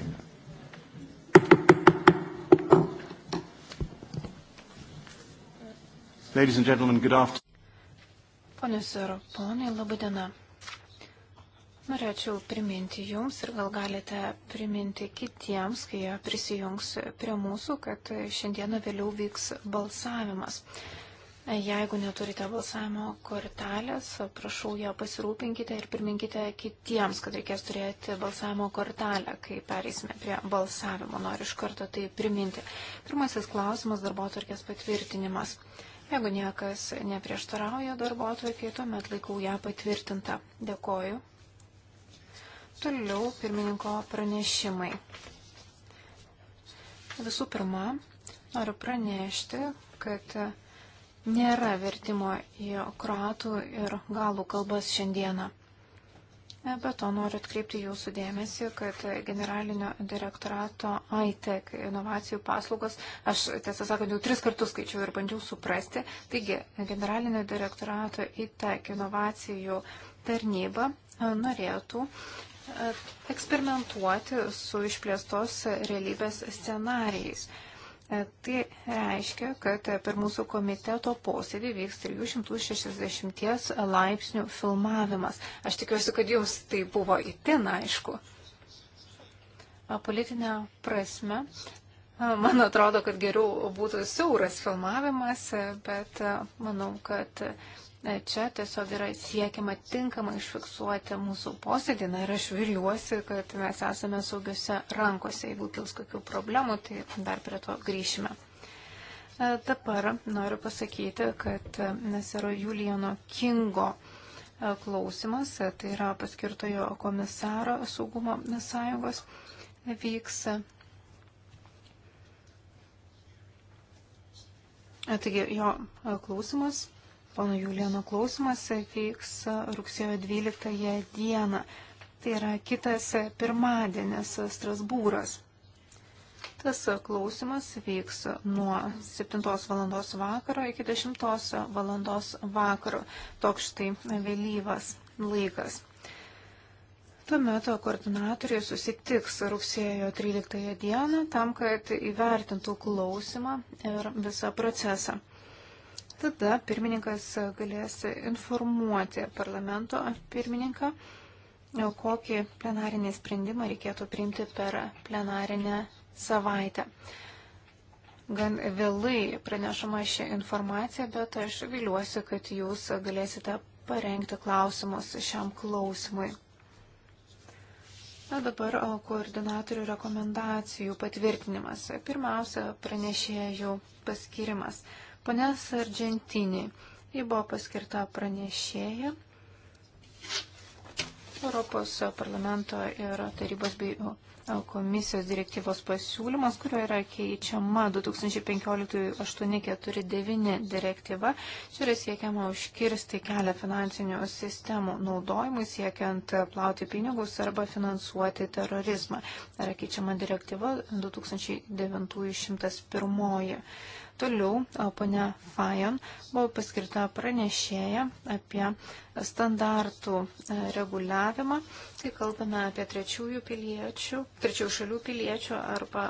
voting. Ladies and gentlemen, good afternoon. Ponios ir ponai, laba diena. Norėčiau priminti jums ir gal galite priminti kitiems, kai jie prisijungs prie mūsų, kad šiandieną vėliau vyks balsavimas. Jeigu neturite balsavimo kortelės, prašau ją pasirūpinkite ir priminkite kitiems, kad reikės turėti balsavimo kortelę, kai pereisime prie balsavimo. Noriu iš karto tai priminti. Pirmasis klausimas - darbo atvarkės patvirtinimas. Jeigu niekas neprieštarauja darbo atvarkiai, tuomet laikau ją patvirtintą. Dėkoju. Toliau pirmininko pranešimai. Visų pirma, noriu pranešti, kad Nėra vertimo į kroatų ir galų kalbas šiandieną. E, be to noriu atkreipti jūsų dėmesį, kad generalinio direktorato ITEC inovacijų paslaugos, aš tiesą sakant, jau tris kartus skaičiau ir bandžiau suprasti, taigi generalinio direktorato ITEC inovacijų tarnyba e, norėtų e, eksperimentuoti su išplėstos realybės scenarijais. E, tai reiškia, kad per mūsų komiteto posėdį vyks 360 laipsnių filmavimas. Aš tikiuosi, kad jums tai buvo įtin aišku. Politinė prasme, man atrodo, kad geriau būtų siauras filmavimas, bet manau, kad Čia tiesiog yra siekiama tinkamai išfiksuoti mūsų posėdį na, ir aš viliuosi, kad mes esame saugiuose rankose. Jeigu kils kokių problemų, tai dar prie to grįšime. E, dabar noriu pasakyti, kad e, nes yra Juliano Kingo e, klausimas, tai yra paskirtojo komisaro saugumo sąjungos vyks Taigi jo klausimas Pono Juliano klausimas vyks rugsėjo 12 dieną. Tai yra kitas pirmadienis Strasbūras. Tas klausimas vyks nuo 7 val. vakaro iki 10 val. vakaro. Toks štai vėlyvas laikas. Tuomet koordinatoriai susitiks rugsėjo 13 dieną tam, kad įvertintų klausimą ir visą procesą. Tada pirmininkas galės informuoti parlamento pirmininką, e, kokį plenarinį sprendimą reikėtų priimti per plenarinę savaitę. Gan vėlai pranešama ši informacija, bet aš viliuosi, kad jūs galėsite parengti klausimus šiam klausimui. Na dabar e, koordinatorių rekomendacijų patvirtinimas. Pirmiausia, pranešėjų paskirimas. Pone Sargentinį, ji buvo paskirta pranešėja Europos parlamento ir tarybos bei komisijos direktyvos pasiūlymas, kurio yra keičiama 2015-849 direktyva. Čia yra siekiama užkirsti kelią finansinių sistemų naudojimui, siekiant plauti pinigus arba finansuoti terorizmą. Yra keičiama direktyva 2901. Toliau, ponia Fajon buvo paskirta pranešėja apie standartų e, reguliavimą, kai kalbame apie trečiųjų piliečių, trečiųjų šalių piliečių arba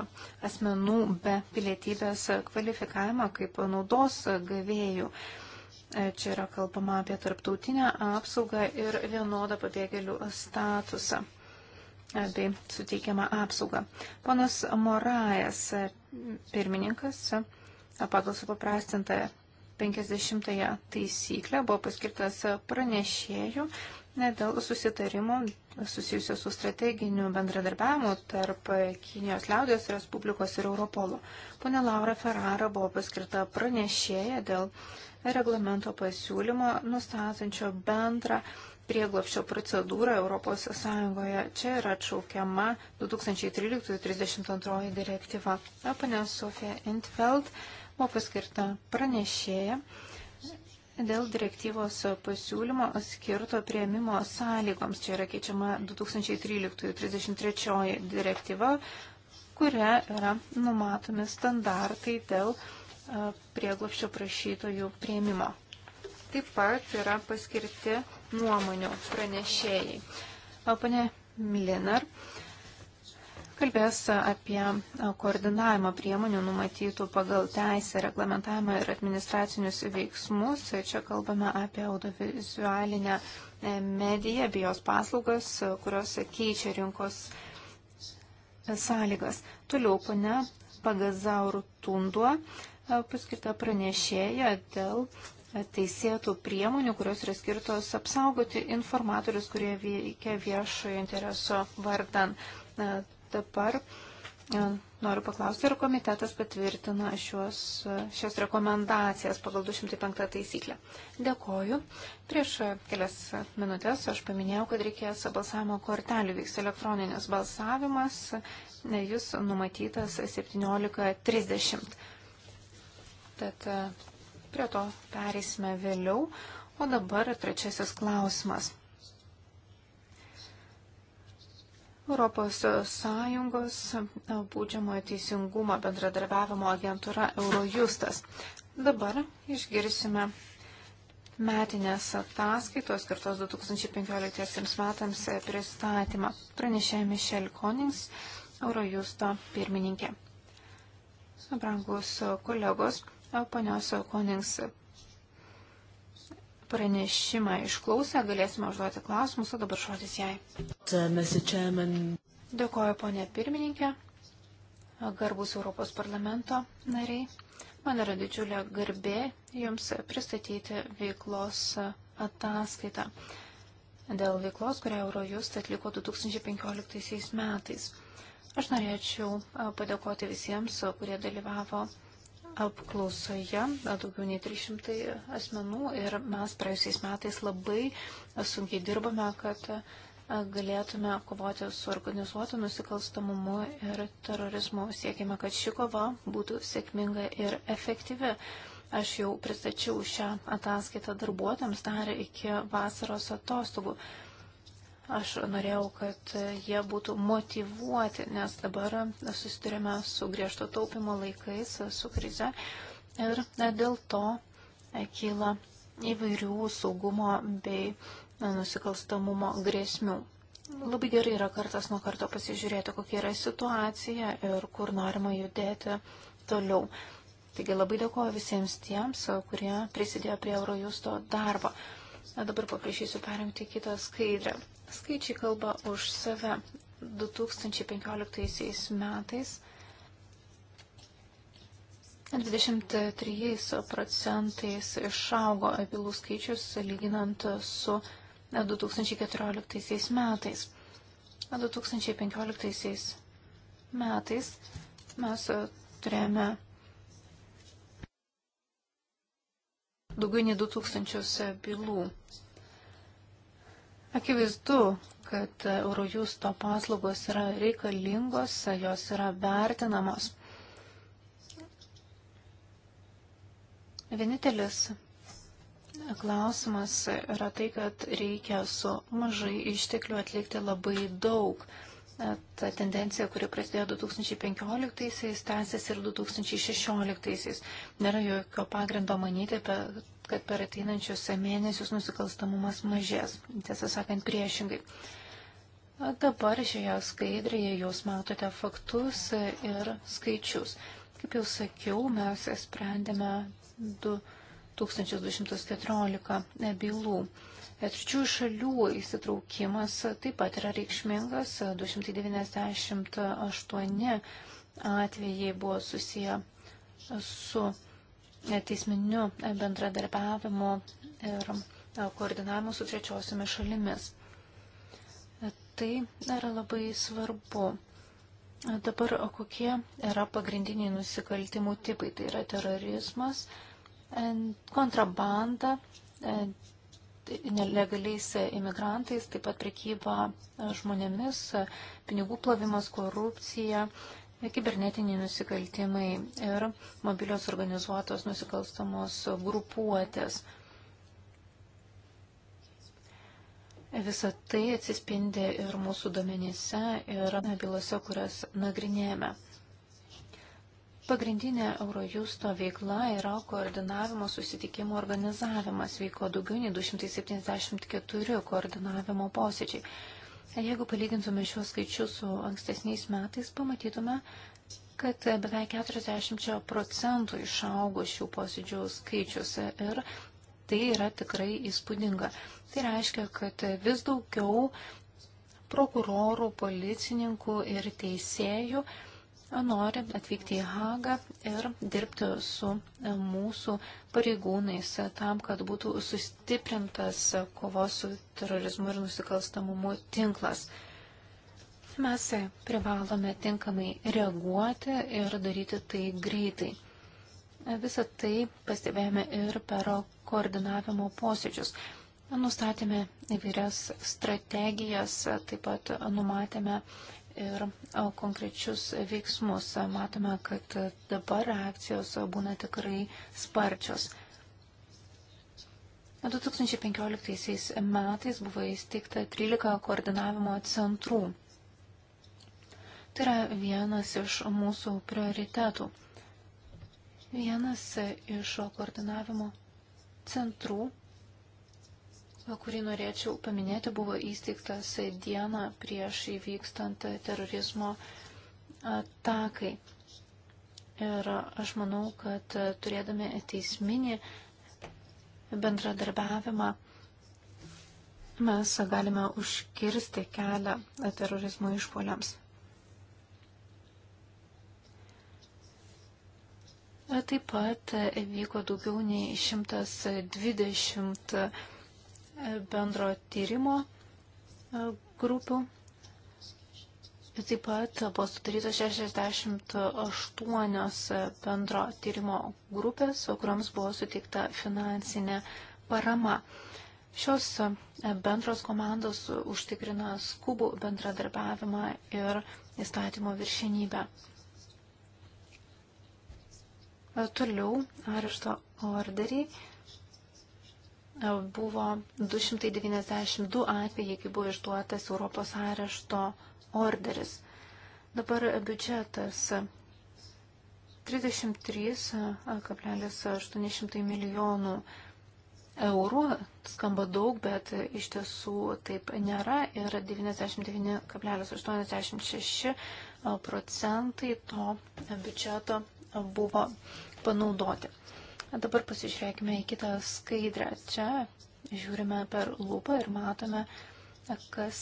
asmenų be pilietybės kvalifikavimą kaip naudos gavėjų. E, čia yra kalbama apie tarptautinę apsaugą ir vienodą pabėgėlių statusą e, bei suteikiamą apsaugą. Ponas Morajas, pirmininkas, pagal supaprastintą 50 taisyklę buvo paskirtas pranešėjų dėl susitarimo susijusio su strateginiu bendradarbiavimu tarp Kinijos liaudės Respublikos ir Europolo. Pone Laura Ferrara buvo paskirta pranešėja dėl reglamento pasiūlymo nustatančio bendrą prieglopščio procedūrą Europos Sąjungoje. Čia yra atšaukiama 2013-32 direktyva. Pane Sofija Intfeld buvo paskirta pranešėja dėl direktyvos pasiūlymo skirto prieimimo sąlygoms. Čia yra keičiama 2013-33 direktyva, kuria yra numatomi standartai dėl prieglopščio prašytojų prieimimo. Taip pat yra paskirti nuomonių pranešėjai. O pane Milinar, kalbės apie koordinavimo priemonių numatytų pagal teisę, reglamentavimą ir administracinius veiksmus. Čia kalbame apie audiovizualinę e, mediją, bijos paslaugas, kurios keičia rinkos e, sąlygas. Toliau pane Pagazaurų Tunduo paskirta pranešėja dėl teisėtų priemonių, kurios yra skirtos apsaugoti informatorius, kurie veikia viešojo intereso vardan. Dabar e, noriu paklausti, ar komitetas patvirtina šios, e, šios rekomendacijas pagal 205 taisyklę. Dėkoju. Prieš kelias minutės aš paminėjau, kad reikės balsavimo kortelių vyks elektroninis balsavimas. E, jis numatytas 17.30. Tad prie to pereisime vėliau. O dabar trečiasis klausimas. ES būdžiamojo teisingumo bendradarbiavimo agentūra Eurojustas. Dabar išgirsime metinės ataskaitos skirtos 2015 metams pristatymą. Pranešė Michelle Konings, Eurojusto pirmininkė. Brangus kolegos, ponios Konings pranešimą išklausę, galėsime užduoti klausimus, o dabar šodis jai. Uh, Dėkoju, ponė pirmininkė, garbus Europos parlamento nariai. Man yra didžiulė garbė jums pristatyti veiklos ataskaitą dėl veiklos, kurią Eurojust atliko 2015 metais. Aš norėčiau padėkoti visiems, kurie dalyvavo apklausoje daugiau nei 300 asmenų ir mes praėjusiais metais labai sunkiai dirbame, kad galėtume kovoti su organizuotu nusikalstamumu ir terorizmu. Siekime, kad ši kova būtų sėkminga ir efektyvi. Aš jau pristačiau šią ataskaitą darbuotojams dar iki vasaros atostogų. Aš norėjau, kad jie būtų motivuoti, nes dabar susidurėme su griežto taupimo laikais, su krize ir dėl to kyla įvairių saugumo bei nusikalstamumo grėsmių. Labai gerai yra kartas nuo karto pasižiūrėti, kokia yra situacija ir kur norima judėti toliau. Taigi labai dėkoju visiems tiems, kurie prisidėjo prie Eurojusto darbo. Dabar paprašysiu perimti kitą skaidrę. Skaičiai kalba už save. 2015 metais 23 procentais išaugo bylų skaičius lyginant su 2014 metais. 2015 metais mes turėjome daugiau nei 2000 bylų. Akivaizdu, kad Eurojusto paslaugos yra reikalingos, jos yra vertinamos. Vienintelis klausimas yra tai, kad reikia su mažai išteklių atlikti labai daug. Ta tendencija, kuri prasidėjo 2015-aisiais, tęsiasi ir 2016-aisiais. Nėra jokio pagrindo manyti, kad per ateinančius mėnesius nusikalstamumas mažės. Tiesą sakant, priešingai. Dabar šioje skaidrėje jūs matote faktus ir skaičius. Kaip jau sakiau, mes sprendėme 2214 bylų. Trečiųjų šalių įsitraukimas taip pat yra reikšmingas. 298 atvejai buvo susiję su teisminiu bendradarbiavimu ir koordinavimu su trečiosiomis šalimis. Tai yra labai svarbu. Dabar kokie yra pagrindiniai nusikaltimų tipai? Tai yra terorizmas, kontrabanda, nelegaliais imigrantais, taip pat prekyba žmonėmis, pinigų plovimas, korupcija, kibernetiniai nusikaltimai ir mobilios organizuotos nusikalstamos grupuotės. Visą tai atsispindi ir mūsų domenyse, ir bylose, kurias nagrinėjame. Pagrindinė Eurojusto veikla yra koordinavimo susitikimo organizavimas. Vyko daugiau nei 274 koordinavimo posėdžiai. Jeigu palygintume šiuos skaičius su ankstesniais metais, pamatytume, kad beveik 40 procentų išaugo šių posėdžių skaičius ir tai yra tikrai įspūdinga. Tai reiškia, kad vis daugiau prokurorų, policininkų ir teisėjų nori atvykti į Hagą ir dirbti su e, mūsų pareigūnais tam, kad būtų sustiprintas kovos su terorizmu ir nusikalstamumu tinklas. Mes privalome tinkamai reaguoti ir daryti tai greitai. Visą tai pastebėjome ir per koordinavimo posėdžius. Nustatėme įvairias strategijas, taip pat numatėme ir konkrečius veiksmus. Matome, kad dabar reakcijos būna tikrai sparčios. 2015 metais buvo įsteigta 13 koordinavimo centrų. Tai yra vienas iš mūsų prioritetų. Vienas iš koordinavimo centrų kurį norėčiau paminėti, buvo įsteigtas dieną prieš įvykstant terorizmo atakai. Ir aš manau, kad turėdami teisminį bendradarbiavimą mes galime užkirsti kelią terorizmo išpoliams. Taip pat vyko daugiau nei 120 bendro tyrimo e, grupių. Taip pat buvo sudarytos 68 bendro tyrimo grupės, kuriams buvo suteikta finansinė parama. Šios bendros komandos užtikrina skubų bendradarbiavimą ir įstatymo viršinybę. E, toliau arešto orderiai buvo 292 atvejai, kai buvo išduotas Europos arešto orderis. Dabar biudžetas 33,800 milijonų eurų. Skamba daug, bet iš tiesų taip nėra. Ir 99,86 procentai to biudžeto buvo panaudoti. Dabar pasižiūrėkime į kitą skaidrę. Čia žiūrime per lūpą ir matome, kas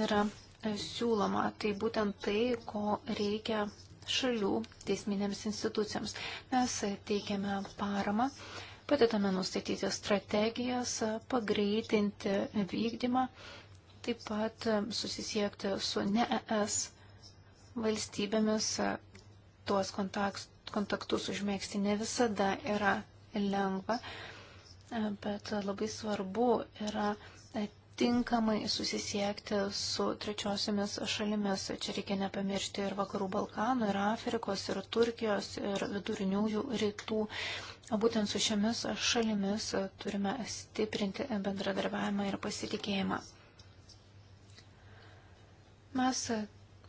yra siūloma. Tai būtent tai, ko reikia šalių teisminėms institucijams. Mes teikiame paramą, padedame nustatyti strategijas, pagreitinti vykdymą, taip pat susisiekti su ne ES valstybėmis tuos kontaktus kontaktus užmėgsti ne visada yra lengva, bet labai svarbu yra tinkamai susisiekti su trečiosiamis šalimis. Čia reikia nepamiršti ir Vakarų Balkanų, ir Afrikos, ir Turkijos, ir viduriniųjų rytų. Būtent su šiomis šalimis turime stiprinti bendradarbiavimą ir pasitikėjimą. Mes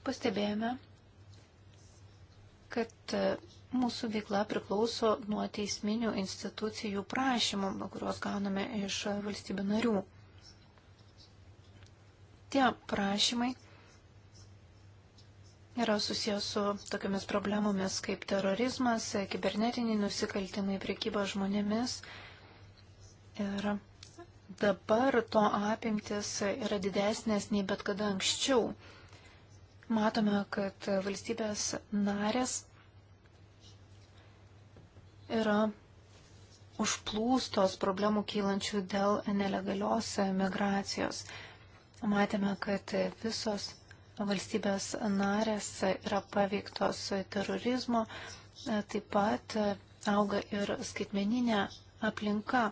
pastebėjome, kad Mūsų veikla priklauso nuo teisminių institucijų prašymų, kuriuos gauname iš valstybių narių. Tie prašymai yra susijęs su tokiamis problemomis kaip terorizmas, kibernetiniai nusikaltimai, priekyba žmonėmis. Ir dabar to apimtis yra didesnės nei bet kada anksčiau. Matome, kad valstybės narės yra užplūstos problemų kylančių dėl nelegalios migracijos. Matėme, kad visos valstybės narės yra paveiktos terorizmo, taip pat auga ir skaitmeninė aplinka.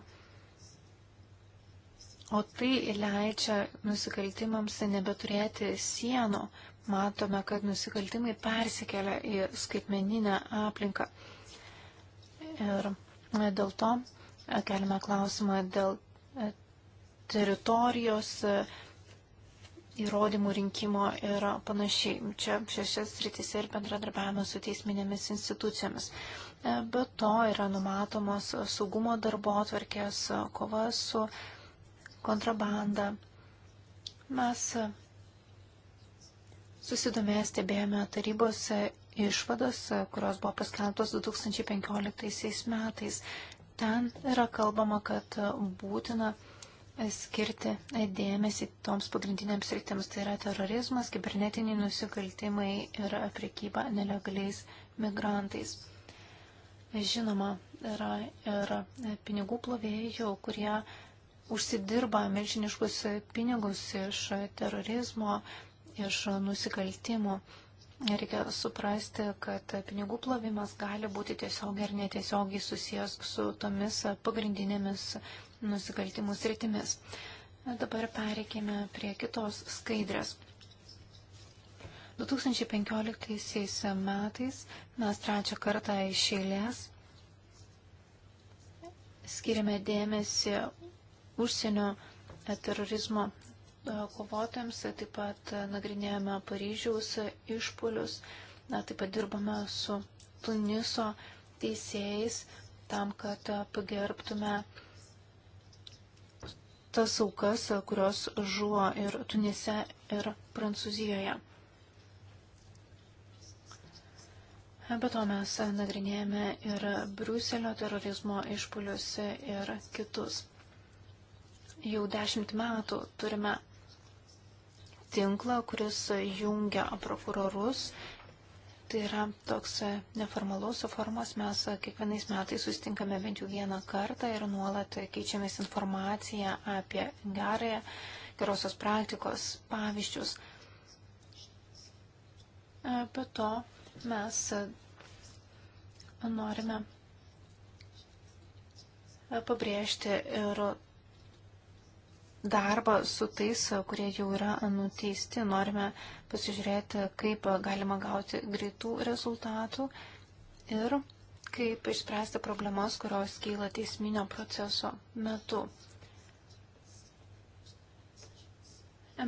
O tai leidžia nusikaltimams nebeturėti sienų. Matome, kad nusikaltimai persikelia į skaitmeninę aplinką. Ir dėl to e, keliame klausimą dėl e, teritorijos e, įrodymų rinkimo ir panašiai. Čia šešias rytise ir bendradarbiavimas su teisminėmis institucijomis. Be to yra numatomos saugumo darbo atvarkės, kova su kontrabanda. Mes susidomėję stebėjome tarybos išvadas, kurios buvo paskelbtos 2015 metais. Ten yra kalbama, kad būtina skirti dėmesį toms pagrindinėms rytims, tai yra terorizmas, kibernetiniai nusikaltimai ir priekyba nelegaliais migrantais. Žinoma, yra ir pinigų plovėjų, kurie užsidirba milžiniškus pinigus iš terorizmo, iš nusikaltimų. Reikia suprasti, kad pinigų plovimas gali būti tiesiog ir netiesiogiai susijęs su tomis pagrindinėmis nusikaltimų sritimis. Dabar pereikime prie kitos skaidrės. 2015 metais mes trečią kartą iš eilės skiriame dėmesį užsienio terorizmo kovotojams, taip pat nagrinėjame Paryžiaus išpolius, taip pat dirbame su Tuniso teisėjais tam, kad pagerbtume tas aukas, kurios žuvo ir Tunise, ir Prancūzijoje. Be to mes nagrinėjame ir Briuselio terorizmo išpolius ir kitus. Jau dešimt metų turime tinklą, kuris jungia prokurorus. Tai yra toks neformalus formas, mes kiekvienais metais sustinkame bent jau vieną kartą ir nuolat keičiamės informaciją apie gerąją, gerosios praktikos pavyzdžius. Be to mes norime pabrėžti ir darbą su tais, kurie jau yra nuteisti. Norime pasižiūrėti, kaip galima gauti greitų rezultatų ir kaip išspręsti problemas, kurios kyla teisminio proceso metu.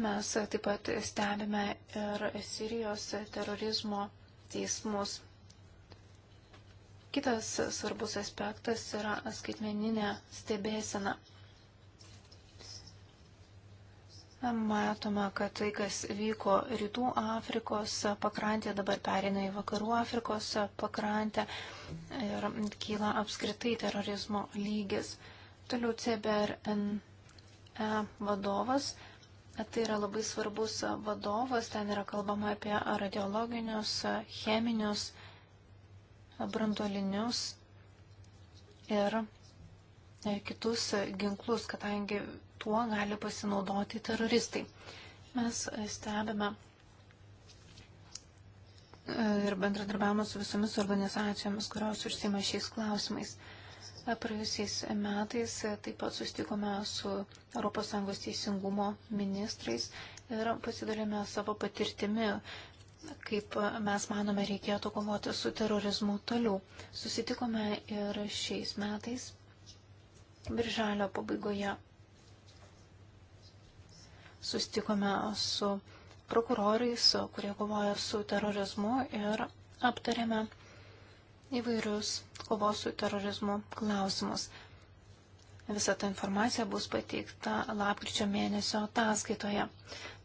Mes taip pat stebime ir Sirijos terorizmo teismus. Kitas svarbus aspektas yra skaitmeninė stebėsena. Matoma, kad tai, kas vyko rytų Afrikos pakrantė, dabar pereina į vakarų Afrikos pakrantę ir kyla apskritai terorizmo lygis. Toliau CBRNE vadovas Tai yra labai svarbus vadovas, ten yra kalbama apie radiologinius, cheminius, branduolinius ir kitus ginklus, kadangi tuo gali pasinaudoti teroristai. Mes stebime e, ir bendradarbiavimo su visomis organizacijomis, kurios užsima šiais klausimais. E, praėjusiais metais taip pat sustikome su ES teisingumo ministrais ir pasidalėme savo patirtimi, kaip mes manome reikėtų kovoti su terorizmu toliau. Susitikome ir šiais metais, birželio pabaigoje sustikome su prokurorais, kurie kovoja su terorizmu ir aptarėme įvairius kovos su terorizmu klausimus. Visa ta informacija bus pateikta lapkričio mėnesio ataskaitoje.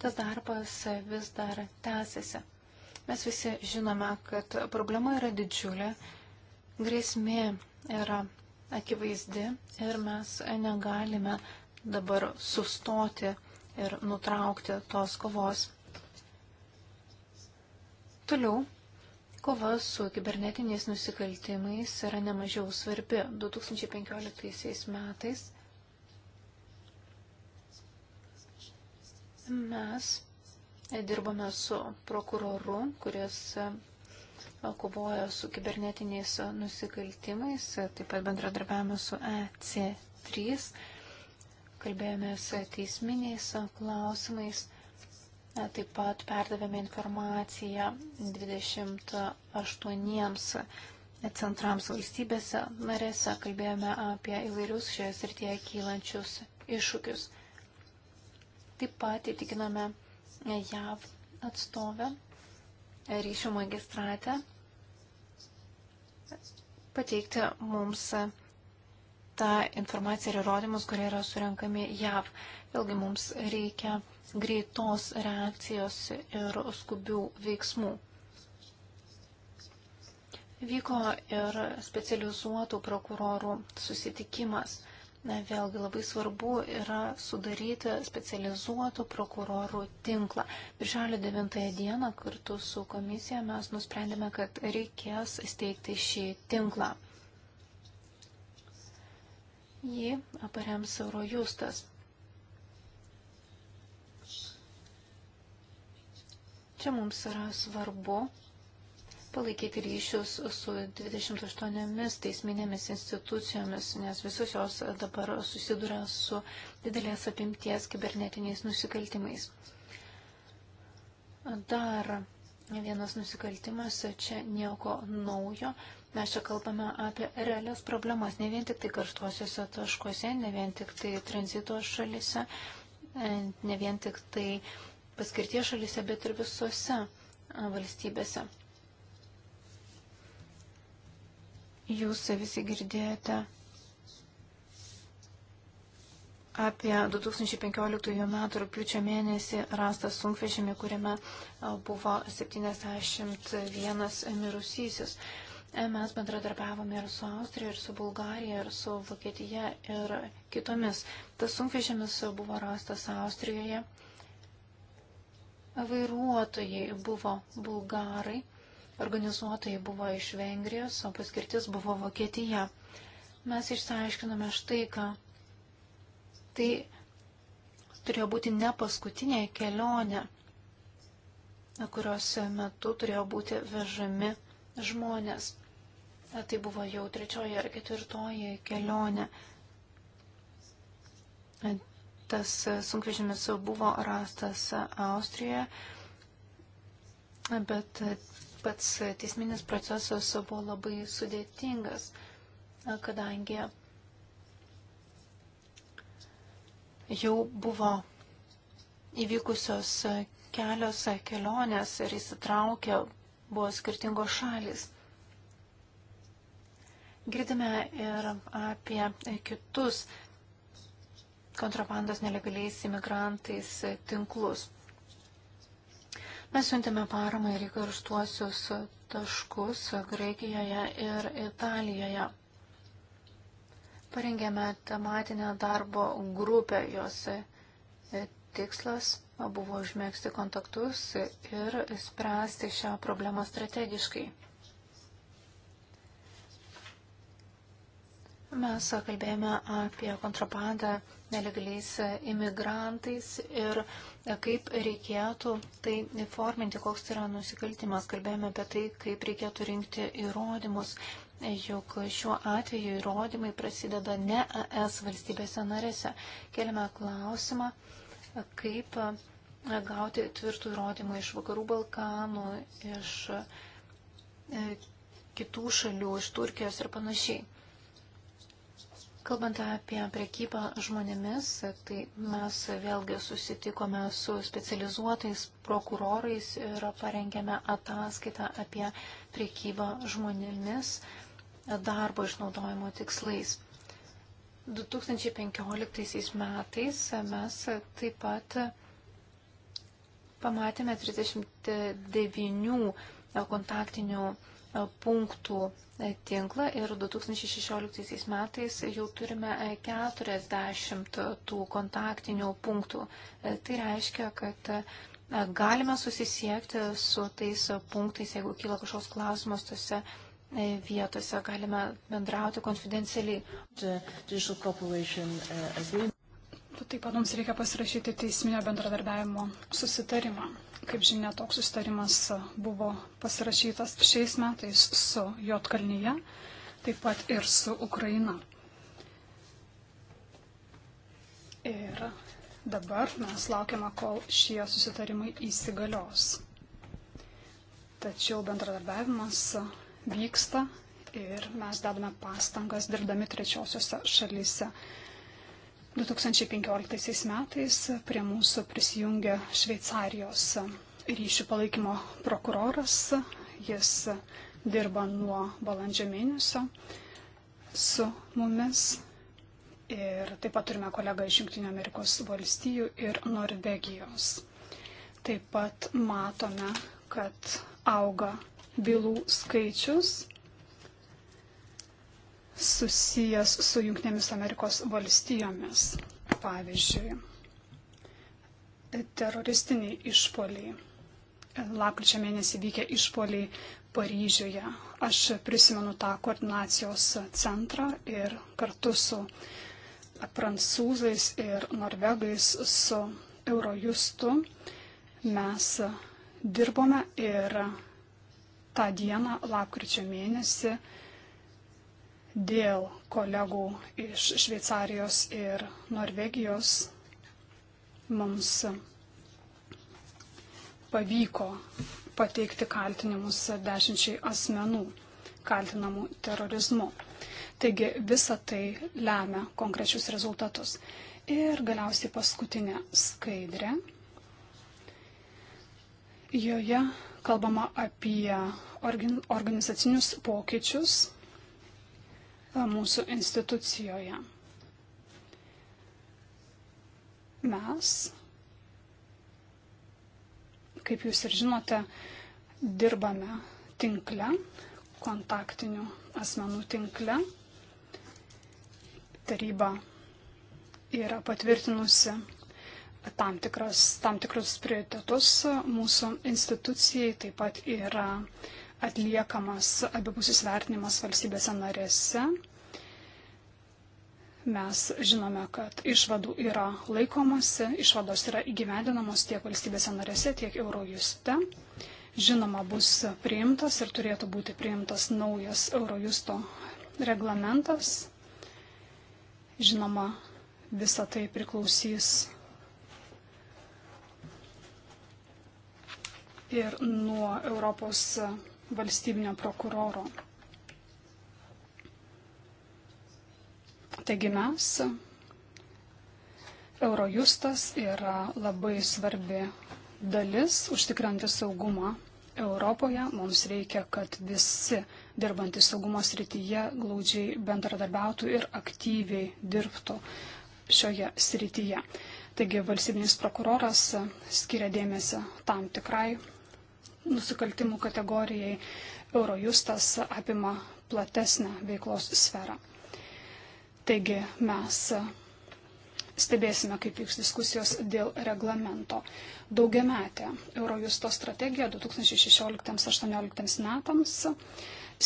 Tas darbas vis dar tęsiasi. Mes visi žinome, kad problema yra didžiulė, grėsmė yra akivaizdi ir mes negalime dabar sustoti ir nutraukti tos kovos. Toliau, kova su kibernetiniais nusikaltimais yra nemažiau svarbi. 2015 metais mes dirbame su prokuroru, kuris e, kovoja su kibernetiniais nusikaltimais, taip pat bendradarbiavame su EC3 kalbėjomės teisminiais klausimais, e, taip pat perdavėme informaciją 28 centrams valstybėse narėse, kalbėjome apie įvairius šioje srityje kylančius iššūkius. Taip pat įtikiname JAV atstovę ryšių magistratę pateikti mums tą informaciją ir įrodymus, kurie yra surinkami JAV. Vėlgi mums reikia greitos reakcijos ir skubių veiksmų. Vyko ir specializuotų prokurorų susitikimas. Na, vėlgi labai svarbu yra sudaryti specializuotų prokurorų tinklą. Birželio 9 dieną kartu su komisija mes nusprendėme, kad reikės steigti šį tinklą jį parems Eurojustas. Čia mums yra svarbu palaikyti ryšius su 28 teisminėmis institucijomis, nes visos jos dabar susiduria su didelės apimties kibernetiniais nusikaltimais. Dar vienas nusikaltimas, čia nieko naujo, Mes čia kalbame apie realias problemas, ne vien tik tai karštuosiuose taškuose, ne vien tik tai tranzito šalise, e, ne vien tik tai paskirtie šalise, bet ir visose e, valstybėse. Jūs visi girdėjote apie 2015 metų rūpiučio mėnesį rastą sunkvežimį, kuriame e, buvo 71 mirusysis. Mes bendradarbiavome ir su Austrija, ir su Bulgarija, ir su Vokietija, ir kitomis. Tas sunkvežimis buvo rastas Austrijoje. Vairuotojai buvo bulgarai, organizuotojai buvo iš Vengrijos, o paskirtis buvo Vokietija. Mes išsiaiškinome štai ką. Tai turėjo būti ne paskutinė kelionė, kurios metu turėjo būti vežami žmonės. Tai buvo jau trečioji ar ketvirtoji kelionė. Tas sunkvežimis buvo rastas Austrijoje, bet pats teisminis procesas buvo labai sudėtingas, kadangi jau buvo įvykusios kelios kelionės ir įsitraukė buvo skirtingos šalis. Girdime ir apie kitus kontrabandos nelegaliais imigrantais tinklus. Mes siuntėme paramą ir į karštuosius taškus Graikijoje ir Italijoje. Parengėme tematinę darbo grupę, jos tikslas buvo užmėgsti kontaktus ir spręsti šią problemą strategiškai. Mes kalbėjome apie kontrabandą nelegaliais imigrantais ir kaip reikėtų tai informinti, koks tai yra nusikaltimas. Kalbėjome apie tai, kaip reikėtų rinkti įrodymus, juk šiuo atveju įrodymai prasideda ne ES valstybėse narėse. Keliame klausimą kaip gauti tvirtų įrodymų iš vakarų Balkanų, iš e, kitų šalių, iš Turkijos ir panašiai. Kalbant apie prekybą žmonėmis, tai mes vėlgi susitikome su specializuotais prokurorais ir parengėme ataskaitą apie prekybą žmonėmis darbo išnaudojimo tikslais. 2015 metais mes taip pat pamatėme 39 kontaktinių punktų tinklą ir 2016 metais jau turime 40 tų kontaktinių punktų. Tai reiškia, kad galime susisiekti su tais punktais, jeigu kyla kažkoks klausimas tose E, vietose galime bendrauti konfidencialiai. Uh, taip pat mums reikia pasirašyti teisminio bendradarbiavimo susitarimą. Kaip žinia, toks susitarimas buvo pasirašytas šiais metais su Jotkalnyje, taip pat ir su Ukraina. Ir dabar mes laukiame, kol šie susitarimai įsigalios. Tačiau bendradarbiavimas vyksta ir mes dedame pastangas dirbdami trečiosiuose šalyse. 2015 metais prie mūsų prisijungė Šveicarijos ryšių palaikymo prokuroras. Jis dirba nuo balandžio mėnesio su mumis. Ir taip pat turime kolegą iš Junktinių Amerikos valstijų ir Norvegijos. Taip pat matome, kad auga bylų skaičius susijęs su Junktinėmis Amerikos valstijomis. Pavyzdžiui, teroristiniai išpoliai. Lapkričio mėnesį vykę išpoliai Paryžiuje. Aš prisimenu tą koordinacijos centrą ir kartu su prancūzais ir norvegais su Eurojustu mes dirbome ir tą dieną, lapkričio mėnesį, dėl kolegų iš Šveicarijos ir Norvegijos mums pavyko pateikti kaltinimus dešimčiai asmenų kaltinamų terorizmu. Taigi visa tai lemia konkrečius rezultatus. Ir galiausiai paskutinė skaidrė. Joje kalbama apie organizacinius pokyčius e, mūsų institucijoje. Mes, kaip jūs ir žinote, dirbame tinkle, kontaktinių asmenų tinkle. Taryba yra patvirtinusi tam, tikras, tam tikrus prioritetus mūsų institucijai, taip pat yra atliekamas abipusis vertinimas valstybėse narėse. Mes žinome, kad išvadų yra laikomasi, išvados yra įgyvendinamos tiek valstybėse narėse, tiek Eurojuste. Žinoma, bus priimtas ir turėtų būti priimtas naujas Eurojusto reglamentas. Žinoma, visa tai priklausys ir nuo Europos valstybinio prokuroro. Taigi mes, Eurojustas yra labai svarbi dalis užtikranti saugumą Europoje. Mums reikia, kad visi dirbantys saugumo srityje glaudžiai bendradarbiautų ir aktyviai dirbtų šioje srityje. Taigi valstybinis prokuroras skiria dėmesį tam tikrai nusikaltimų kategorijai, Eurojustas apima platesnę veiklos sferą. Taigi mes stebėsime, kaip vyks diskusijos dėl reglamento. Daugiametė Eurojusto strategija 2016-2018 metams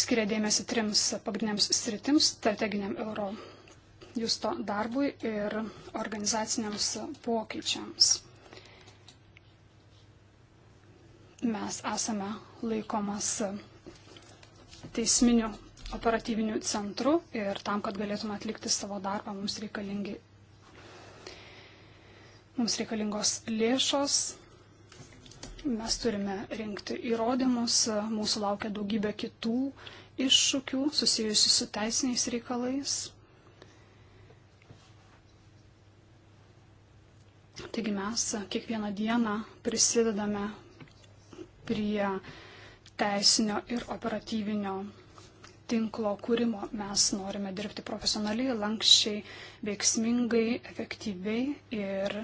skiria dėmesį trims pagrindiniams sritims - strateginiam Eurojusto darbui ir organizaciniams pokyčiams. mes esame laikomas teisminiu operatyviniu centru ir tam, kad galėtume atlikti savo darbą, mums, reikalingi, mums reikalingos lėšos, mes turime rinkti įrodymus, mūsų laukia daugybė kitų iššūkių susijusių su teisiniais reikalais. Taigi mes kiekvieną dieną prisidedame prie teisinio ir operatyvinio tinklo kūrimo. Mes norime dirbti profesionaliai, lankščiai, veiksmingai, efektyviai ir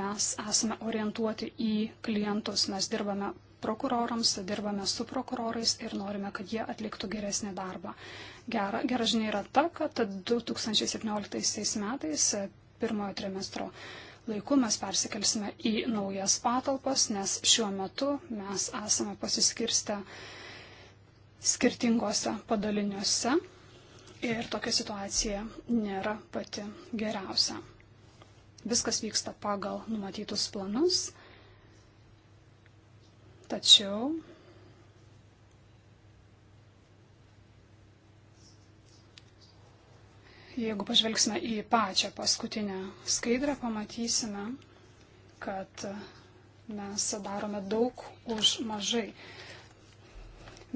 mes esame orientuoti į klientus. Mes dirbame prokurorams, dirbame su prokurorais ir norime, kad jie atliktų geresnį darbą. Gera, gera žinia yra ta, kad 2017 metais pirmojo trimestro laiku mes persikelsime į naujas patalpas, nes šiuo metu mes esame pasiskirstę skirtingose padaliniuose ir tokia situacija nėra pati geriausia. Viskas vyksta pagal numatytus planus, tačiau Jeigu pažvelgsime į pačią paskutinę skaidrę, pamatysime, kad mes darome daug už mažai.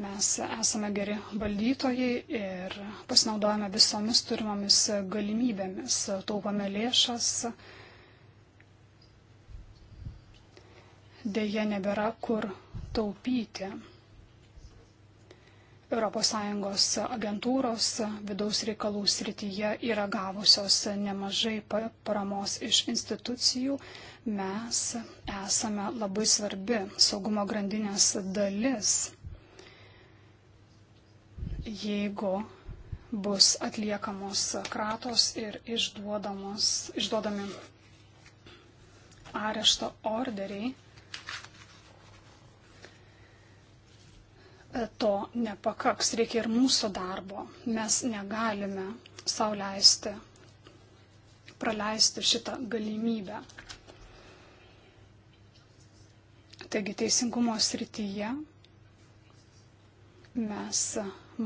Mes esame geri valdytojai ir pasinaudojame visomis turimomis galimybėmis, taupame lėšas. Deja, nebėra kur taupyti. ES agentūros vidaus reikalų srityje yra gavusios nemažai paramos iš institucijų. Mes esame labai svarbi saugumo grandinės dalis. Jeigu bus atliekamos kratos ir išduodami arešto orderiai, E, to nepakaks, reikia ir mūsų darbo. Mes negalime sauliaisti praleisti šitą galimybę. Taigi teisingumo srityje mes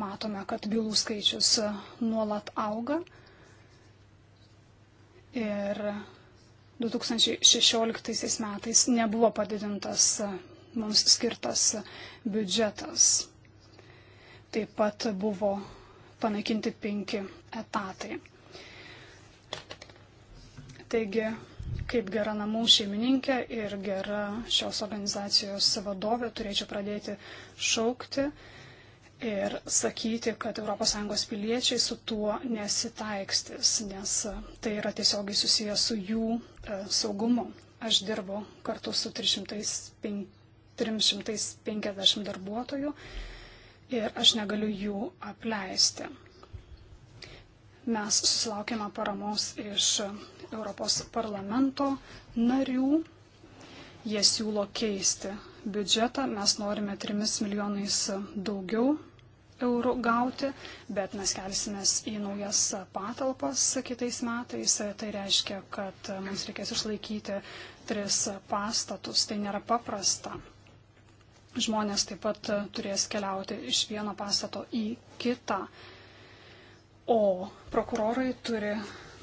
matome, kad bylų skaičius nuolat auga ir 2016 metais nebuvo padidintas mums skirtas biudžetas. Taip pat buvo panaikinti penki etatai. Taigi, kaip gera namų šeimininkė ir gera šios organizacijos vadovė turėčiau pradėti šaukti ir sakyti, kad ES piliečiai su tuo nesitaikstis, nes tai yra tiesiogiai susijęs su jų e, saugumu. Aš dirbu kartu su 305 350 darbuotojų ir aš negaliu jų apleisti. Mes susilaukėme paramos iš Europos parlamento narių. Jie siūlo keisti biudžetą. Mes norime 3 milijonais daugiau eurų gauti, bet mes kelsimės į naujas patalpas kitais metais. Tai reiškia, kad mums reikės išlaikyti tris pastatus. Tai nėra paprasta. Žmonės taip pat e, turės keliauti iš vieno pastato į kitą. O prokurorai turi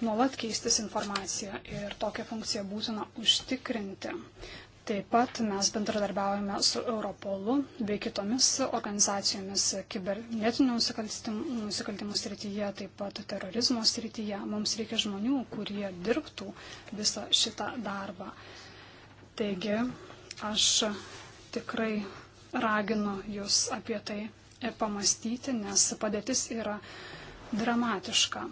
nuolat keistis informaciją ir tokią funkciją būtina užtikrinti. Taip pat mes bendradarbiaujame su Europolu bei kitomis organizacijomis kibernetinių nusikaltimų srityje, taip pat terorizmo srityje. Mums reikia žmonių, kurie dirbtų visą šitą darbą. Taigi aš tikrai raginu jūs apie tai pamastyti, nes padėtis yra dramatiška.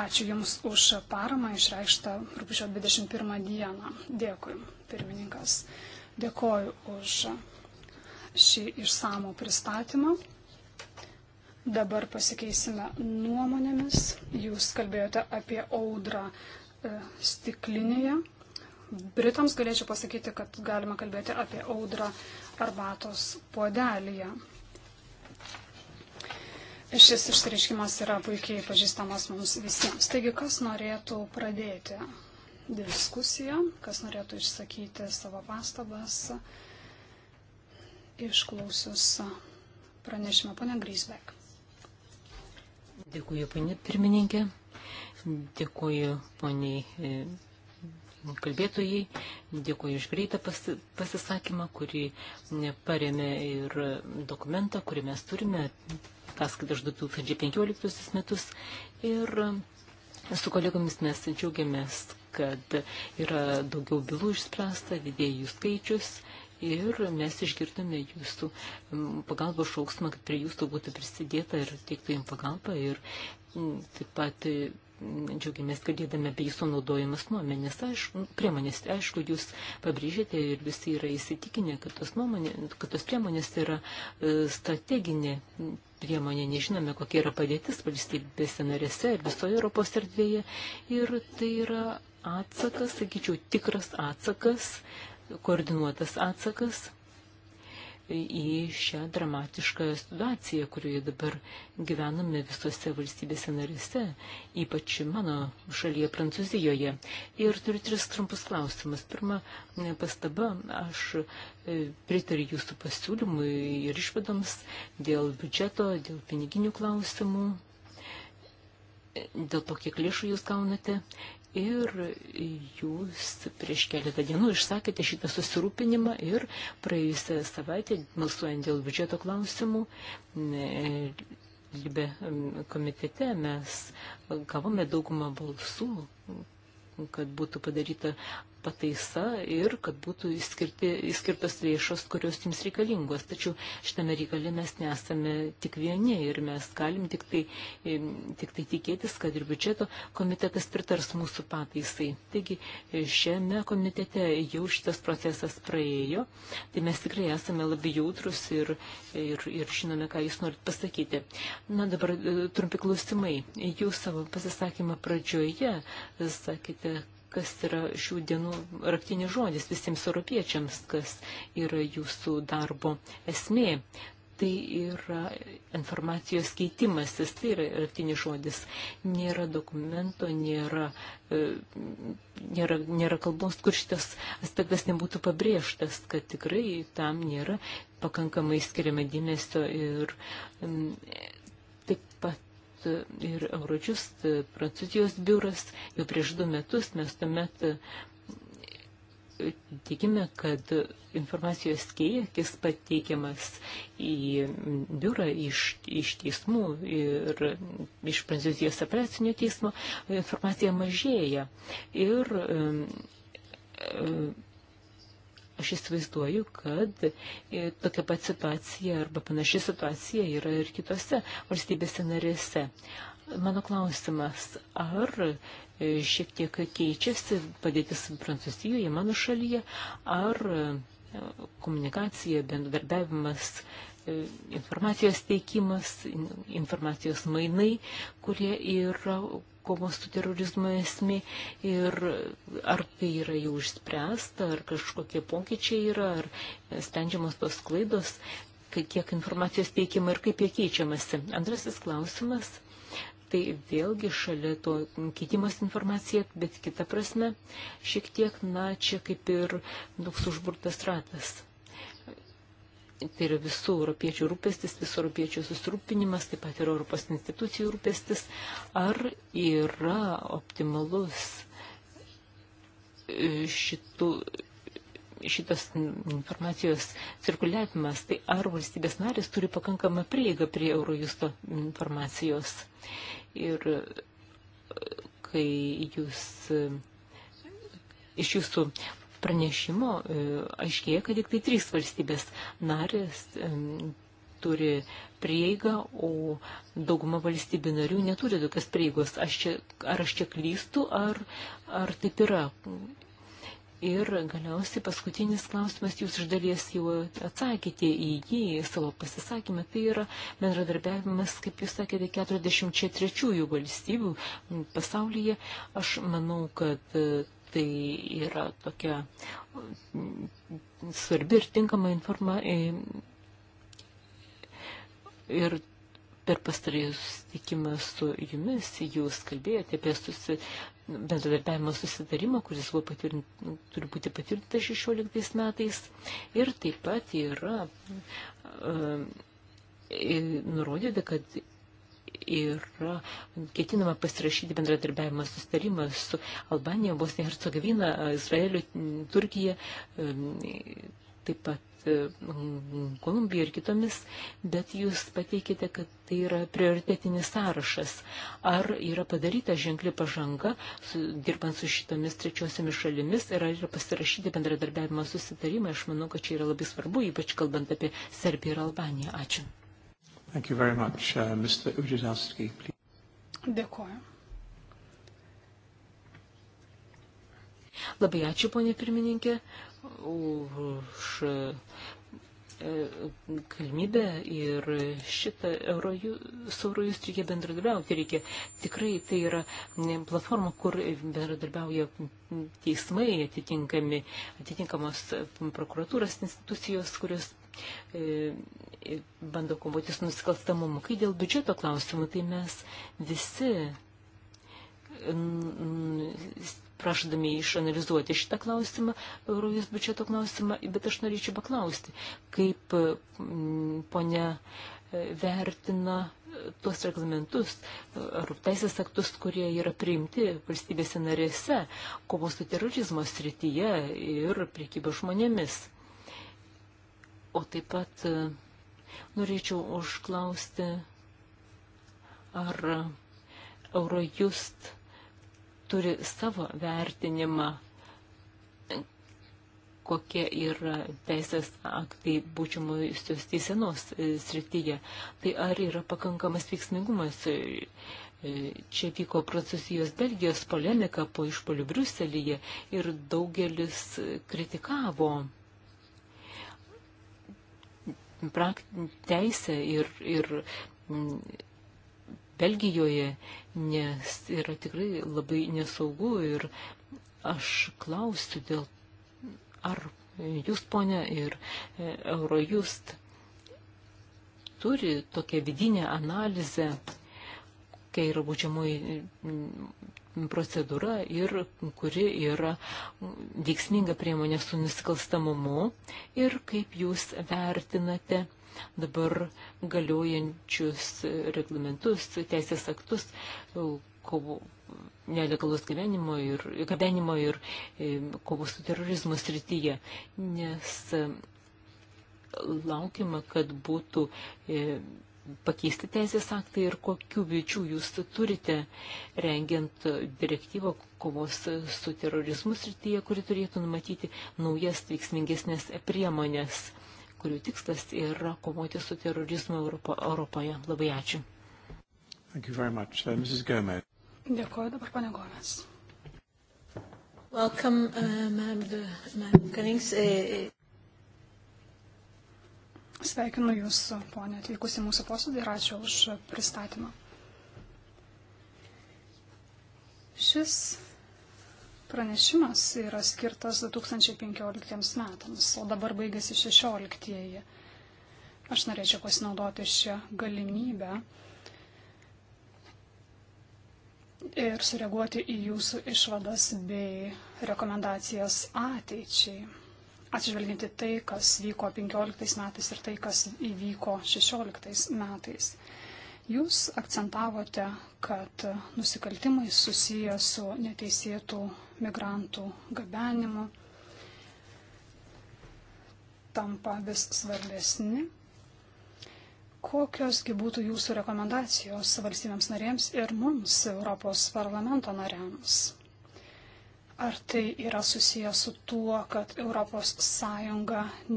Ačiū Jums už paramą išreikštą rūpiučio 21 dieną. Dėkui, pirmininkas. Dėkoju už šį išsamų pristatymą. Dabar pasikeisime nuomonėmis. Jūs kalbėjote apie audrą e, stiklinėje Britams galėčiau pasakyti, kad galima kalbėti apie audrą arbatos puodelyje. Šis išsireiškimas yra puikiai pažįstamas mums visiems. Taigi, kas norėtų pradėti diskusiją, kas norėtų išsakyti savo pastabas, išklausius pranešimą, pane Grisbek. Dėkuoju, ponė pirmininkė. Dėkuoju, poniai kalbėtojai. Dėkuoju iš greitą pasi, pasisakymą, kurį paremė ir dokumentą, kurį mes turime, paskaitą iš 2015 metus. Ir su kolegomis mes džiaugiamės, kad yra daugiau bylų išspręsta, didėja jų skaičius. Ir mes išgirdome jūsų pagalbos šauksmą, kad prie jūsų būtų prisidėta ir teiktų jums pagalbą. Ir taip pat džiaugiamės kalbėdami apie jūsų naudojimas nuomenės. Aišku, priemonės, aišku, jūs pabrėžėte ir visi yra įsitikinę, kad tos, nuomonė, kad tos priemonės yra e, strateginė priemonė, nežinome, kokia yra padėtis valstybėse narėse ir visoje Europos erdvėje. Ir tai yra atsakas, sakyčiau, tikras atsakas, koordinuotas atsakas į šią dramatišką situaciją, kurioje dabar gyvename visose valstybėse narise, ypač mano šalyje Prancūzijoje. Ir turiu tris trumpus klausimus. Pirma pastaba, aš e, pritariu jūsų pasiūlymui ir išvadoms dėl biudžeto, dėl piniginių klausimų dėl to, kiek lėšų jūs gaunate ir jūs prieš keletą dienų išsakėte šitą susirūpinimą ir praėjusią savaitę, balsuojant dėl biudžeto klausimų, Libe komitete mes gavome daugumą balsų, kad būtų padaryta pataisa ir kad būtų įskirti, įskirtos lėšos, kurios jums reikalingos. Tačiau šitame reikale mes nesame tik vieni ir mes galim tik tai, tik tai tikėtis, kad ir biudžeto komitetas pritars mūsų pataisai. Taigi e, šiame komitete jau šitas procesas praėjo, tai mes tikrai esame labai jautrus ir, ir, ir žinome, ką jūs norit pasakyti. Na dabar e, trumpi klausimai. Jūs savo pasisakymą pradžioje sakėte, kas yra šių dienų raktinis žodis visiems europiečiams, kas yra jūsų darbo esmė. Tai yra informacijos keitimasis, tai yra raktinis žodis. Nėra dokumento, nėra, e, nėra, nėra kalbos, kur šitas aspektas nebūtų pabrėžtas, kad tikrai tam nėra pakankamai skiriama dėmesio ir ir Eurojust, Prancūzijos biuras. Jau prieš du metus mes tuomet e, tikime, kad informacijos kiekis pateikiamas į biurą iš, iš teismų ir iš Prancūzijos apeliacinio teismo informacija mažėja. Ir um, um, Aš įsivaizduoju, kad e, tokia pat situacija arba panaši situacija yra ir kitose valstybėse narėse. Mano klausimas, ar e, šiek tiek keičiasi padėtis Prancūzijoje, mano šalyje, ar e, komunikacija, bendradarbiavimas, informacijos teikimas, informacijos mainai, kurie yra kovos su terorizmu esmė ir ar tai yra jau išspręsta, ar kažkokie pokyčiai yra, ar sprendžiamos tos klaidos, kiek informacijos teikiama ir kaip jie keičiamasi. Antrasis klausimas. Tai vėlgi šalia to keitimas informacija, bet kita prasme, šiek tiek, na, čia kaip ir toks užburtas ratas tai yra visų europiečių rūpestis, visų europiečių susirūpinimas, taip pat ir Europos institucijų rūpestis, ar yra optimalus e, šitų šitos informacijos cirkuliavimas, tai ar valstybės narės turi pakankamą prieigą prie Eurojusto informacijos. Ir e, kai jūs e, iš jūsų pranešimo e, aiškėja, kad tik tai trys valstybės narės e, turi prieigą, o dauguma valstybių narių neturi tokios prieigos. Aš čia, ar aš čia klystu, ar, ar taip yra? Ir galiausiai paskutinis klausimas, jūs iš dalies jau atsakėte į jį savo pasisakymą, tai yra bendradarbiavimas, kaip jūs sakėte, 43 valstybių pasaulyje. Aš manau, kad tai yra tokia svarbi ir tinkama informa. Ir per pastarėjus susitikimą su jumis jūs kalbėjote apie susi, bendradarbiavimo susitarimą, kuris buvo patvirtint, turi būti patvirtintas 16 metais. Ir taip pat yra e, nurodyta, kad yra ketinama pasirašyti bendradarbiavimo sustarimą su Albanija, Bosnija, Hercegovina, Izraeliu, Turkija, taip pat Kolumbija ir kitomis, bet jūs pateikite, kad tai yra prioritetinis sąrašas. Ar yra padaryta ženkli pažanga, su, dirbant su šitomis trečiosiomis šalimis, ir ar yra pasirašyti bendradarbiavimo susitarimą, aš manau, kad čia yra labai svarbu, ypač kalbant apie Serbiją ir Albaniją. Ačiū. Thank you very much, uh, Mr. Ujazowski. Dėkuoju. Labai ačiū, ponė pirmininkė, už e, e, galimybę ir šitą eurojų, saurojus reikia bendradarbiauti, reikia tikrai tai yra platforma, kur bendradarbiauja teismai atitinkami, atitinkamos prokuratūros institucijos, kurios e, bando kovoti su nusikalstamumu. Kai dėl biudžeto klausimų, tai mes visi prašydami išanalizuoti šitą klausimą, Eurovės biudžeto klausimą, bet aš norėčiau paklausti, kaip ponia e, vertina tuos reglamentus ar teisės aktus, kurie yra priimti valstybėse narėse, kovos su terorizmo srityje ir priekybo žmonėmis. O taip pat Norėčiau užklausti, ar Eurojust turi savo vertinimą, kokie yra teisės aktai būčiamusios teisenos e, srityje. Tai ar yra pakankamas veiksmingumas? E, e, čia vyko Prancūzijos-Belgijos polemika po išpolių Briuselyje ir daugelis kritikavo teisę ir, ir Belgijoje, nes yra tikrai labai nesaugu ir aš klausiu dėl, ar jūs, ponė, ir e, Eurojust turi tokią vidinę analizę, kai yra būdžiamoji procedūra ir kuri yra veiksminga priemonė su nusikalstamumu ir kaip jūs vertinate dabar galiojančius reglamentus, teisės aktus, kovų nelegalus gyvenimo ir gabenimo ir e, kovos su terorizmu srityje, nes e, laukima, kad būtų e, pakeisti teisės aktai ir kokių vilčių jūs turite rengiant direktyvą kovos su terorizmu srityje, kuri turėtų numatyti naujas veiksmingesnės priemonės, kurių tikslas yra kovoti su terorizmu Europo, Europoje. Labai ačiū. Uh, Dėkuoju dabar, pane Gomes. Welcome, uh, Madam Cummings. Uh, uh Sveikinu Jūs, ponė, atvykusi mūsų posėdį ir ačiū už pristatymą. Šis pranešimas yra skirtas 2015 metams, o dabar baigėsi 16-ieji. Aš norėčiau pasinaudoti šią galimybę ir sureaguoti į Jūsų išvadas bei rekomendacijas ateičiai atsižvelginti tai, kas vyko 15 metais ir tai, kas įvyko 16 metais. Jūs akcentavote, kad nusikaltimai susiję su neteisėtų migrantų gabenimu tampa vis svarbesni. Kokiosgi būtų jūsų rekomendacijos valstybėms narėms ir mums, Europos parlamento nariams? Ar tai yra susijęs su tuo, kad ES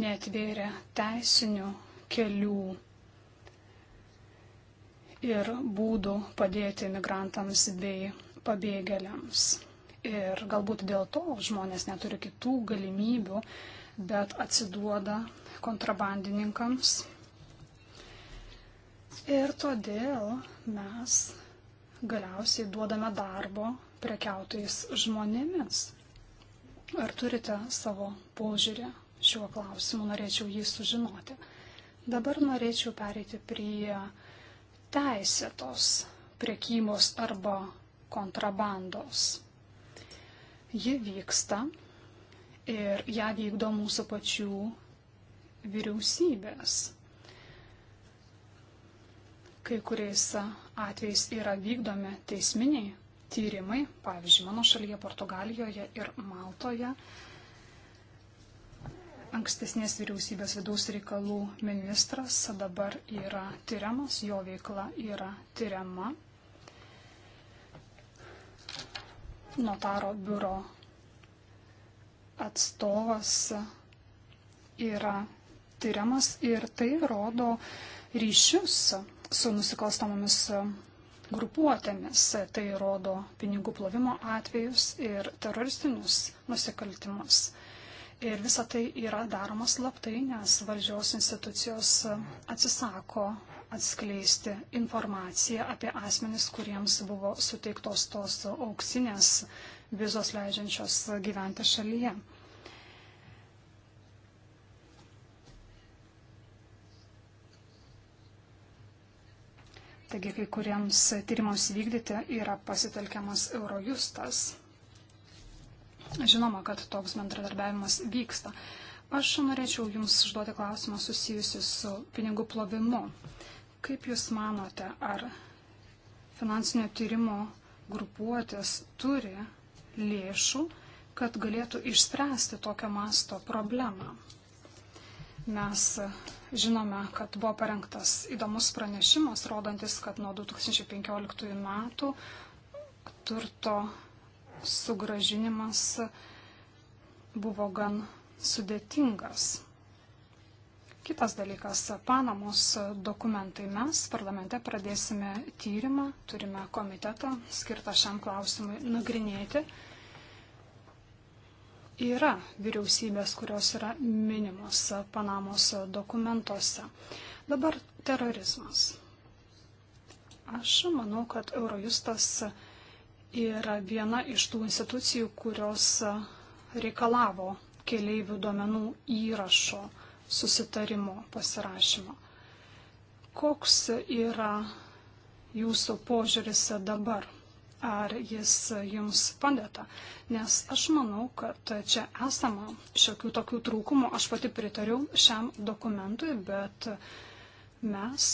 netvėrė teisinių kelių ir būdų padėti migrantams bei pabėgėliams? Ir galbūt dėl to žmonės neturi kitų galimybių, bet atsiduoda kontrabandininkams. Ir todėl mes galiausiai duodame darbo prekiautojais žmonėmis. Ar turite savo požiūrį šiuo klausimu, norėčiau jį sužinoti. Dabar norėčiau pereiti prie teisėtos priekybos arba kontrabandos. Ji vyksta ir ją vykdo mūsų pačių vyriausybės. Kai kuriais atvejais yra vykdomi teisminiai tyrimai, pavyzdžiui, mano šalyje, Portugalijoje ir Maltoje, ankstesnės vyriausybės vidaus reikalų ministras dabar yra tyriamas, jo veikla yra tyriama. Notaro biuro atstovas yra tyriamas ir tai rodo ryšius su nusikalstamomis grupuotėmis. Tai rodo pinigų plovimo atvejus ir teroristinius nusikaltimus. Ir visa tai yra daroma slaptai, nes valdžios institucijos atsisako atskleisti informaciją apie asmenis, kuriems buvo suteiktos tos auksinės vizos leidžiančios gyventi šalyje. Taigi kai kuriems tyrimams vykdyti yra pasitelkiamas Eurojustas. Žinoma, kad toks bendradarbiavimas vyksta. Aš norėčiau Jums užduoti klausimą susijusi su pinigų plovimu. Kaip Jūs manote, ar finansinio tyrimo grupuotės turi lėšų, kad galėtų išspręsti tokio masto problemą? Mes žinome, kad buvo parengtas įdomus pranešimas, rodantis, kad nuo 2015 metų turto sugražinimas buvo gan sudėtingas. Kitas dalykas - Panamos dokumentai. Mes parlamente pradėsime tyrimą, turime komitetą skirtą šiam klausimui nagrinėti yra vyriausybės, kurios yra minimos Panamos dokumentuose. Dabar terorizmas. Aš manau, kad Eurojustas yra viena iš tų institucijų, kurios reikalavo keleivių duomenų įrašo susitarimo pasirašymo. Koks yra jūsų požiūris dabar ar jis jums padeda. Nes aš manau, kad čia esama šiokių tokių trūkumų. Aš pati pritariu šiam dokumentui, bet mes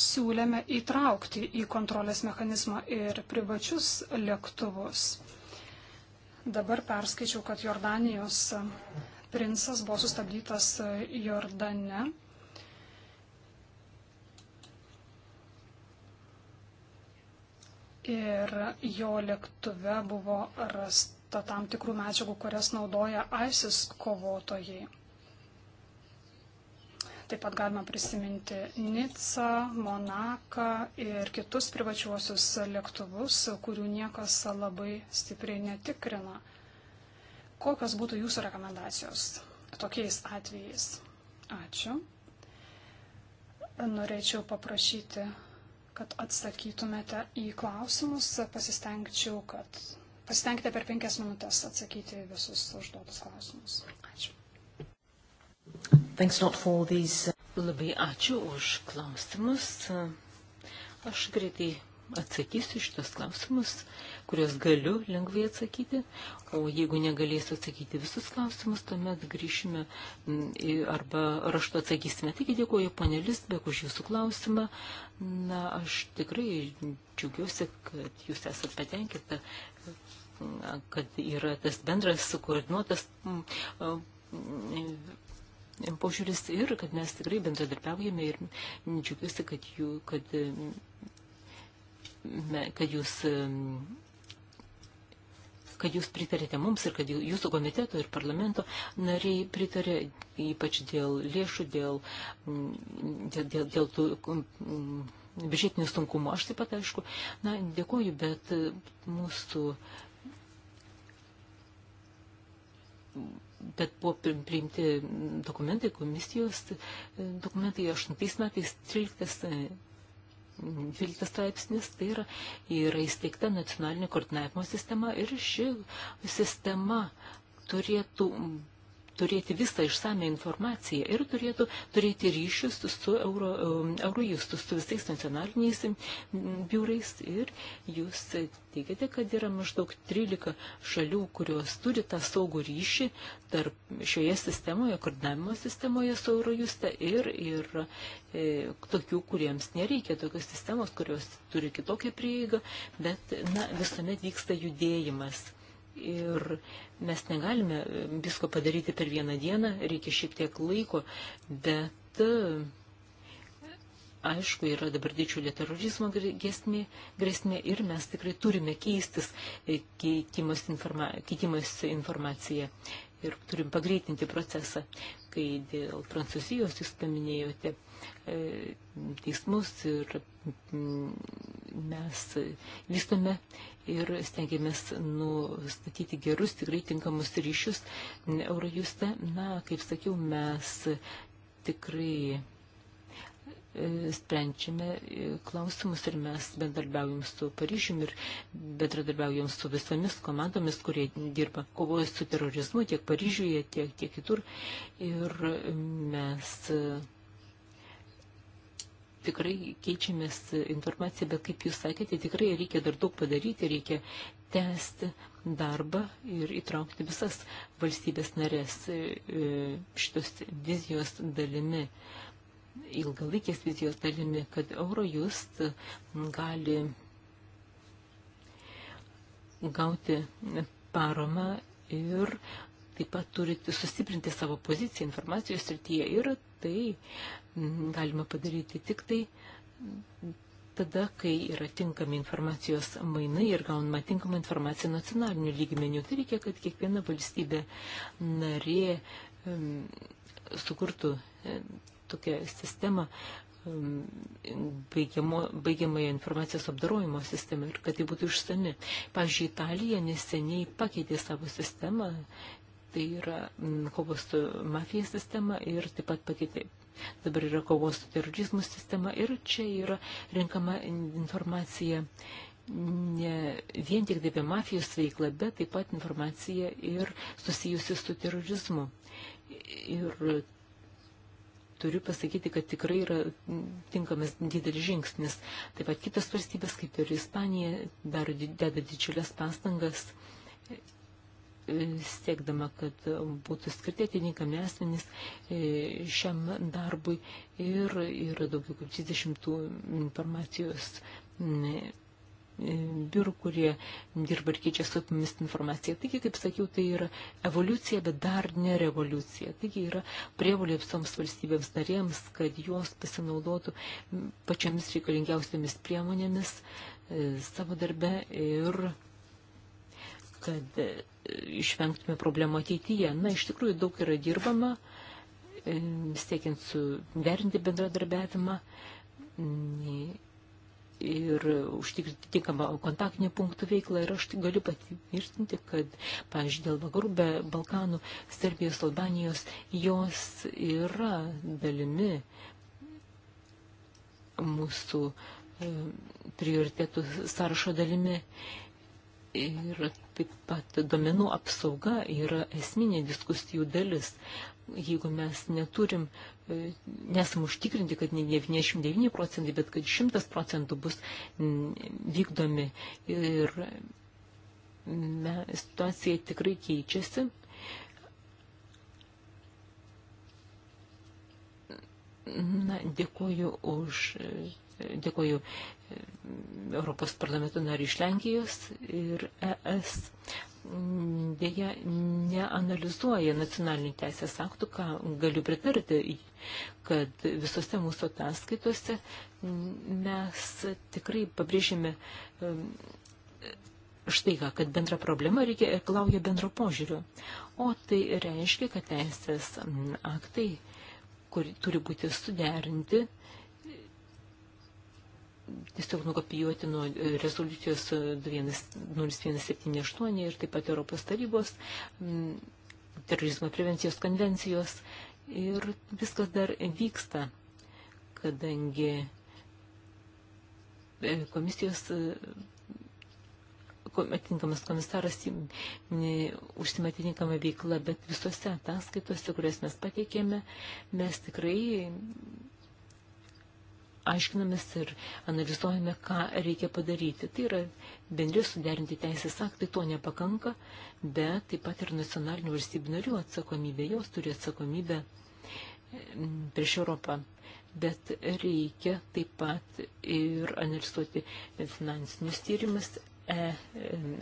siūlėme įtraukti į kontrolės mechanizmą ir privačius lėktuvus. Dabar perskaičiau, kad Jordanijos princas buvo sustabdytas Jordane ir jo lėktuve buvo rasta tam tikrų medžiagų, kurias naudoja ISIS kovotojai. Taip pat galima prisiminti Nicą, Monaką ir kitus privačiuosius lėktuvus, kurių niekas labai stipriai netikrina. Kokios būtų jūsų rekomendacijos tokiais atvejais? Ačiū. Norėčiau paprašyti kad atsakytumėte į klausimus. Pasistengčiau, kad pasistengite per penkias minutės atsakyti visus užduotus klausimus. Ačiū. These... Uh, Labai ačiū už klausimus. Aš greitai atsakysiu šitos klausimus. Uh, kuriuos galiu lengvai atsakyti, o jeigu negalėsiu atsakyti visus klausimus, tuomet grįšime arba raštu atsakysime. Taigi dėkuoju ponė Lisbek už jūsų klausimą. Na, aš tikrai džiugiuosi, kad jūs esat patenkinta, kad yra tas bendras sukoordinuotas požiūris ir kad mes tikrai bendradarbiaujame ir džiugiuosi, kad, jų, kad, kad jūs kad jūs pritarėte mums ir kad jūsų komiteto ir parlamento nariai pritarė ypač dėl lėšų, dėl, mm, dėl, dėl, dėl tų mm, mm, biudžetinių sunkumų. Aš taip pat, aišku, na, dėkoju, bet e, mūsų. Bet buvo priimti dokumentai, komisijos e, dokumentai 8 metais, 13 12 straipsnis, tai yra, yra įsteigta nacionalinė koordinavimo sistema ir ši sistema turėtų turėti visą išsame informaciją ir turėtų turėti ryšius su Euro, um, Eurojustu, su visais nacionaliniais biurais ir jūs teigiate, kad yra maždaug 13 šalių, kurios turi tą saugų ryšį tarp šioje sistemoje, koordinavimo sistemoje su Eurojuste ir, ir e, tokių, kuriems nereikia tokios sistemos, kurios turi kitokią prieigą, bet na, visuomet vyksta judėjimas. Ir Mes negalime e, visko padaryti per vieną dieną, reikia šiek tiek laiko, bet e, aišku, yra dabar didžiulė terorizmo grėsmė, grėsmė ir mes tikrai turime keistis e, keitimas, informa, keitimas informacija ir turim pagreitinti procesą. Kai dėl Prancūzijos jūs paminėjote, E, teismus ir mm, mes vystome ir stengiamės nustatyti gerus, tikrai tinkamus ryšius. Eurojuste, na, kaip sakiau, mes tikrai e, sprendžiame e, klausimus ir mes bendradarbiaujam su Paryžium ir bendradarbiaujam su visomis komandomis, kurie dirba kovoja su terorizmu tiek Paryžiuje, tiek, tiek kitur. Ir mes tikrai keičiamės informaciją, bet kaip jūs sakėte, tikrai reikia dar daug padaryti, reikia tęsti darbą ir įtraukti visas valstybės narės e, šitos vizijos dalimi, ilgalaikės vizijos dalimi, kad Eurojust gali gauti paramą ir taip pat turite sustiprinti savo poziciją informacijos srityje ir tai Mhm, galima padaryti tik tai tada, kai yra tinkami informacijos mainai ir gaunama tinkama informacija nacionaliniu lygmeniu. Tai reikia, kad kiekviena valstybė narė sukurtų tokią sistemą baigiamojo informacijos apdarojimo sistemą ir kad tai būtų išsami. Pavyzdžiui, Italija neseniai pakeitė savo sistemą, tai yra kovos su mafija sistema ir taip pat pakeitė dabar yra kovos su terorizmu sistema ir čia yra renkama informacija ne vien tik tai apie mafijos veiklą, bet taip pat informacija ir susijusi su terorizmu. Ir turiu pasakyti, kad tikrai yra tinkamas didelis žingsnis. Taip pat kitas valstybės, kaip ir Ispanija, daro, deda didžiulės pastangas siekdama, kad būtų skirti atitinkami asmenys e, šiam darbui ir yra daugiau kaip 30 informacijos e, biurų, kurie dirba ir keičia su apimis informaciją. Taigi, kaip sakiau, tai yra evoliucija, bet dar ne revoliucija. Taigi yra prievolė visoms valstybėms narėms, kad jos pasinaudotų pačiamis reikalingiausiamis priemonėmis e, savo darbe ir kad išvengtume problemų ateityje. Na, iš tikrųjų daug yra dirbama, e, siekiant suverinti bendradarbiavimą mm, ir užtikrinti tinkamą kontaktinių punktų veiklą. Ir aš galiu patvirtinti, kad, pavyzdžiui, dėl vakarų be Balkanų, Serbijos, Albanijos, jos yra dalimi mūsų e, prioritėtų sąrašo dalimi. Ir taip pat domenų apsauga yra esminė diskusijų dalis. Jeigu mes neturim, e, nesam užtikrinti, kad ne 99 procentai, bet kad 100 procentų bus vykdomi ir me, situacija tikrai keičiasi. Na, dėkuoju už dėkoju e, Europos parlamento nariu iš Lenkijos ir ES dėja neanalizuoja nacionalinių teisės aktų, ką galiu pritarti, kad visose mūsų ataskaitose mes tikrai pabrėžėme e, štai ką, kad bendra problema reikia ir klauja bendro požiūrio. O tai reiškia, kad teisės aktai, kur turi būti suderinti tiesiog nukopijuoti nuo e, rezoliucijos 0178 e, ir taip pat Europos tarybos terorizmo prevencijos konvencijos. Ir viskas dar vyksta, kadangi e, komisijos atitinkamas komisaras užsima atitinkamą veiklą, bet visose ataskaitose, kurias mes pateikėme, mes tikrai aiškinamės ir analizuojame, ką reikia padaryti. Tai yra bendri suderinti teisės aktai, to nepakanka, bet taip pat ir nacionalinių valstybių narių atsakomybė, jos turi atsakomybę mm, prieš Europą. Bet reikia taip pat ir analizuoti finansinius tyrimus, E,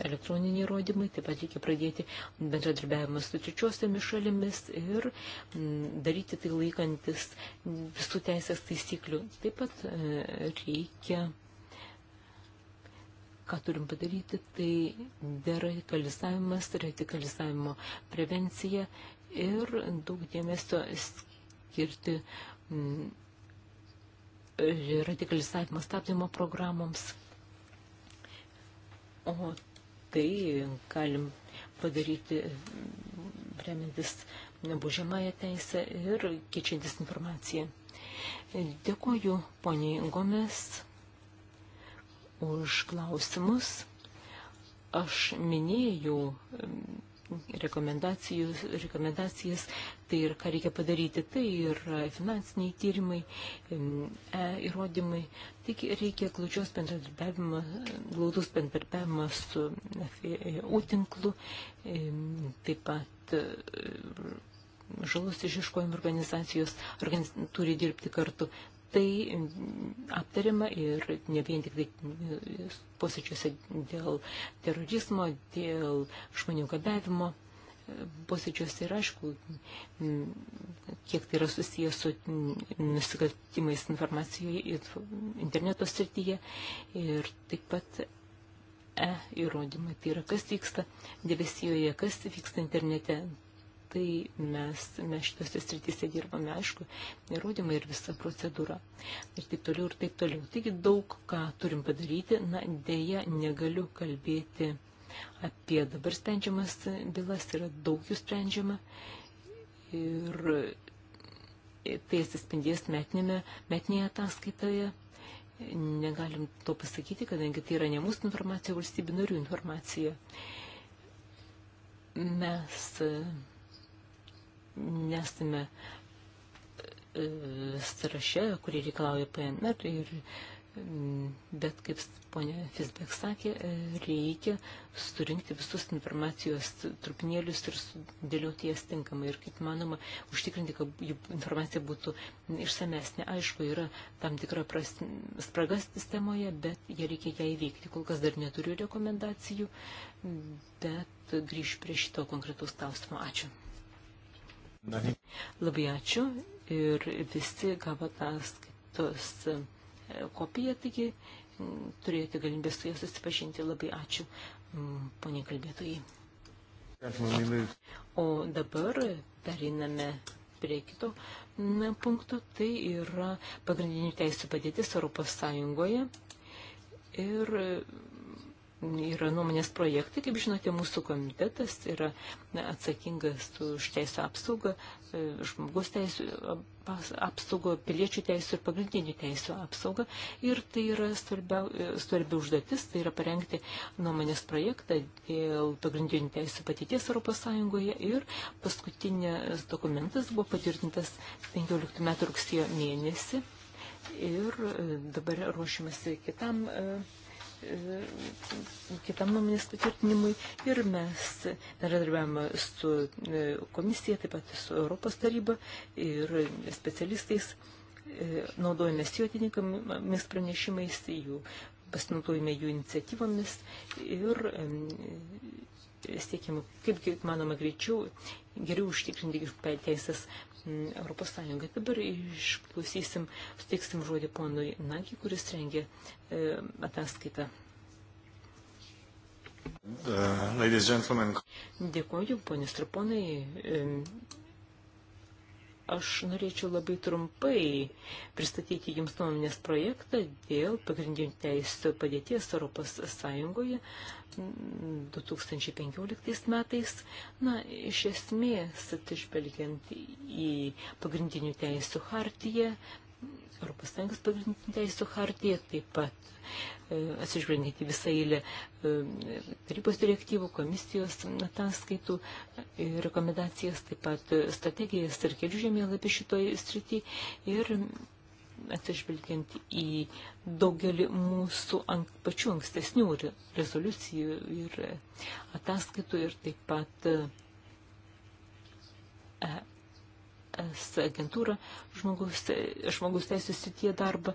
elektroniniai įrodymai, taip pat reikia pradėti bendradarbiavimą su trečiosiomis šalimis ir daryti tai laikantis visų teisės taisyklių. Taip pat e, reikia, ką turim padaryti, tai deradikalizavimas, radikalizavimo prevencija ir daug dėmesio skirti radikalizavimo stabdymo programoms O tai galim padaryti remintis baudžiamąją teisę ir keičiantis informaciją. Dėkuoju poniai Gomes už klausimus. Aš minėjau rekomendacijas, tai ir ką reikia padaryti, tai ir finansiniai tyrimai, e, įrodymai. Tik reikia glaudos bendradarbiavimo, glaudos bendradarbiavimo su FAU e e tinklu, e, taip pat e, žalos išieškojimo organizacijos organiz... turi dirbti kartu tai mm, aptariama ir ne vien tik tai mm, posėdžiuose dėl terorizmo, dėl žmonių gabevimo e, posėdžiuose ir aišku, mm, kiek tai yra susijęs su nusikaltimais informacijoje interneto srityje ir taip pat e įrodymai, tai yra kas vyksta debesijoje, kas vyksta internete, tai mes, mes šitose srityse dirbame, aišku, įrodymai ir visa procedūra. Ir taip toliau, ir taip toliau. Taigi daug ką turim padaryti, na, dėja negaliu kalbėti apie dabar sprendžiamas bylas, yra daug jų sprendžiama. Ir tai atsispindės metinėme, metinėje ataskaitoje. Negalim to pasakyti, kadangi tai yra ne mūsų informacija, valstybių narių informacija. Mes nesame e, sąraše, kurį reikalauja PNR ir mm, bet kaip ponia Fisbek sakė, e, reikia surinkti visus informacijos trupinėlius ir sudėlioti jas tinkamai ir kaip manoma užtikrinti, kad jų informacija būtų išsamesnė. Aišku, yra tam tikra pras... spraga sistemoje, bet jie reikia ją įveikti. Kol kas dar neturiu rekomendacijų, bet grįšiu prie šito konkretaus klausimo. Ačiū. Labai ačiū ir visi gavo ataskaitos e, kopiją, taigi turėjote galimybę su jais susipažinti. Labai ačiū, poniai kalbėtojai. O dabar periname prie kito punkto, tai yra pagrindinių teisų padėtis Europos Sąjungoje. Ir yra nuomonės projektai. Kaip žinote, mūsų komitetas yra atsakingas už teisų apsaugą, e, žmogus teisų apsaugą, piliečių teisų ir pagrindinių teisų apsaugą. Ir tai yra svarbia, e, svarbi užduotis, tai yra parengti nuomonės projektą dėl pagrindinių teisų patyties Europos Sąjungoje. Ir paskutinės dokumentas buvo patvirtintas 15 metų rugsėjo mėnesį. Ir e, dabar ruošiamasi kitam. Uh, E, kitam nuomonės patvirtinimui ir mes bendradarbiavame su e, komisija, taip pat su Europos taryba ir specialistais, e, naudojame jų atitinkamomis pranešimais, jų pasinaudojame jų iniciatyvomis ir siekime, kaip manoma, greičiau geriau užtikrinti teisės Europos Sąjungą. Dabar išklausysim, suteiksim žodį ponui Nagi, kuris rengia e, ataskaitą. Uh, Dėkuoju, ponės ir ponai, e, Aš norėčiau labai trumpai pristatyti Jums nuomonės projektą dėl pagrindinių teisų padėties Europos Sąjungoje 2015 metais. Na, iš esmės, atsižvelgiant į pagrindinių teisų hartiją, Europos Sąjungos pagrindinių teisų hartiją, taip pat e, atsižvelgiant į visą eilę e, tarybos direktyvų, komisijos ataskaitų, e, rekomendacijas, taip pat strategijas ir kelių žemėlapį šitoje srity ir atsižvelgiant į daugelį mūsų ank, pačių ankstesnių rezoliucijų ir ataskaitų ir taip pat e, es agentūrą žmogus, žmogus teisų sitie darbą,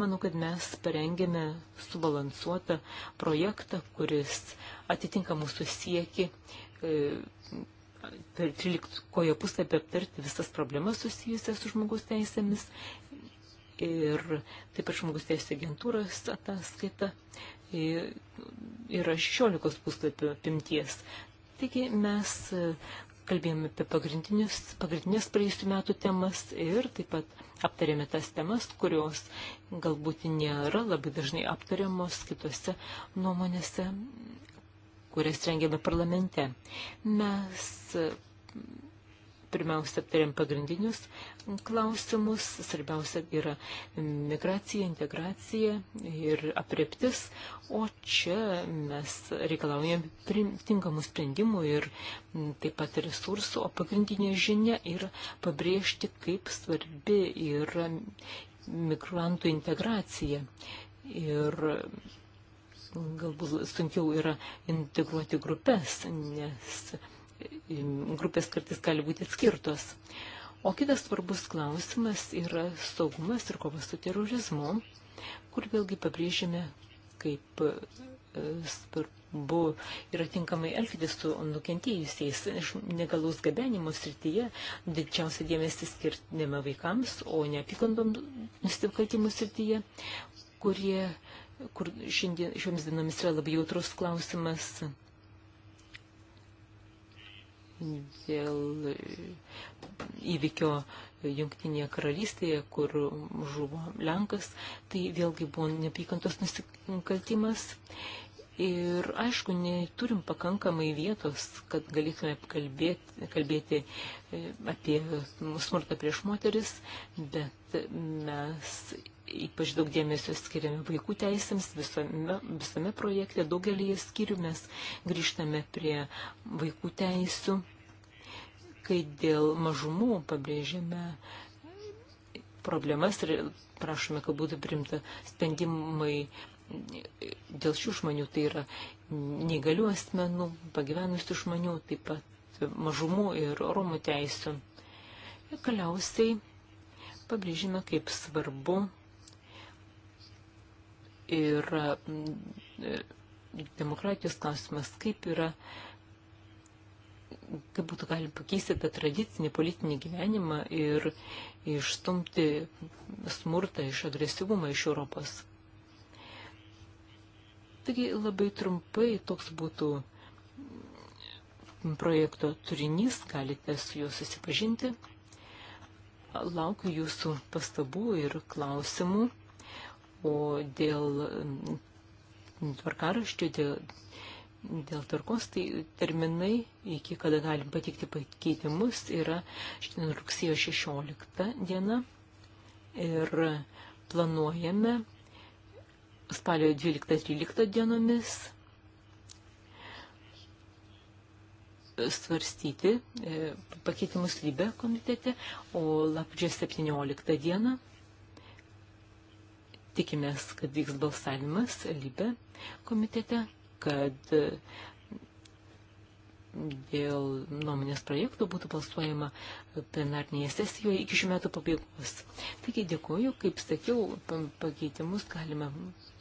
manau, kad mes parengėme subalansuotą projektą, kuris atitinka mūsų sieki e, per 13 puslapį aptarti visas problemas susijusias su žmogus teisėmis ir taip pat žmogus teisės agentūros ataskaita yra 16 puslapių apimties. Taigi mes kalbėjome apie pagrindinės praėjusių metų temas ir taip pat aptarėme tas temas, kurios galbūt nėra labai dažnai aptariamos kitose nuomonėse, kurias rengėme parlamente. Mes pirmiausia aptarėm pagrindinius klausimus. Svarbiausia yra migracija, integracija ir apreptis, o čia mes reikalaujam tinkamų sprendimų ir taip pat resursų, o pagrindinė žinia yra pabrėžti, kaip svarbi yra migrantų integracija. Ir galbūt sunkiau yra integruoti grupės, nes grupės kartais gali būti atskirtos. O kitas svarbus klausimas yra saugumas ir kova su terorizmu, kur vėlgi pabrėžėme, kaip e, svarbu yra tinkamai elgtis su nukentėjusiais. Iš negalus gabenimo srityje didžiausia dėmesį skirtinėme vaikams, o neapykandom nusikaltimų srityje, kurie, kur šiandien, šiomis dienomis yra labai jautrus klausimas dėl e, įvykio Junktinėje karalystėje, kur žuvo Lenkas, tai vėlgi buvo nepykantos nusikaltimas. Ir aišku, neturim pakankamai vietos, kad galėtume kalbėti, kalbėti e, apie smurtą prieš moteris, bet mes ypač daug dėmesio skiriame vaikų teisėms visame, visame projekte, daugelį skyrių mes grįžtame prie vaikų teisų kai dėl mažumų pabrėžėme problemas ir prašome, kad būtų primta sprendimai dėl šių žmonių, tai yra negalių asmenų, pagyvenusių žmonių, taip pat mažumų ir romų teisų. Ir galiausiai pabrėžime, kaip svarbu ir mm, demokratijos klausimas, kaip yra kaip būtų galima pakeisti tą tradicinį politinį gyvenimą ir išstumti smurtą iš agresyvumą iš Europos. Taigi labai trumpai toks būtų projekto turinys, galite su juo susipažinti. Laukiu jūsų pastabų ir klausimų, o dėl tvarkaraščių, dėl dėl tvarkos, tai terminai, iki kada galim patikti pakeitimus, yra šiandien rugsėjo 16 diena ir planuojame spalio 12-13 dienomis svarstyti e, pakeitimus lybę komitete, o lapkričio 17 dieną tikimės, kad vyks balsavimas lybę komitete kad dėl nuomonės projektų būtų balsuojama plenarnėje sesijoje iki šių metų pabaigos. Taigi dėkuoju, kaip sakiau, pakeitimus galime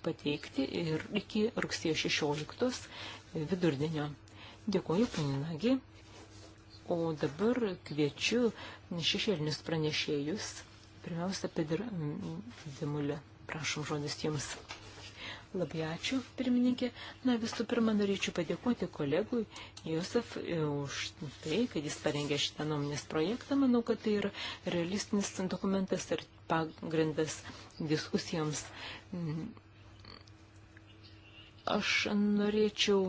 pateikti ir iki rugsėjo 16 vidurdienio. Dėkuoju, paninagi. O dabar kviečiu šešėlinius pranešėjus. Pirmiausia, Pedro Dimulė. Prašom žodis jums. Labai ačiū, pirmininkė. Na, visų pirma, norėčiau padėkoti kolegui Josef e, už tai, kad jis parengė šitą nuomonės projektą. Manau, kad tai yra realistinis dokumentas ir pagrindas diskusijoms. Aš norėčiau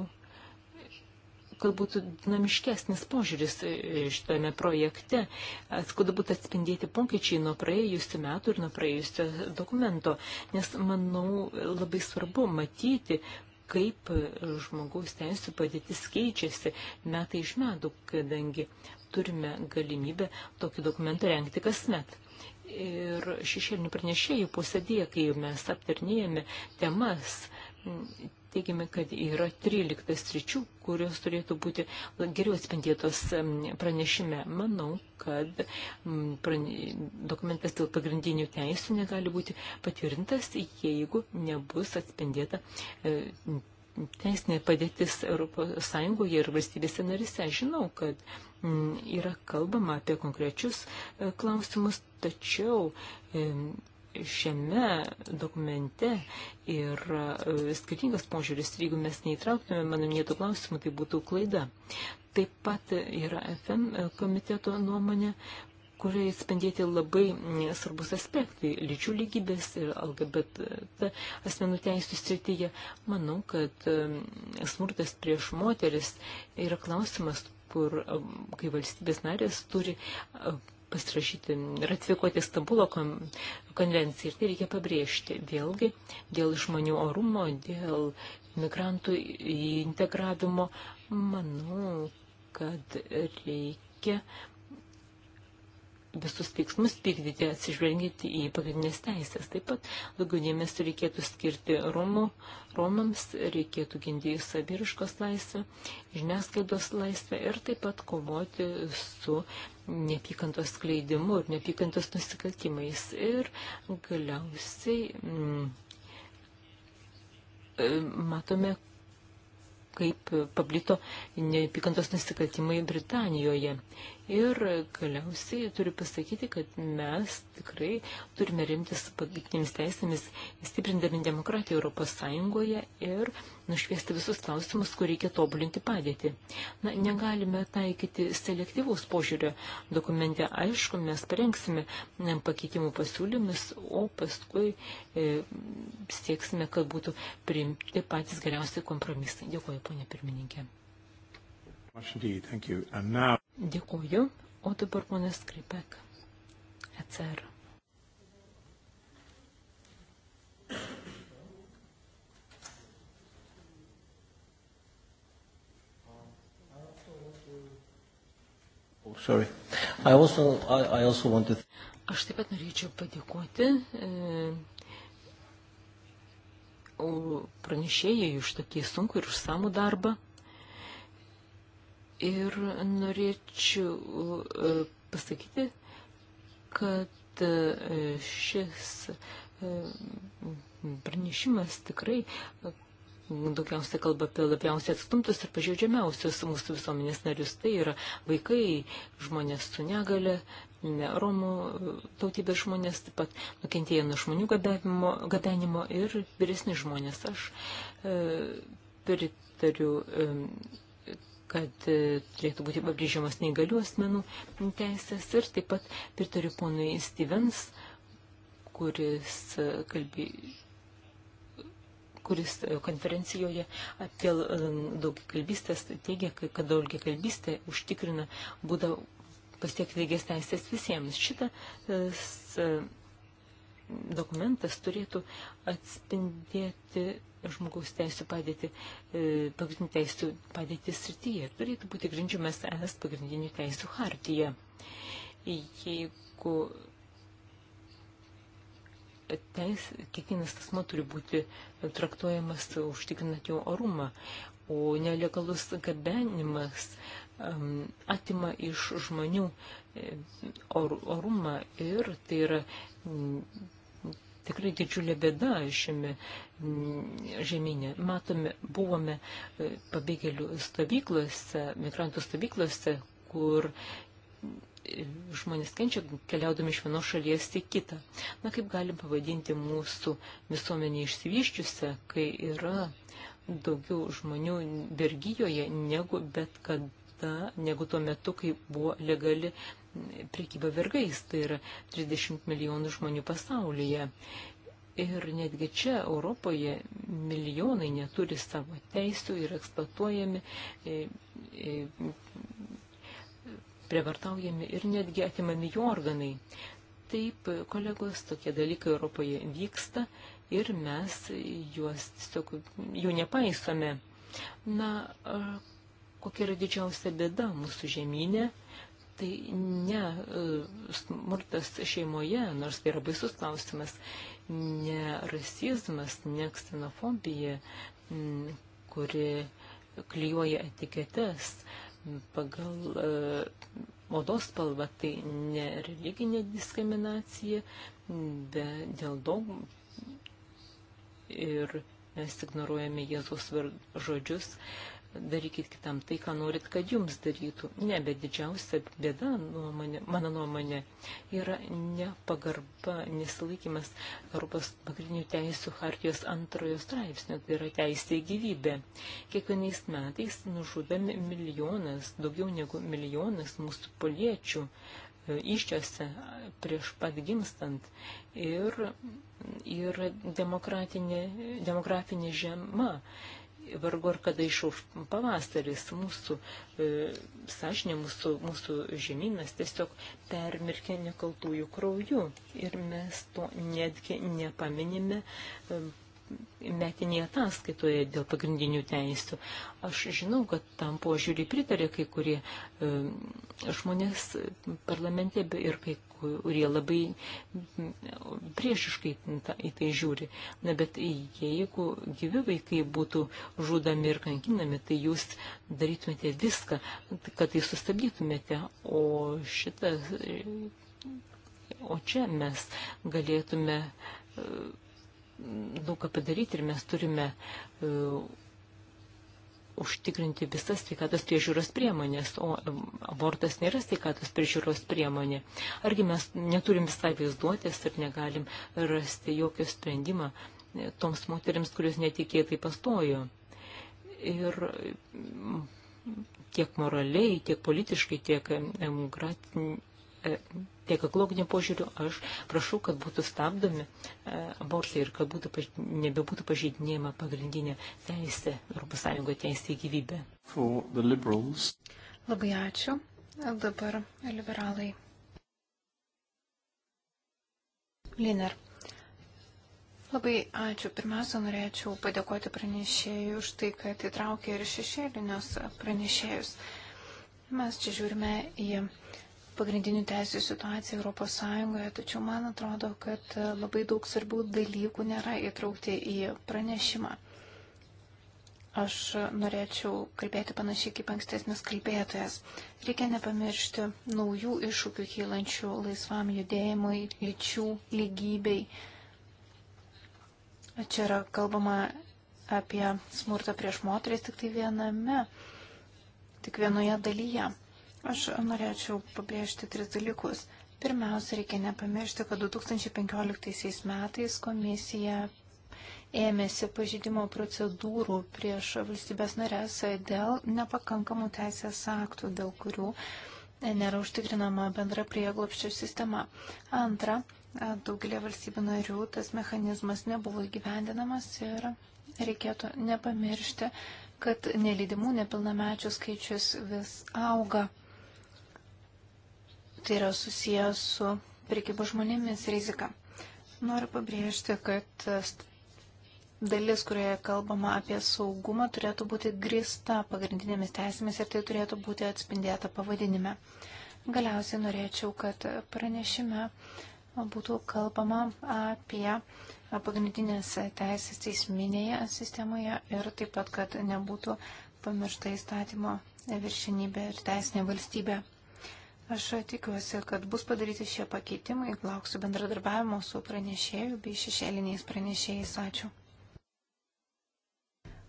kad būtų dinamiškesnis požiūris e, šitame projekte, kad būtų atspindėti pokyčiai nuo praėjusių metų ir nuo praėjusio dokumento, nes manau labai svarbu matyti, kaip žmogaus teisų padėtis keičiasi metai iš metų, kadangi turime galimybę tokį dokumentą rengti kasmet. Ir šešėlinių pranešėjų posėdėje, kai mes aptarnėjame temas, teigiame, kad yra 13 sričių, kurios turėtų būti geriau atspindėtos pranešime. Manau, kad dokumentas dėl pagrindinių teisų negali būti patvirtintas, jeigu nebus atspindėta e, teisinė padėtis Europos Sąjungoje ir valstybėse narise. Žinau, kad yra kalbama apie konkrečius e, klausimus, tačiau šiame dokumente ir e, skirtingas požiūris, jeigu mes neįtrauktume mano minėtų klausimų, tai būtų klaida. Taip pat yra FM komiteto nuomonė, kurioje atspindėti labai svarbus aspektai - lyčių lygybės ir LGBT asmenų teisų srityje. Manau, kad smurtas prieš moteris yra klausimas, kur, kai valstybės narės turi pasirašyti, ratifikuoti Stambulo konvenciją ir tai reikia pabrėžti vėlgi dėl žmonių orumo, dėl migrantų integravimo. Manau, kad reikia visus veiksmus vykdyti atsižvelgiant į pagrindinės teisės. Taip pat daugiau dėmesio reikėtų skirti Romų, Romams, reikėtų ginti saviriškos laisvę, žiniasklaidos laisvę ir taip pat kovoti su neapykantos skleidimu ir neapykantos nusikaltimais. Ir galiausiai mm, e, matome, kaip paplito neapykantos nusikaltimai Britanijoje. Ir galiausiai turiu pasakyti, kad mes tikrai turime rimtis pagrindinėmis teisėmis, stiprindami demokratiją Europos Sąjungoje ir nušviesti visus klausimus, kur reikia tobulinti padėtį. Na, negalime taikyti selektyvaus požiūrio. Dokumente, aišku, mes parengsime pakeitimų pasiūlymus, o paskui e, sieksime, kad būtų priimti patys geriausi kompromisai. Dėkuoju, ponė pirmininkė. Dėkuoju. O dabar ponas Skripek. ECR. Oh, sorry. I also, I, I also want to... Aš taip pat norėčiau padėkoti e, pranešėjai už tokį sunkų ir užsamų darbą. Ir norėčiau e, pasakyti, kad e, šis e, pranešimas tikrai daugiausia kalba apie labiausiai atstumtus ir pažeidžiamiausius mūsų visuomenės narius. Tai yra vaikai, žmonės su negale, ne, romų tautybės žmonės, taip pat nukentėję nuo žmonių gabenimo, gabenimo ir vyresni žmonės. Aš e, pritariu e, kad e, turėtų būti pabrėžiamas neįgalių asmenų teisės ir taip pat pritariu ponui Stevens, kuris e, kalbė kuris e, konferencijoje apie daugikalbystės teigia, kad daugikalbystė užtikrina būdą pasiekti lygias teisės visiems. Šitas dokumentas turėtų atspindėti žmogaus teisų padėti, e, pagrindinių teisų padėti srityje ir turėtų būti grindžiamas es pagrindinių teisų hartyje. Jeigu teis, kiekvienas asmo turi būti traktuojamas užtikrinant jo orumą, o nelegalus gabenimas atima iš žmonių e, or, orumą ir tai yra tikrai didžiulė bėda šiame mm, žemynė. Matome, buvome e, pabėgėlių stovyklose, migrantų stovyklose, kur mm, žmonės kenčia keliaudami iš vienos šalies į kitą. Na, kaip galim pavadinti mūsų visuomenį išsivyščiusią, kai yra daugiau žmonių vergyjoje negu bet kada, negu tuo metu, kai buvo legali prekyba vergais, tai yra 30 milijonų žmonių pasaulyje. Ir netgi čia Europoje milijonai neturi savo teisų ir eksploatuojami, e, e, prievartaujami ir netgi atimami jų organai. Taip, kolegos, tokie dalykai Europoje vyksta ir mes juos tiesiog jų nepaisome. Na, kokia yra didžiausia bėda mūsų žemynė? tai ne e, smurtas šeimoje, nors tai yra baisus klausimas, ne rasizmas, ne ksenofobija, kuri klyjuoja etiketes pagal e, odos spalvą, tai ne religinė diskriminacija, bet dėl daug ir mes ignoruojame Jėzaus žodžius darykit kitam tai, ką norit, kad jums darytų. Ne, bet didžiausia bėda, nuomonė, mano nuomonė, yra nepagarba, nesilaikimas Europos pagrindinių teisų hartijos antrojo straipsnio, tai yra teisė į gyvybę. Kiekvienais metais nužudami milijonas, daugiau negu milijonas mūsų poliečių iščiose e, prieš pat gimstant ir yra demokratinė, demografinė žema vargu ar kada išauš pavasaris, mūsų e, sąžinė, mūsų, mūsų žemynas tiesiog permirkė nekaltųjų krauju ir mes to netgi nepaminime e, metinėje ataskaitoje dėl pagrindinių teisų. Aš žinau, kad tam požiūrį pritarė kai kurie e, žmonės parlamente ir kai kurie labai priešiškai į tai žiūri. Na, bet jeigu gyvi vaikai būtų žudami ir kankinami, tai jūs darytumėte viską, kad tai sustabdytumėte. O šitą, o čia mes galėtume e, daug ką padaryti ir mes turime uh, užtikrinti visas sveikatos priežiūros priemonės, o abortas nėra sveikatos priežiūros priemonė. Argi mes neturim visai vaizduotės ir negalim rasti jokio sprendimą e, toms moteriams, kurios netikėtai pastojo. Ir tiek moraliai, tiek politiškai, tiek tiek ekologiniu požiūriu, aš prašau, kad būtų stabdomi e, abortai ir kad būtų, nebebūtų pažeidinėjama pagrindinė teisė, Europos Sąjungoje teisė į gyvybę. Labai ačiū. Dabar liberalai. Liner. Labai ačiū. Pirmiausia, norėčiau padėkoti pranešėjui už tai, kad įtraukė ir šešėlinius pranešėjus. Mes čia žiūrime į pagrindinių teisų situaciją Europos Sąjungoje, tačiau man atrodo, kad e, labai daug svarbių dalykų nėra įtraukti į pranešimą. Aš norėčiau kalbėti panašiai kaip ankstesnis kalbėtojas. Reikia nepamiršti naujų iššūkių kylančių laisvam judėjimui, lyčių lygybei. Čia yra kalbama apie smurtą prieš moteris tik tai viename, tik vienoje dalyje. Aš norėčiau pabrėžti tris dalykus. Pirmiausia, reikia nepamiršti, kad 2015 metais komisija ėmėsi pažydimo procedūrų prieš valstybės narės dėl nepakankamų teisės aktų, dėl kurių nėra užtikrinama bendra prieglopščio sistema. Antra, daugelį valstybių narių tas mechanizmas nebuvo įgyvendinamas ir reikėtų nepamiršti, kad nelydimų nepilnamečių skaičius vis auga. Tai yra susijęs su prekybo žmonėmis rizika. Noriu pabrėžti, kad dalis, kurioje kalbama apie saugumą, turėtų būti grista pagrindinėmis teisėmis ir tai turėtų būti atspindėta pavadinime. Galiausiai norėčiau, kad pranešime būtų kalbama apie pagrindinės teisės teisminėje sistemoje ir taip pat, kad nebūtų pamiršta įstatymo viršinybė ir teisinė valstybė. Aš tikiuosi, kad bus padaryti šie pakeitimai. Lauksiu bendradarbiavimo su pranešėju bei šešėliniais pranešėjais. Ačiū.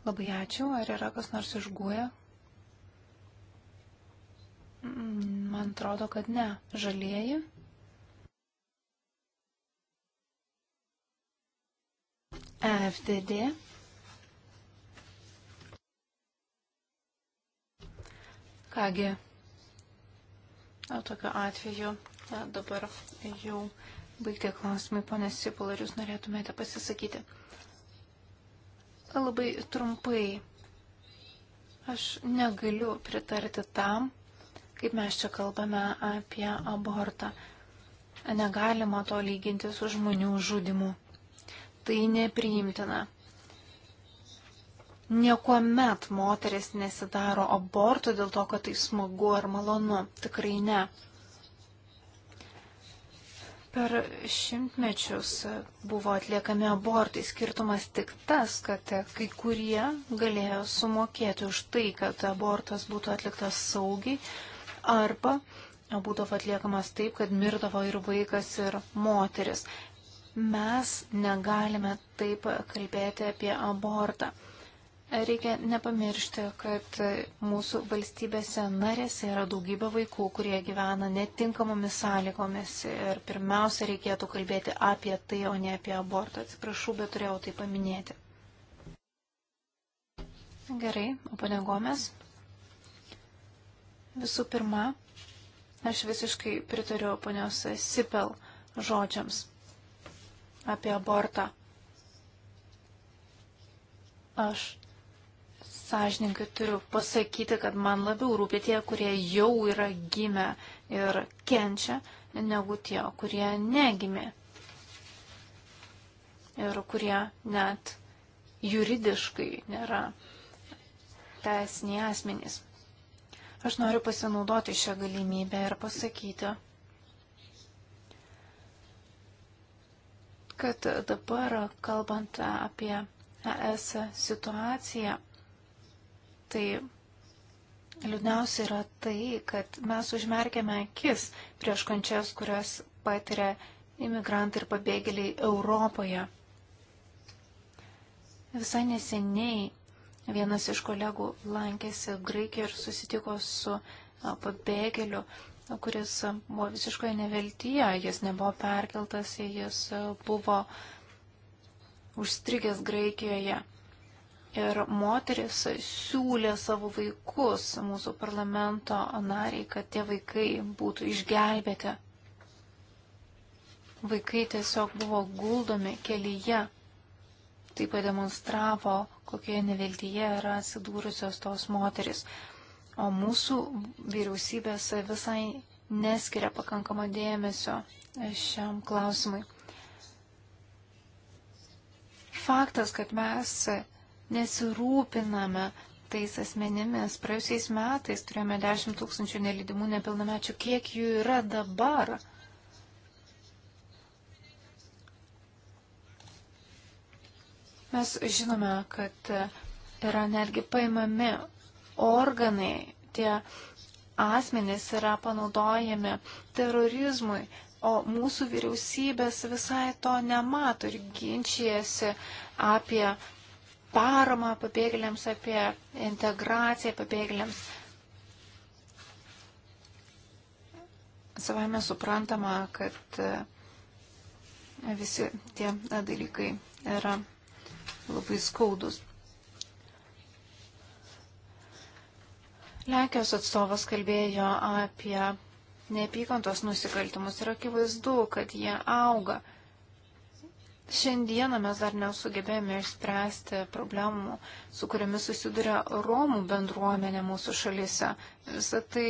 Labai ačiū. Ar yra kas nors išguoja? E? Man atrodo, kad ne. Žalieji. E FDD. Kągi. Tokiu atveju dabar jau baigti klausimai, ponė Sipul, ar jūs norėtumėte pasisakyti? Labai trumpai, aš negaliu pritarti tam, kaip mes čia kalbame apie abortą. Negalima to lyginti su žmonių žudimu. Tai nepriimtina. Niekuomet moteris nesidaro abortų dėl to, kad tai smagu ar malonu. Tikrai ne. Per šimtmečius buvo atliekami abortai. Skirtumas tik tas, kad kai kurie galėjo sumokėti už tai, kad abortas būtų atliktas saugiai arba būdavo atliekamas taip, kad mirdavo ir vaikas, ir moteris. Mes negalime taip kalbėti apie abortą Reikia nepamiršti, kad mūsų valstybėse narėse yra daugybė vaikų, kurie gyvena netinkamomis sąlygomis ir pirmiausia reikėtų kalbėti apie tai, o ne apie abortą. Atsiprašau, bet turėjau tai paminėti. Gerai, o panegomės. Visų pirma, aš visiškai pritariu ponios Sipel žodžiams apie abortą. Aš sąžininkai turiu pasakyti, kad man labiau rūpi tie, kurie jau yra gimę ir kenčia, negu tie, kurie negimė. Ir kurie net juridiškai nėra teisiniai asmenys. Aš noriu pasinaudoti šią galimybę ir pasakyti, kad dabar, kalbant apie ES situaciją, tai liūdniausia yra tai, kad mes užmerkėme akis prieš kančias, kurias patiria imigrantai ir pabėgėliai Europoje. Visai neseniai vienas iš kolegų lankėsi Graikijoje ir susitiko su pabėgėliu, kuris buvo visiškoje neviltyje, jis nebuvo perkeltas, jis buvo užstrigęs Graikijoje ir moteris siūlė savo vaikus mūsų parlamento nariai, kad tie vaikai būtų išgelbėti. Vaikai tiesiog buvo guldomi kelyje. Tai pademonstravo, kokioje neviltyje yra atsidūrusios tos moteris. O mūsų vyriausybės visai neskiria pakankamo dėmesio šiam klausimui. Faktas, kad mes nesirūpiname tais asmenimis. Praėjusiais metais turėjome 10 tūkstančių nelydimų nepilnamečių. Kiek jų yra dabar? Mes žinome, kad yra netgi paimami organai, tie asmenys yra panaudojami terorizmui, o mūsų vyriausybės visai to nemato ir ginčijasi apie paramą pabėgėliams, apie integraciją pabėgėliams. Savame suprantama, kad e, visi tie e, dalykai yra labai skaudus. Lenkijos atstovas kalbėjo apie neapykantos nusikaltimus ir akivaizdu, kad jie auga. Šiandieną mes dar nesugebėjome išspręsti problemų, su kuriamis susiduria Romų bendruomenė mūsų šalyse. Visą tai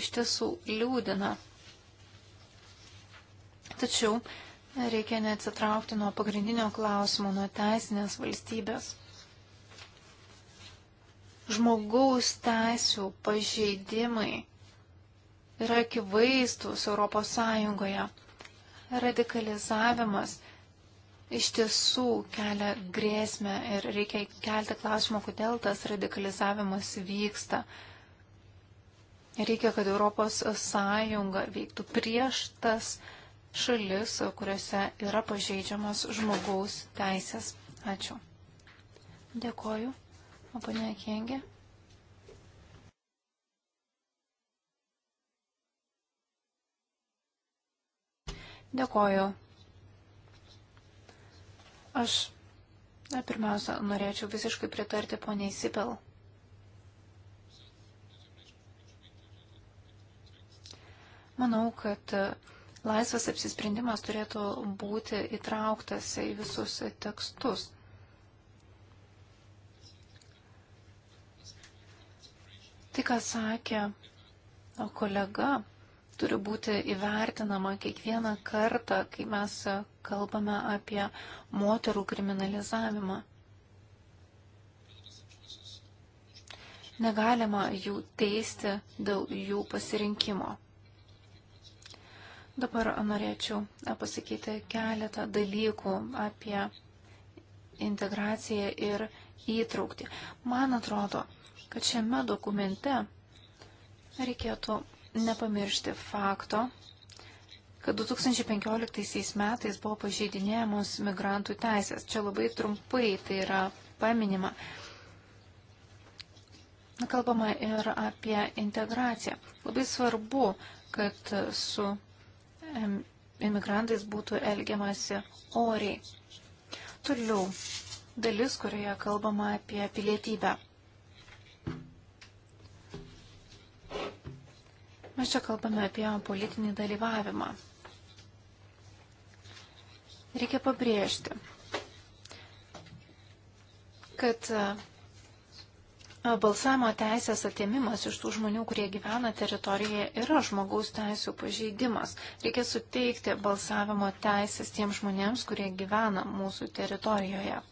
iš tiesų liūdina. Tačiau reikia neatsitraukti nuo pagrindinio klausimo, nuo teisinės valstybės. Žmogaus teisų pažeidimai yra akivaizdus Europos Sąjungoje. Radikalizavimas iš tiesų kelia grėsmę ir reikia kelti klausimą, kodėl tas radikalizavimas vyksta. Reikia, kad Europos Sąjunga veiktų prieš tas šalis, kuriuose yra pažeidžiamas žmogaus teisės. Ačiū. Dėkoju. O ponia Kengė? Dėkoju, Aš, na, pirmiausia, norėčiau visiškai pritarti poniai Sipel. Manau, kad laisvas apsisprendimas turėtų būti įtrauktas į visus tekstus. Tai, ką sakė kolega, turi būti įvertinama kiekvieną kartą, kai mes kalbame apie moterų kriminalizavimą. Negalima jų teisti dėl jų pasirinkimo. Dabar norėčiau pasakyti keletą dalykų apie integraciją ir įtraukti. Man atrodo, kad šiame dokumente reikėtų nepamiršti fakto, kad 2015 metais buvo pažeidinėjamos migrantų teisės. Čia labai trumpai tai yra paminima. Kalbama ir apie integraciją. Labai svarbu, kad su imigrantais būtų elgiamasi oriai. Toliau dalis, kurioje kalbama apie pilietybę. Mes čia kalbame apie politinį dalyvavimą. Reikia pabrėžti, kad e, e, balsavimo teisės atėmimas iš tų žmonių, kurie gyvena teritorijoje, yra žmogaus teisų pažeidimas. Reikia suteikti balsavimo teisės tiem žmonėms, kurie gyvena mūsų teritorijoje.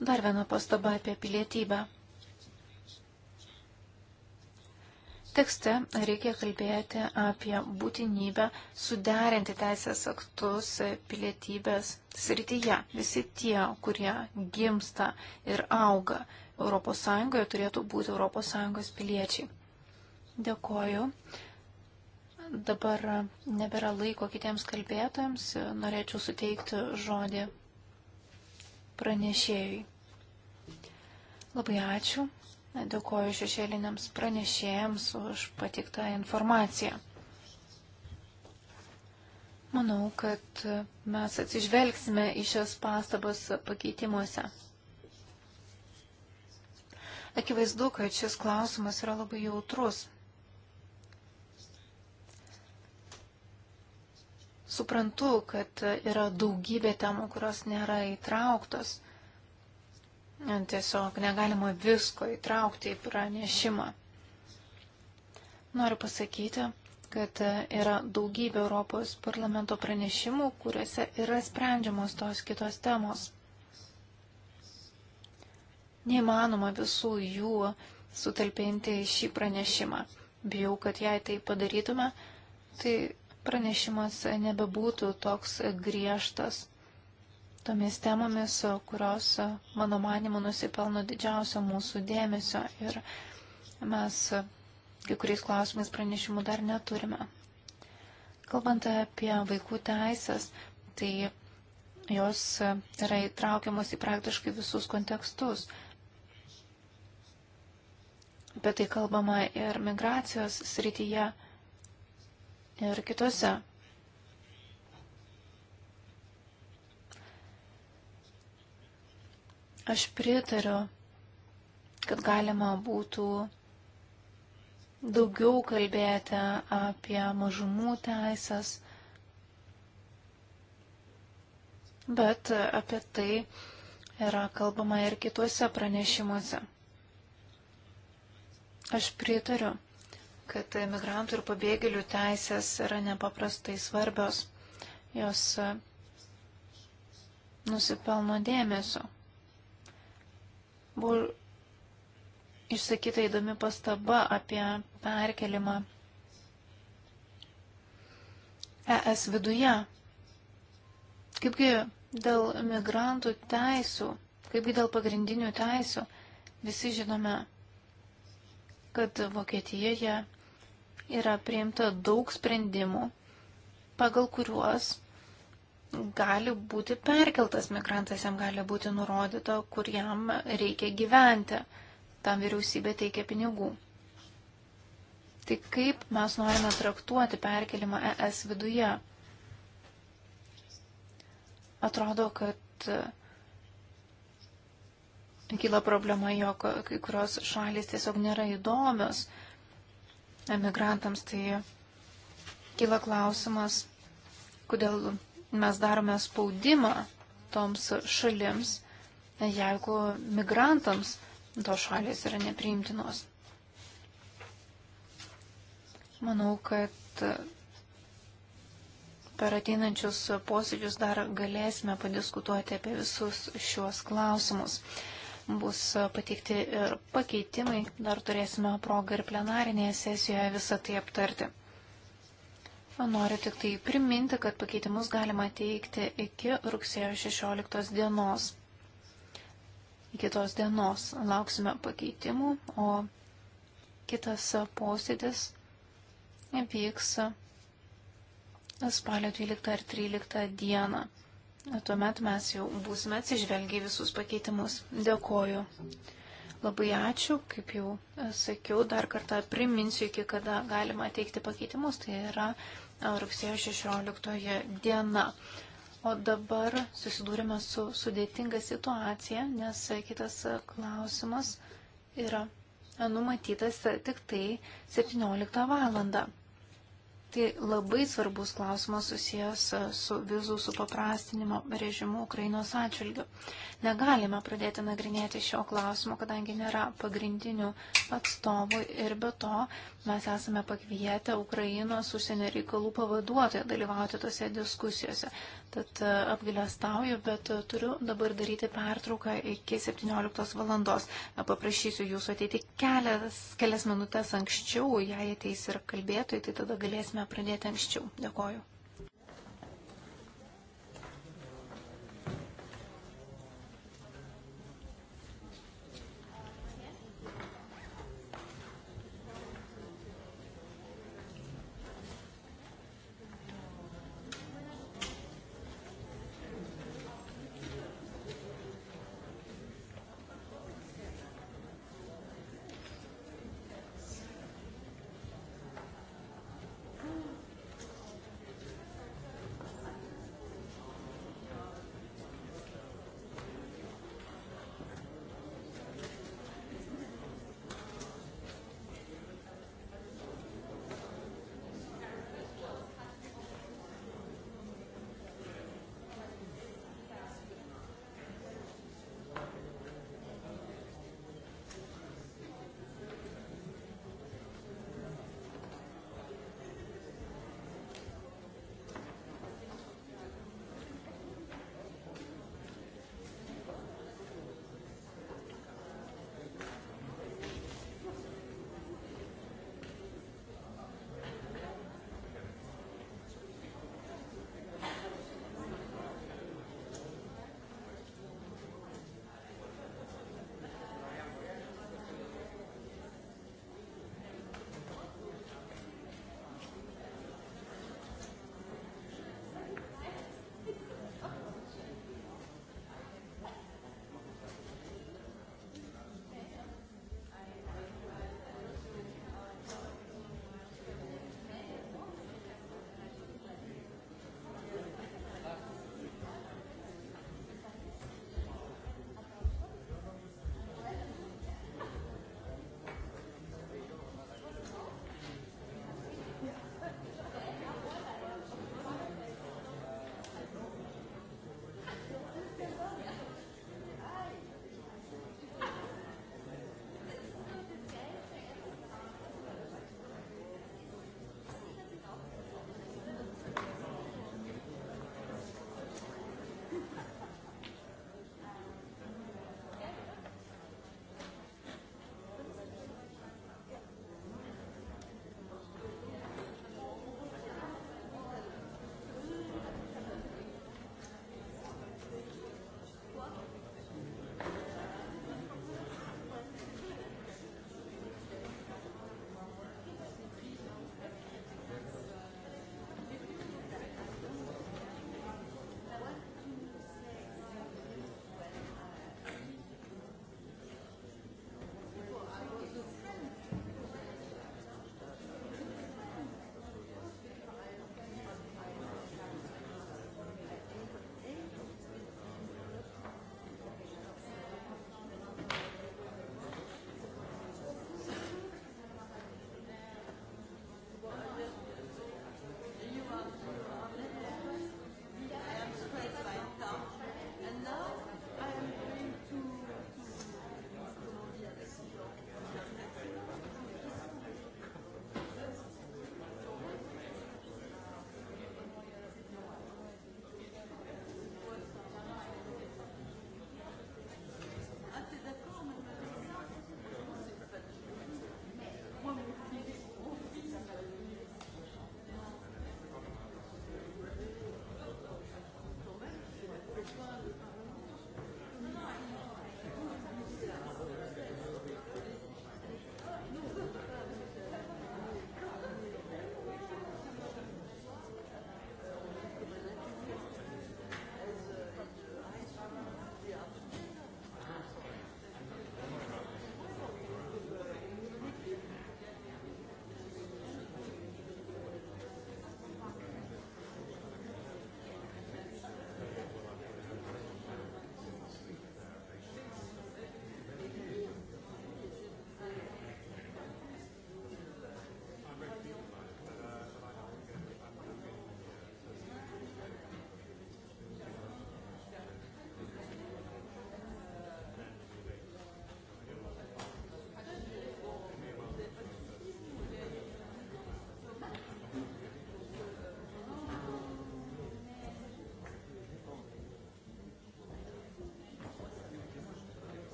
Dar viena pastaba apie pilietybę. Tekste reikia kalbėti apie būtinybę suderinti teisės aktus pilietybės srityje. Visi tie, kurie gimsta ir auga ES, turėtų būti ES piliečiai. Dėkoju. Dabar nebėra laiko kitiems kalbėtojams. Norėčiau suteikti žodį pranešėjui. Labai ačiū. Dėkoju šešėliniams pranešėjams už patiktą informaciją. Manau, kad mes atsižvelgsime į šias pastabas pakeitimuose. Akivaizdu, kad šis klausimas yra labai jautrus. Suprantu, kad yra daugybė temų, kurios nėra įtrauktos Tiesiog negalima visko įtraukti į pranešimą. Noriu pasakyti, kad yra daugybė Europos parlamento pranešimų, kuriuose yra sprendžiamos tos kitos temos. Neįmanoma visų jų sutalpinti į šį pranešimą. Bijau, kad jei tai padarytume, tai pranešimas nebebūtų toks griežtas tomis temomis, kurios, mano manimu, nusipelno didžiausio mūsų dėmesio ir mes kai kuriais klausimais pranešimų dar neturime. Kalbant apie vaikų teisės, tai jos yra įtraukiamos į praktiškai visus kontekstus. Apie tai kalbama ir migracijos srityje ir kitose Aš pritariu, kad galima būtų daugiau kalbėti apie mažumų teisės, bet apie tai yra kalbama ir kituose pranešimuose. Aš pritariu, kad migrantų ir pabėgėlių teisės yra nepaprastai svarbios. Jos nusipelno dėmesio. Buvo išsakyta įdomi pastaba apie perkelimą ES viduje. Kaipgi dėl migrantų teisų, kaipgi dėl pagrindinių teisų, visi žinome, kad Vokietijoje yra priimta daug sprendimų, pagal kuriuos gali būti perkeltas migrantas, jam gali būti nurodyta, kur jam reikia gyventi. Tam vyriausybė teikia pinigų. Tai kaip mes norime traktuoti perkelimą ES viduje? Atrodo, kad e, kyla problema, jog kai kurios šalis tiesiog nėra įdomios emigrantams. Tai kyla klausimas, kodėl mes darome spaudimą toms šalims, jeigu migrantams tos šalis yra nepriimtinos. Manau, kad per ateinančius posėdžius dar galėsime padiskutuoti apie visus šiuos klausimus. Bus pateikti ir pakeitimai, dar turėsime progą ir plenarinėje sesijoje visą tai aptarti. Noriu tik tai priminti, kad pakeitimus galima teikti iki rugsėjo 16 dienos. Iki tos dienos lauksime pakeitimų, o kitas posėdis vyks spalio 12 ar 13 dieną. Tuomet mes jau būsime atsižvelgiai visus pakeitimus. Dėkoju. Labai ačiū, kaip jau e, sakiau, dar kartą priminsiu, iki kada galima teikti pakeitimus, tai yra e, rugsėjo 16 diena. O dabar susidūrime su sudėtinga situacija, nes e, kitas klausimas yra numatytas tik tai 17 valandą. Tai labai svarbus klausimas susijęs e, su vizų supaprastinimo režimu Ukrainos atšilgiu. Negalime pradėti nagrinėti šio klausimo, kadangi nėra pagrindinių atstovų ir be to mes esame pakvietę Ukrainos užsienio reikalų pavaduotoją dalyvauti tose diskusijose tad e, apgailestauju, bet e, turiu dabar daryti pertrauką iki 17 valandos. Paprašysiu jūsų ateiti kelias, kelias minutės anksčiau, jei ateis ir kalbėtojai, tai tada galėsime pradėti anksčiau. Dėkoju.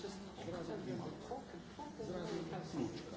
zrazu klucz.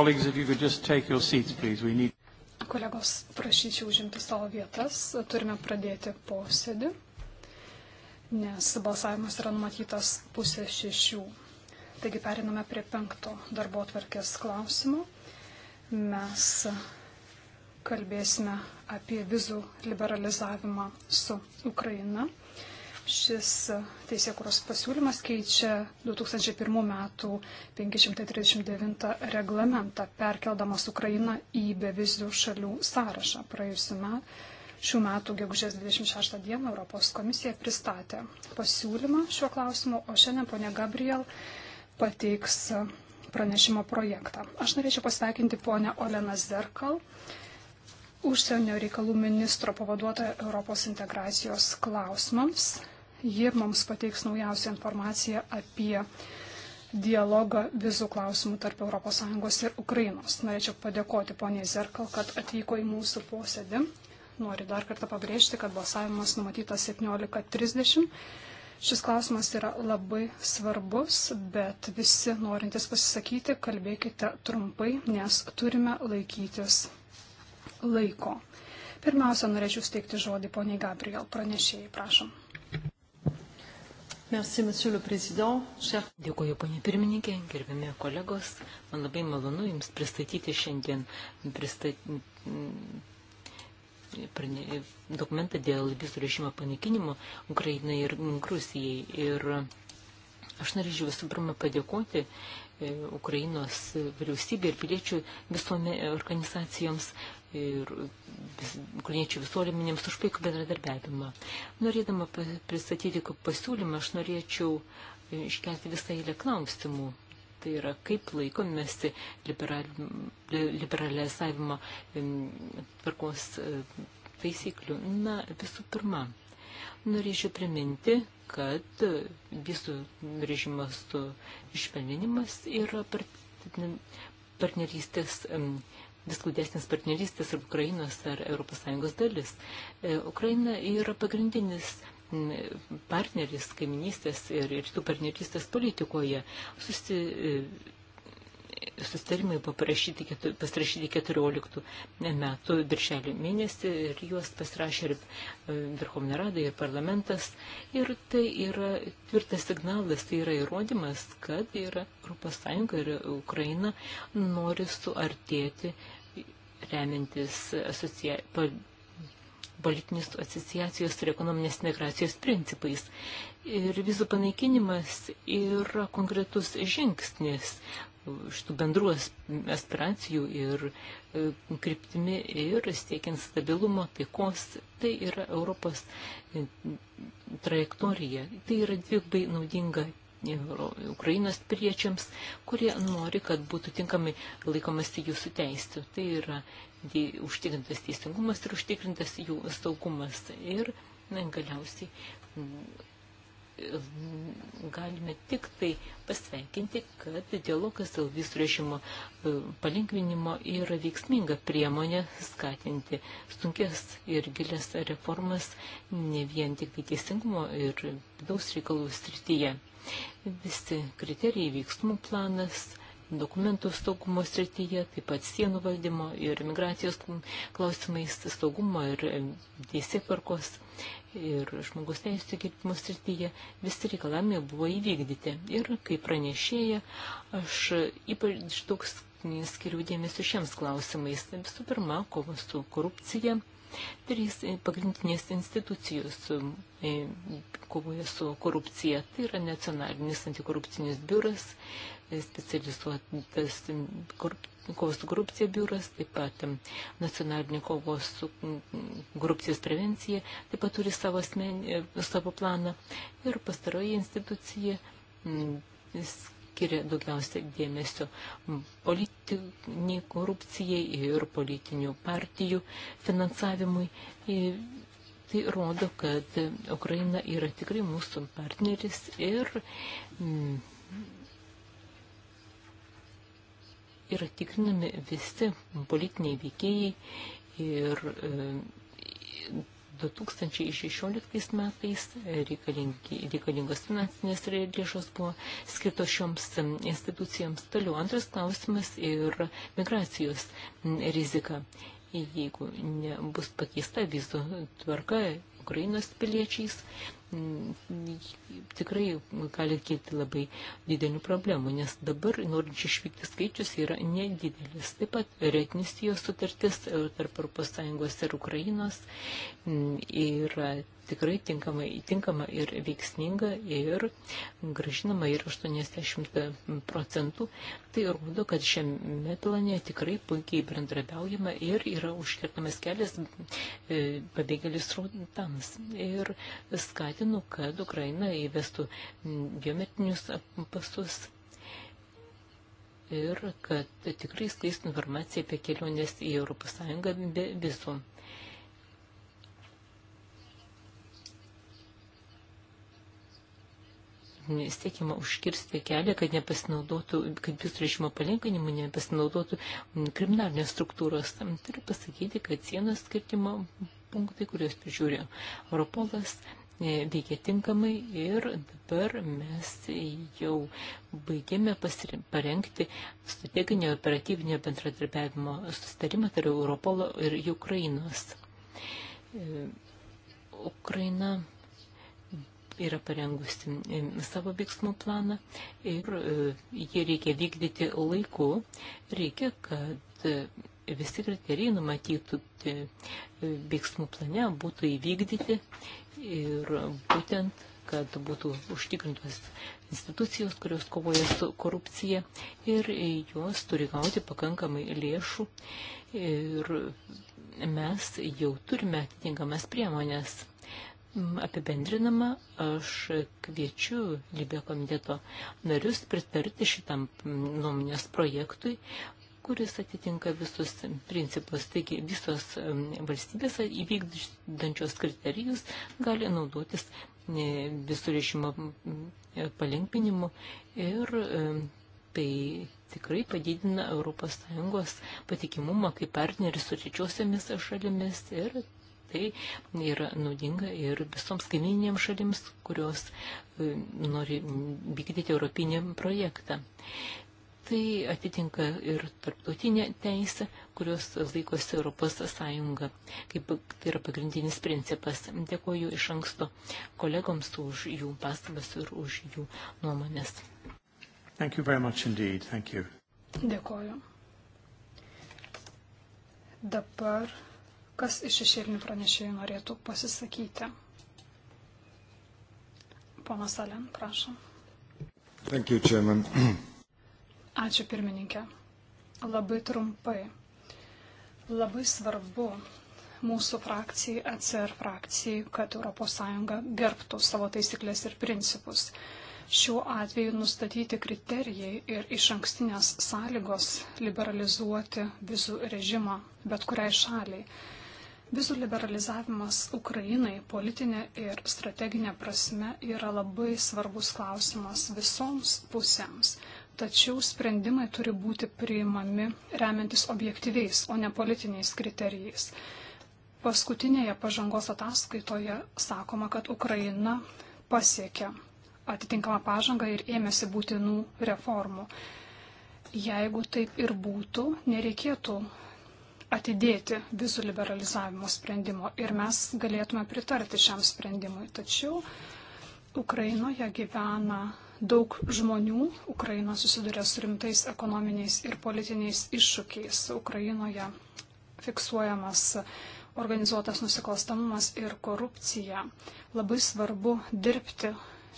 Colleagues, if you could just take your seats, please. We need... Kolegos, prašyčiau užimti savo vietas. Turime pradėti posėdį, nes balsavimas yra numatytas pusė šešių. Taigi periname prie penkto darbo atvarkės klausimo. Mes kalbėsime apie vizų liberalizavimą su Ukraina. Uh, Šis teisėkuros pasiūlymas keičia 2001 metų 539 reglamentą, perkeldamas Ukrainą į bevizių šalių sąrašą. Praėjusiu metu šių metų gegužės 26 dieną Europos komisija pristatė pasiūlymą šiuo klausimu, o šiandien ponė Gabriel pateiks pranešimo projektą. Aš norėčiau pasveikinti ponę Oleną Zerkal, užsienio reikalų ministro pavaduotoją Europos integracijos klausimams. Ji mums pateiks naujausią informaciją apie dialogą vizų klausimų tarp ES ir Ukrainos. Norėčiau padėkoti poniai Zerkal, kad atvyko į mūsų posėdį. Noriu dar kartą pabrėžti, kad balsavimas numatytas 17.30. Šis klausimas yra labai svarbus, bet visi norintys pasisakyti, kalbėkite trumpai, nes turime laikytis laiko. Pirmiausia, norėčiau steigti žodį poniai Gabriel pranešėjai, prašom. Merci, monsieur le président. Cher... Dėkuoju, ponė pirmininkė, gerbėmi kolegos. Man labai malonu Jums pristatyti šiandien pristat... Prane... dokumentą dėl vizų režimo panaikinimo Ukrainai ir Gruzijai. Ir aš norėčiau visų pirma padėkoti e, Ukrainos vyriausybė ir piliečių visuomenė organizacijoms ir ukrainiečių visuomenėms už puikų bendradarbiavimą. Norėdama pristatyti pasiūlymą, aš norėčiau iškelti visą eilę klausimų. Tai yra, kaip laikomėsi liberal, liberalizavimo tvarkos e, taisyklių. Na, visų pirma, norėčiau priminti, kad e, visų režimas švelninimas yra partnerystės. Part, vis glaudesnės partnerystės tarp Ukrainos ar ES dalis. E, Ukraina yra pagrindinis partneris kaiminystės ir rytų partnerystės politikoje. Susi, e, sustarimai paprašyti, pasirašyti 14 metų birželio mėnesį ir juos pasirašė ir e, Verhovna Rada, ir parlamentas. Ir tai yra tvirtas signalas, tai yra įrodymas, kad yra Europos Sąjunga ir Ukraina nori suartėti remintis asocia... politinis asociacijos ir ekonominės integracijos principais. Ir vizų panaikinimas yra konkretus žingsnis, šitų bendrų aspiracijų ir e, kryptimi ir siekiant stabilumo, taikos, tai yra Europos e, trajektorija. Tai yra dvigbai naudinga Ukrainos priečiams, kurie nori, kad būtų tinkamai laikomasi jūsų teistų. Tai yra užtikrintas teisingumas ir užtikrintas jų saugumas. Ir na, galiausiai Ehm, galime tik tai pasveikinti, kad dialogas dėl visų režimo e, palengvinimo yra veiksminga priemonė skatinti sunkės ir gilės reformas ne vien tik tai teisingumo ir vidaus reikalų srityje. Visi kriterijai veiksmų planas dokumentų saugumo srityje, taip pat sienų valdymo ir migracijos klausimais saugumo ir teisėtvarkos ir žmogus teisų kirtimo srityje visi reikalavimai buvo įvykdyti. Ir kaip pranešėja, aš ypač daug skiriu dėmesio šiems klausimais. Visų pirma, kova su korupcija. Trys pagrindinės institucijos kovoja su korupcija. Tai yra nacionalinis antikorupcinis biuras, E, specializuotas kovos su korupcija biuras, taip pat nacionalinė kovos su korupcijos prevencija, taip pat turi savo, asmenį, e, savo planą ir pastaroji institucija skiria daugiausia dėmesio politiniai korupcijai ir politinių partijų finansavimui. E, tai rodo, kad Ukraina yra tikrai mūsų partneris ir yra tikrinami visi politiniai veikėjai ir 2016 e, metais reikalingos finansinės lėšos buvo skirtos šioms e, institucijoms. Toliau antras klausimas yra migracijos rizika. Jeigu nebus pakeista vizų tvarka Ukrainos piliečiais, Mm, tikrai gali kilti labai didelių problemų, nes dabar norinčių išvykti skaičius yra nedidelis. Taip pat retnistijos sutartis e, tarp Europos Sąjungos ir Ukrainos mm, yra tikrai tinkama, tinkama ir veiksminga ir gražinama ir 80 procentų. Tai rodo, kad šiame plane tikrai puikiai bendradaujama ir yra užkirtamas kelias e, pabėgėlis rautams ir skatinama ketinu, kad Ukraina įvestų biometrinius pasus ir kad tikrai skleistų informaciją apie keliones į Europos Sąjungą be vizų. Siekima užkirsti kelią, kad nepasinaudotų, kad visų režimo palinkinimų nepasinaudotų kriminalinės struktūros. Turiu pasakyti, kad sienos skirtimo punktai, kuriuos prižiūrėjo Europolas, E, veikia tinkamai ir dabar mes jau baigėme parengti strateginio operatyvinio bendradarbiavimo sustarimą tarp Europolo ir Ukrainos. E, Ukraina yra parengusi e, savo veiksmų planą ir jį reikia vykdyti laiku. Reikia, kad visi kriterijai numatytų veiksmų plane būtų įvykdyti ir būtent, kad būtų užtikrintos institucijos, kurios kovoja su korupcija ir jos turi gauti pakankamai lėšų ir mes jau turime atitinkamas priemonės. Mm, apibendrinama, aš kviečiu Libė komiteto narius pritarti šitam nuomonės projektui, kuris atitinka visus principus. Taigi visos valstybės įvykdančios kriterijus gali naudotis e, visų režimo e, palengvinimu ir tai tikrai padidina ES patikimumą kaip partneris su trečiosiamis šalimis ir tai yra naudinga ir visoms kaiminėms šalims, kurios nori vykdyti europinį projektą. Tai atitinka ir tarptautinė teisė, kurios laikosi Europos Sąjunga, kaip tai yra pagrindinis principas. Dėkoju iš anksto kolegoms už jų pastabas ir už jų nuomonės. Thank you very much indeed. Thank you. Dėkoju. Dabar kas iš šešėlinių pranešėjų norėtų pasisakyti? Ponas Alen, prašom. Thank you, Chairman. Ačiū pirmininkė. Labai trumpai. Labai svarbu mūsų frakcijai, ACR frakcijai, kad ES gerbtų savo taisyklės ir principus. Šiuo atveju nustatyti kriterijai ir iš ankstinės sąlygos liberalizuoti vizų režimą bet kuriai šaliai. Vizų liberalizavimas Ukrainai politinė ir strateginė prasme yra labai svarbus klausimas visoms pusėms tačiau sprendimai turi būti priimami remiantis objektyviais, o ne politiniais kriterijais. Paskutinėje pažangos ataskaitoje sakoma, kad Ukraina pasiekė atitinkamą pažangą ir ėmėsi būtinų reformų. Jeigu taip ir būtų, nereikėtų atidėti vizų liberalizavimo sprendimo ir mes galėtume pritarti šiam sprendimui. Tačiau Ukrainoje gyvena Daug žmonių Ukraina susiduria su rimtais ekonominiais ir politiniais iššūkiais. Ukrainoje fiksuojamas organizuotas nusikalstamumas ir korupcija. Labai svarbu dirbti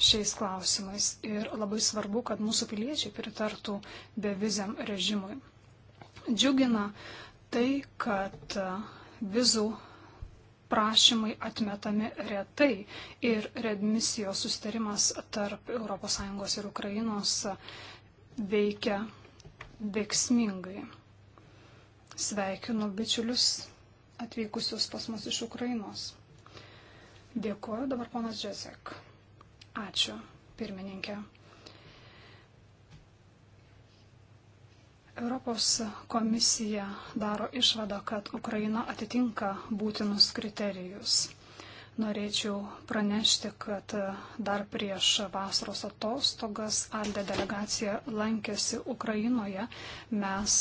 šiais klausimais ir labai svarbu, kad mūsų piliečiai pritartų beviziam režimui. Džiugina tai, kad vizų prašymai atmetami retai ir redmisijos sustarimas tarp ES ir Ukrainos veikia veiksmingai. Sveikinu bičiulius atvykusius pas mus iš Ukrainos. Dėkuoju dabar ponas Džesek. Ačiū, pirmininkė. Europos komisija daro išvadą, kad Ukraina atitinka būtinus kriterijus. Norėčiau pranešti, kad dar prieš vasaros atostogas Alde delegacija lankėsi Ukrainoje. Mes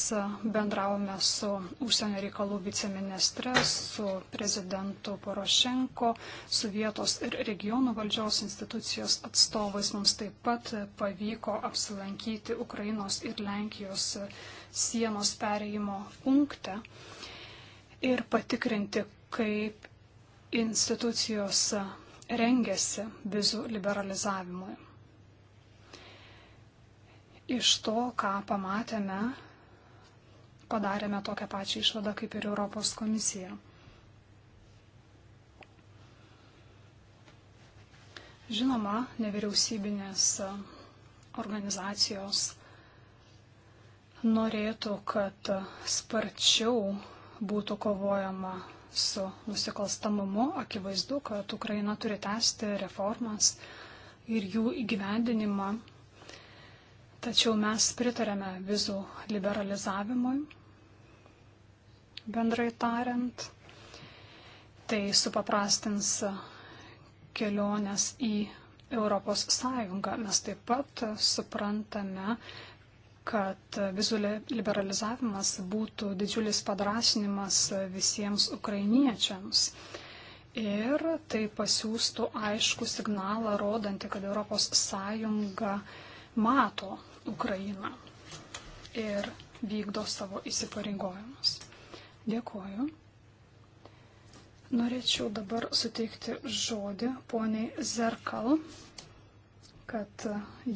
bendravome su užsienio reikalų viceministre, su prezidentu Porošenko, su vietos ir regionų valdžios institucijos atstovais. Mums taip pat pavyko apsilankyti Ukrainos ir Lenkijos sienos perėjimo punkte ir patikrinti, kaip institucijos rengiasi vizų liberalizavimui. Iš to, ką pamatėme, padarėme tokią pačią išvadą kaip ir Europos komisija. Žinoma, nevyriausybinės organizacijos norėtų, kad sparčiau būtų kovojama su nusikalstamumu. Akivaizdu, kad Ukraina turi tęsti reformas ir jų įgyvendinimą. Tačiau mes pritarėme vizų liberalizavimui, bendrai tariant. Tai supaprastins keliones į Europos Sąjungą. Mes taip pat suprantame, kad vizų liberalizavimas būtų didžiulis padrasinimas visiems ukrainiečiams. Ir tai pasiūstų aišku signalą, rodantį, kad ES mato Ukrainą ir vykdo savo įsipareigojimus. Dėkuoju. Norėčiau dabar suteikti žodį poniai Zerkal kad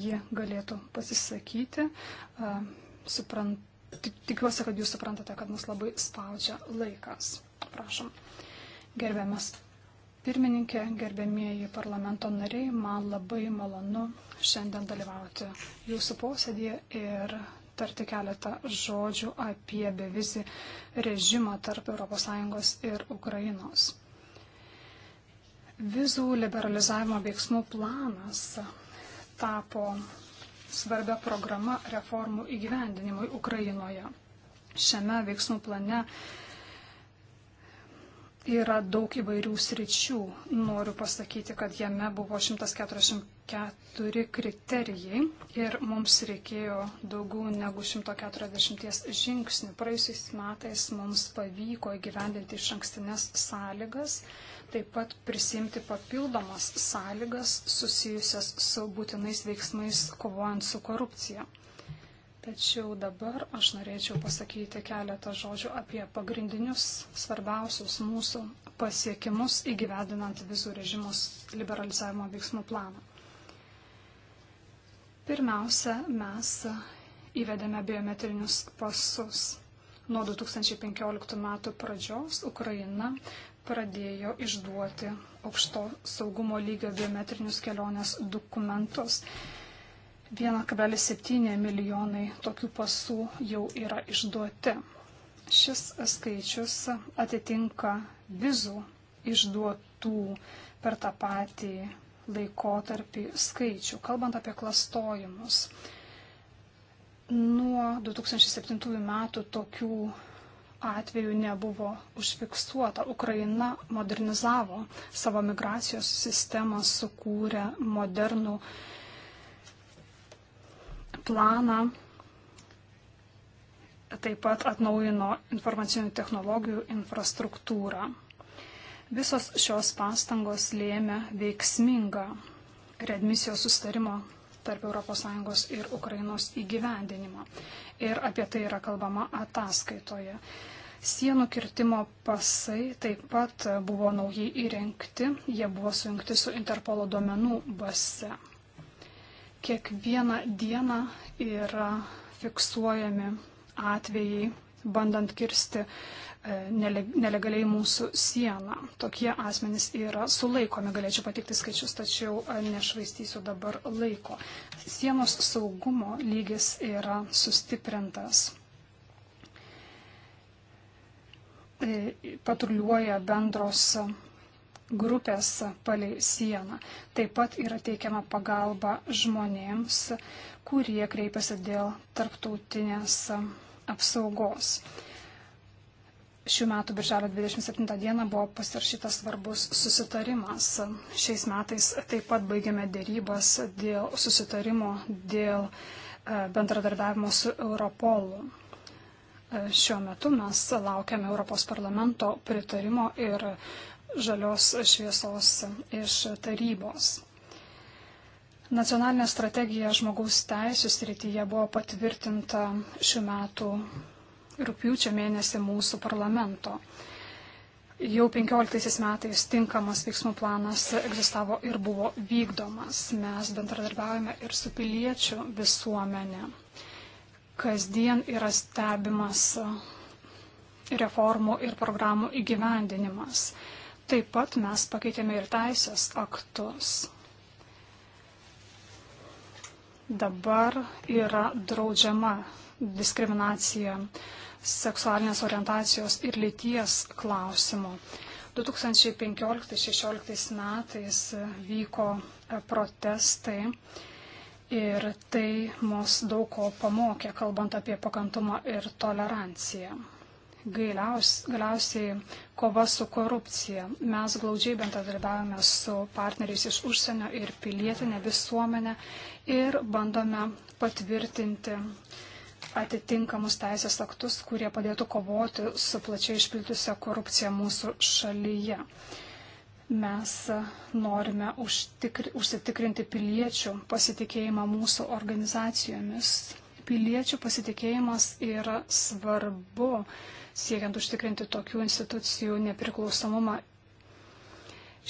ji galėtų pasisakyti. Suprant, tik, tikiuosi, kad jūs suprantate, kad mus labai spaudžia laikas. Prašom. Gerbiamas pirmininkė, gerbėmieji parlamento nariai, man labai malonu šiandien dalyvauti jūsų posėdėje ir tarti keletą žodžių apie bevizį režimą tarp ES ir Ukrainos. Vizų liberalizavimo veiksmų planas tapo svarbia programa reformų įgyvendinimui Ukrainoje. Šiame veiksmų plane yra daug įvairių sričių. Noriu pasakyti, kad jame buvo 144 kriterijai ir mums reikėjo daugiau negu 140 žingsnių. Praėjusiais metais mums pavyko įgyvendinti iš ankstinės sąlygas, taip pat prisimti papildomas sąlygas susijusias su būtinais veiksmais kovojant su korupcija. Tačiau dabar aš norėčiau pasakyti keletą žodžių apie pagrindinius svarbiausius mūsų pasiekimus įgyvedinant vizų režimus liberalizavimo veiksmų planą. Pirmiausia, mes įvedėme biometrinius pasus. Nuo 2015 metų pradžios Ukraina pradėjo išduoti aukšto saugumo lygio biometrinius kelionės dokumentus. 1,7 milijonai tokių pasų jau yra išduoti. Šis skaičius atitinka vizų išduotų per tą patį laikotarpį skaičių. Kalbant apie klastojimus, nuo 2007 metų tokių atvejų nebuvo užfiksuota. Ukraina modernizavo savo migracijos sistemą, sukūrė modernų planą taip pat atnaujino informacinių technologijų infrastruktūrą. Visos šios pastangos lėmė veiksmingą redmisijos sustarimo tarp ES ir Ukrainos įgyvendinimą. Ir apie tai yra kalbama ataskaitoje. Sienų kirtimo pasai taip pat buvo naujai įrengti, jie buvo sujungti su Interpolo duomenų base. Kiekvieną dieną yra fiksuojami atvejai, bandant kirsti e, nelegaliai mūsų sieną. Tokie asmenys yra sulaikomi, galėčiau patikti skaičius, tačiau e, nešvaistysiu dabar laiko. Sienos saugumo lygis yra sustiprintas. E, patruliuoja bendros grupės palei sieną. Taip pat yra teikiama pagalba žmonėms, kurie kreipiasi dėl tarptautinės apsaugos. Šių metų birželio 27 dieną buvo pasirašytas svarbus susitarimas. Šiais metais taip pat baigėme dėrybas dėl susitarimo dėl e, bendradarbiavimo su Europolu. E, šiuo metu mes laukiame Europos parlamento pritarimo ir žalios šviesos iš tarybos. Nacionalinė strategija žmogaus teisų srityje buvo patvirtinta šių metų rūpiučio mėnesį mūsų parlamento. Jau 15 metais tinkamas veiksmų planas egzistavo ir buvo vykdomas. Mes bendradarbiaujame ir su piliečių visuomenė. Kasdien yra stebimas reformų ir programų įgyvendinimas. Taip pat mes pakeitėme ir teisės aktus. Dabar yra draudžiama diskriminacija seksualinės orientacijos ir lyties klausimų. 2015-2016 metais vyko e, protestai ir tai mus daug ko pamokė, kalbant apie pakantumą ir toleranciją. Gailiaus, galiausiai kova su korupcija. Mes glaudžiai bendradarbiavame su partneriais iš užsienio ir pilietinė visuomenė ir bandome patvirtinti atitinkamus teisės aktus, kurie padėtų kovoti su plačiai išplitusią korupciją mūsų šalyje. Mes norime užtikri, užsitikrinti piliečių pasitikėjimą mūsų organizacijomis. Piliečių pasitikėjimas yra svarbu siekiant užtikrinti tokių institucijų nepriklausomumą.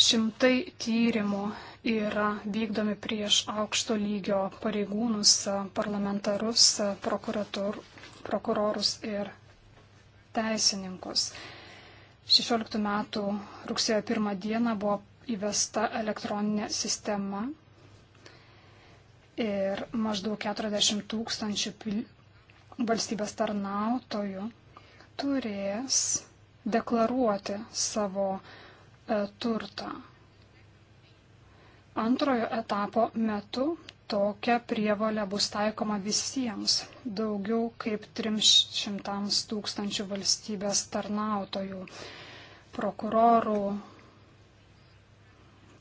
Šimtai tyrimų yra vykdomi prieš aukšto lygio pareigūnus, parlamentarus, prokurorus ir teisininkus. 16 metų rugsėjo 1 dieną buvo įvesta elektroninė sistema ir maždaug 40 tūkstančių valstybės tarnautojų turės deklaruoti savo e, turtą. Antrojo etapo metu tokia prievalė bus taikoma visiems daugiau kaip 300 tūkstančių valstybės tarnautojų, prokurorų,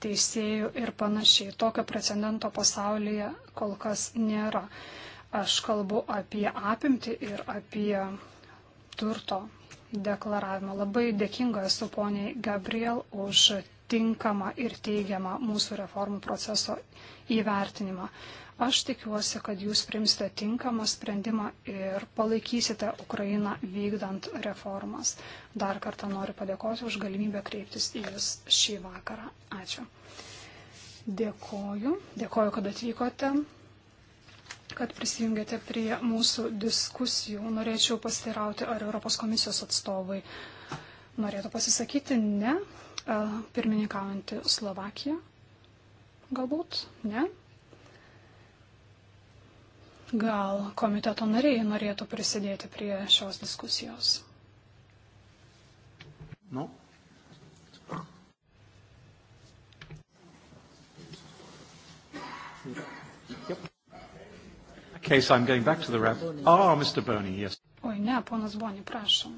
teisėjų ir panašiai. Tokio precedento pasaulyje kol kas nėra. Aš kalbu apie apimti ir apie turto deklaravimo. Labai dėkinga esu poniai Gabriel už tinkamą ir teigiamą mūsų reformų proceso įvertinimą. Aš tikiuosi, kad jūs primsite tinkamą sprendimą ir palaikysite Ukrainą vykdant reformas. Dar kartą noriu padėkoti už galimybę kreiptis į Jūs šį vakarą. Ačiū. Dėkoju. Dėkoju, kad atvykote kad prisijungėte prie mūsų diskusijų. Norėčiau pasirauti, ar Europos komisijos atstovai norėtų pasisakyti. Ne. Pirmininkaujantį Slovakiją. Galbūt. Ne. Gal komiteto nariai norėtų prisidėti prie šios diskusijos? No. Yep case, I'm going back to the rep. Ah, oh, Mr. Boney, yes. Oi, ne, ponas Boney, prašom.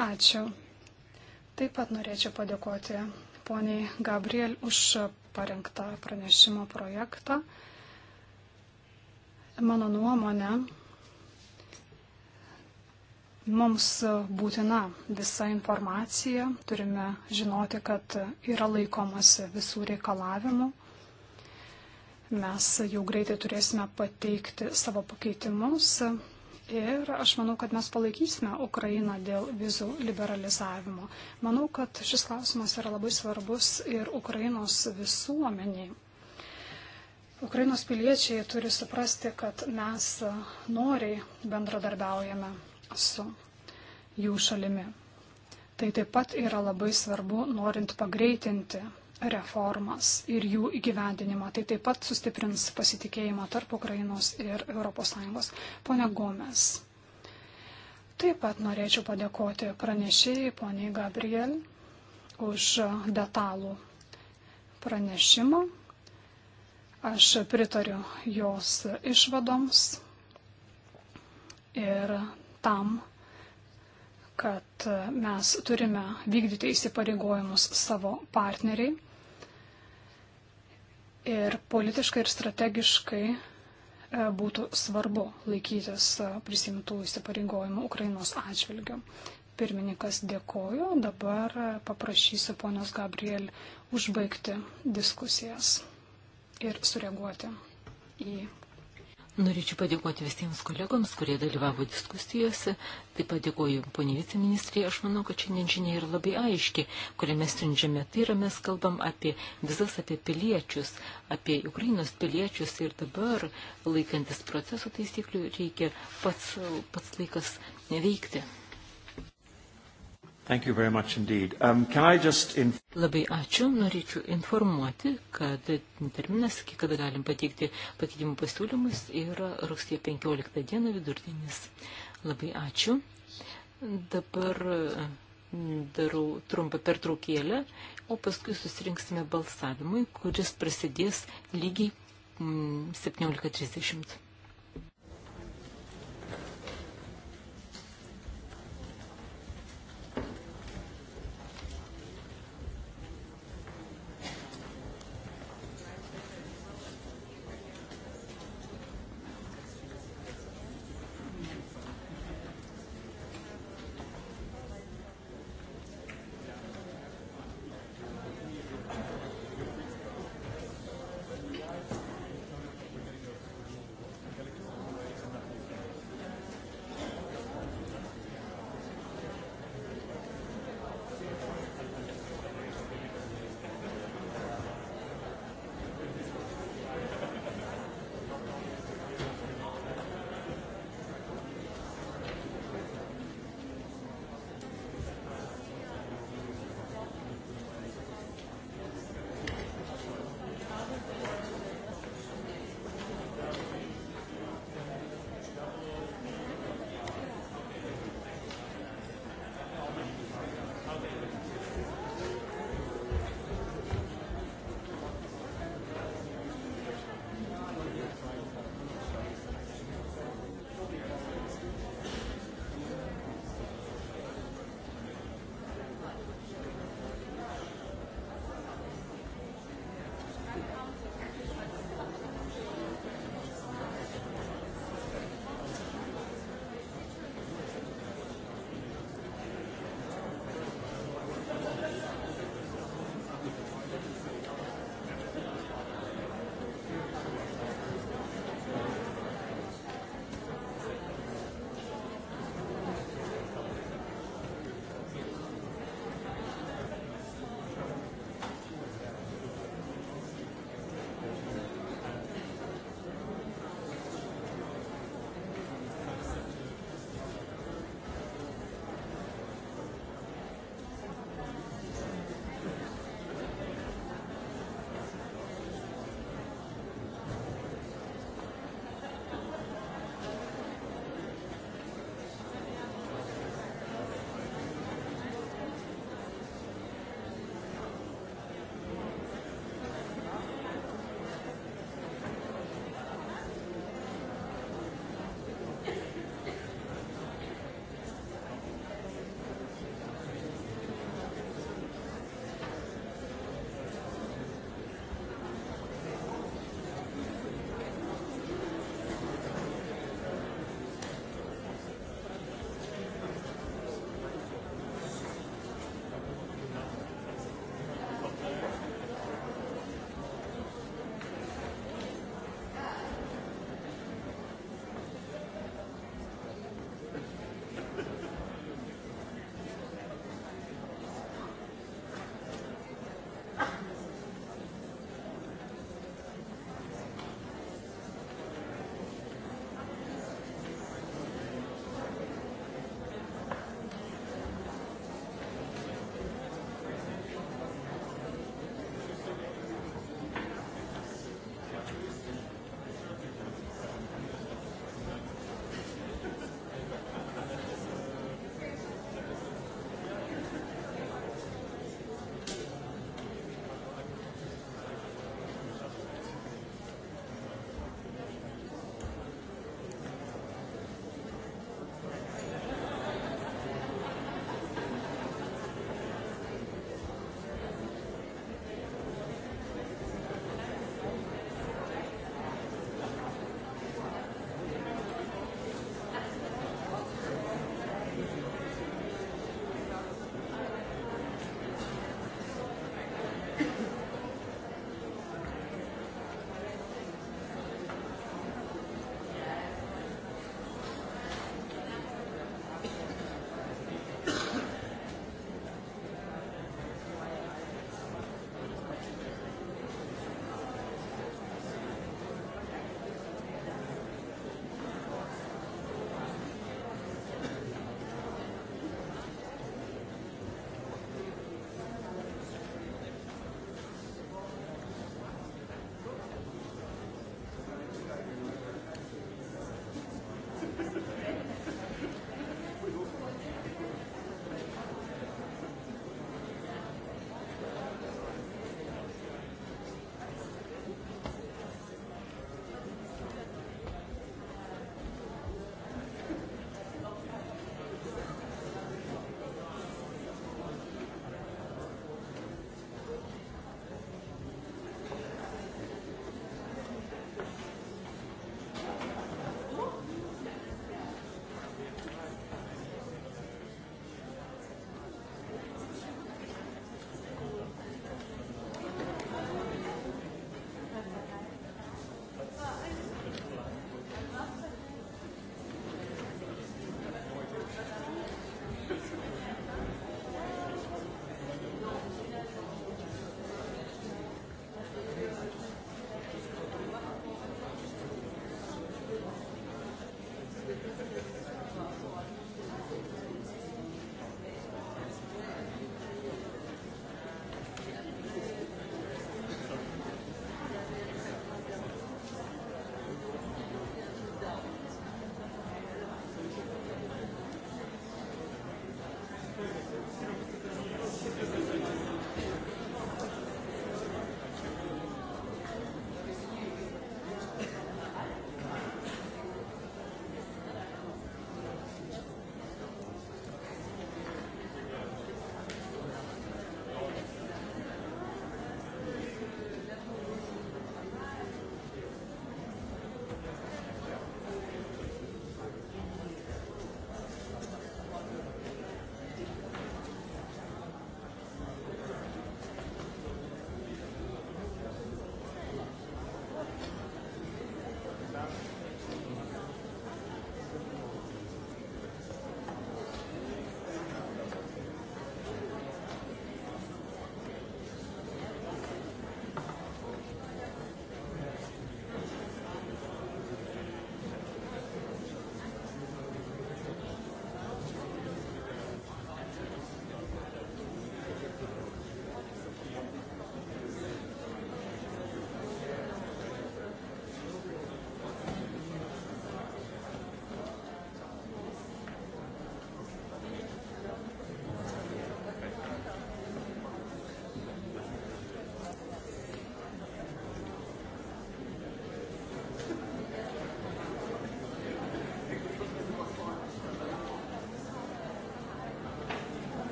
Ačiū. Taip pat norėčiau padėkoti poniai Gabriel už parengtą pranešimo projektą. Mano nuomonė, mums būtina visa informacija, turime žinoti, kad yra laikomasi visų reikalavimų. Mes jau greitai turėsime pateikti savo pakeitimus ir aš manau, kad mes palaikysime Ukrainą dėl vizų liberalizavimo. Manau, kad šis klausimas yra labai svarbus ir Ukrainos visuomeniai. Ukrainos piliečiai turi suprasti, kad mes noriai bendradarbiaujame su jų šalimi. Tai taip pat yra labai svarbu, norint pagreitinti reformas ir jų įgyvendinimą. Tai taip pat sustiprins pasitikėjimą tarp Ukrainos ir ES. Pone Gomes. Taip pat norėčiau padėkoti pranešėjai, poniai Gabriel, už detalų pranešimą. Aš pritariu jos išvadoms ir tam, kad mes turime vykdyti įsipareigojimus savo partneriai. Ir politiškai ir strategiškai e, būtų svarbu laikytis e, prisimtų įsipareigojimų Ukrainos atžvilgių. Pirmininkas dėkoju, dabar e, paprašysiu ponios Gabriel užbaigti diskusijas ir sureaguoti į Norėčiau padėkoti visiems kolegoms, kurie dalyvavo diskusijose. Taip pat dėkoju poniai viceministrė. Aš manau, kad šiandien žinia yra labai aiški, kurią mes siunčiame. Tai yra mes kalbam apie vizas, apie piliečius, apie Ukrainos piliečius. Ir dabar, laikantis proceso taisyklių, reikia pats, pats laikas veikti. Thank you very much indeed. Um, can I just inf Labai ačiū, norėčiau informuoti, kad terminas, iki kada galim pateikti pakeitimų pasiūlymus, yra rugsėjo 15 diena vidurdienis. Labai ačiū. Dabar um, darau trumpą pertraukėlę, o paskui susirinksime balsavimui, kuris prasidės lygiai 17.30. Mm,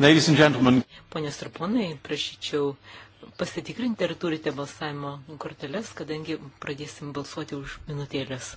Ladies and gentlemen. Ponės ir ponai, prašyčiau pasitikrinti, ar turite balsavimo korteles, kadangi pradėsim balsuoti už minutėlės.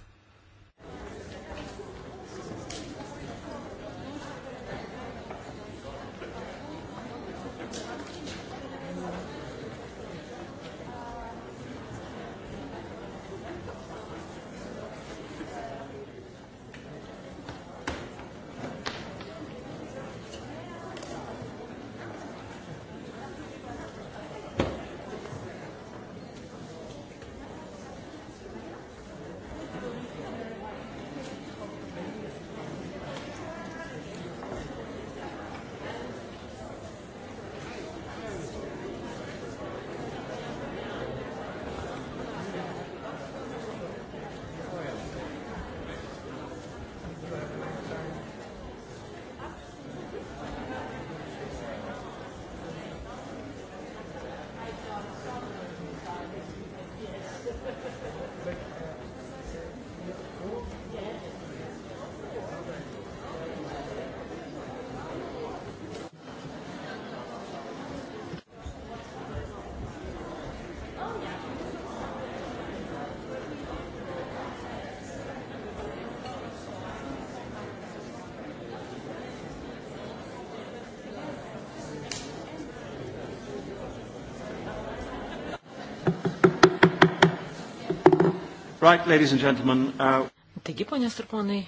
Right, ladies and gentlemen. Uh... Taigi, ponės ir ponai,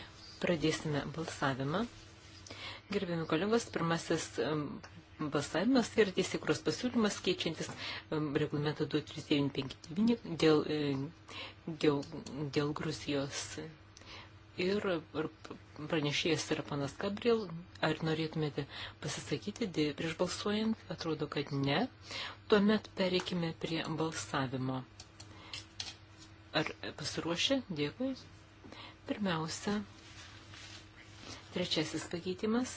pradėsime balsavimą. Gerbiami kolegos, pirmasis um, balsavimas yra teisėkuros pasiūlymas keičiantis um, reglamentą 2359 dėl, um, dėl, dėl Gruzijos. Ir pranešėjas yra panas Gabriel. Ar norėtumėte pasisakyti dėl, prieš balsuojant? Atrodo, kad ne. Tuomet pereikime prie balsavimo. Ar pasiruošę? Dėkui. Pirmiausia, trečiasis pakeitimas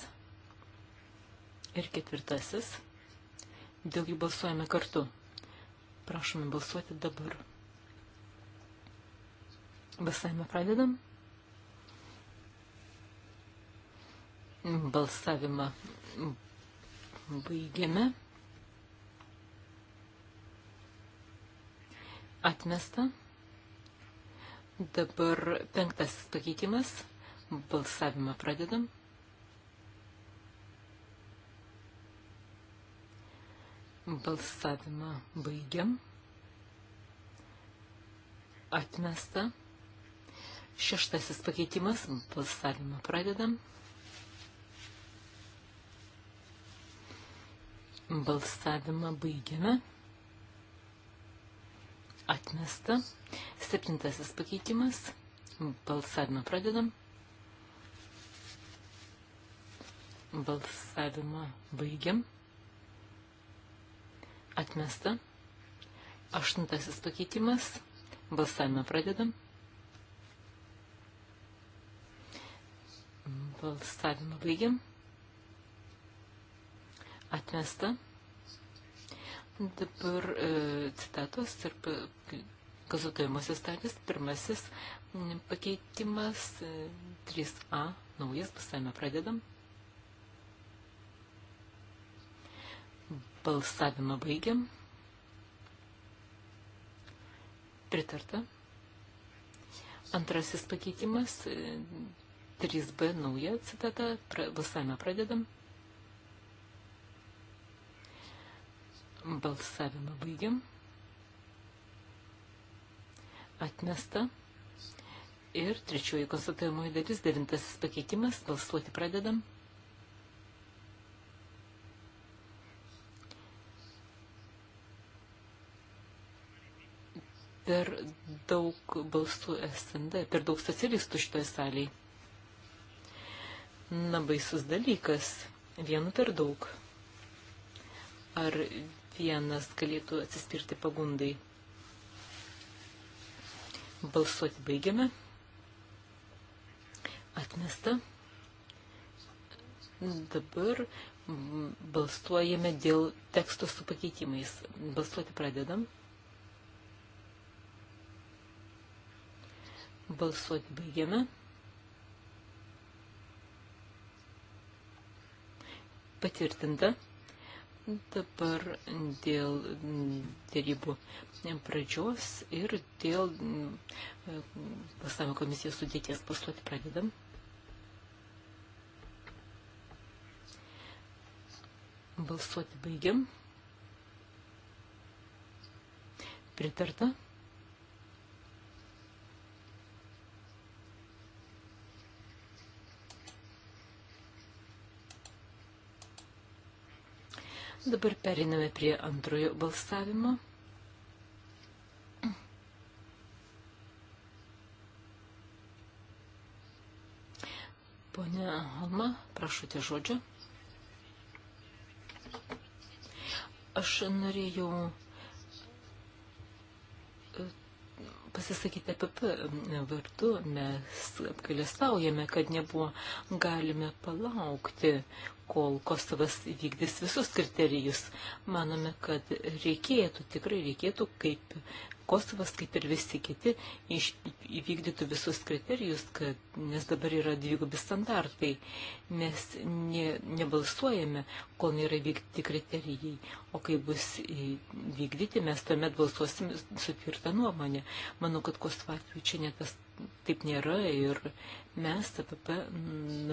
ir ketvirtasis. Dėl jų balsuojame kartu. Prašome balsuoti dabar. Balsavimą pradedam. Balsavimą baigiame. Atmesta. Dabar penktasis pakeitimas. Balsavimą pradedam. Balsavimą baigiam. Atmesta. Šeštasis pakeitimas. Balsavimą pradedam. Balsavimą baigiame atmesta. Septintasis pakeitimas. Balsavimą pradedam. Balsavimą baigiam. Atmesta. Aštuntasis pakeitimas. Balsavimą pradedam. Balsavimą baigiam. Atmesta. Dabar e, citatos tarp e, kazotojamosios dalis, pirmasis pakeitimas 3a, e, naujas, pasame pradedam. Balsavimą baigiam. Pritarta. Antrasis pakeitimas, 3b nauja citata, balsavimą pradedam. Balsavimą baigiam. Atmesta. Ir trečioji konstatuojamoji dalis, devintasis pakeitimas, balsuoti pradedam. Per daug balsų SND, per daug socialistų šitoje salėje. Na, baisus dalykas, vienu per daug. Ar kiekvienas galėtų atsispirti pagundai. Balsuoti baigiame. Atmesta. Dabar balsuojame dėl teksto su pakeitimais. Balsuoti pradedam. Balsuoti baigiame. Patvirtinta. Dabar dėl mm, dėrybų pradžios ir dėl mm, pasaulio komisijos sudėties pasuoti pradedam. Balsuoti baigiam. Pritarta. Dabar periname prie antrojo balsavimo. Pone Alma, prašote žodžio. Aš norėjau pasisakyti apie vardu, mes apgailestaujame, kad nebuvo galime palaukti, kol Kosovas vykdys visus kriterijus. Manome, kad reikėtų, tikrai reikėtų, kaip Kosovas, kaip ir visi kiti, iš, įvykdytų visus kriterijus, kad, nes dabar yra dvigubi standartai. Mes ne, nebalsuojame, kol nėra vykdyti kriterijai, o kai bus vykdyti, mes tuomet balsuosim su tvirta nuomonė. Manau, kad Kosovo atveju čia netas taip nėra ir mes, APP,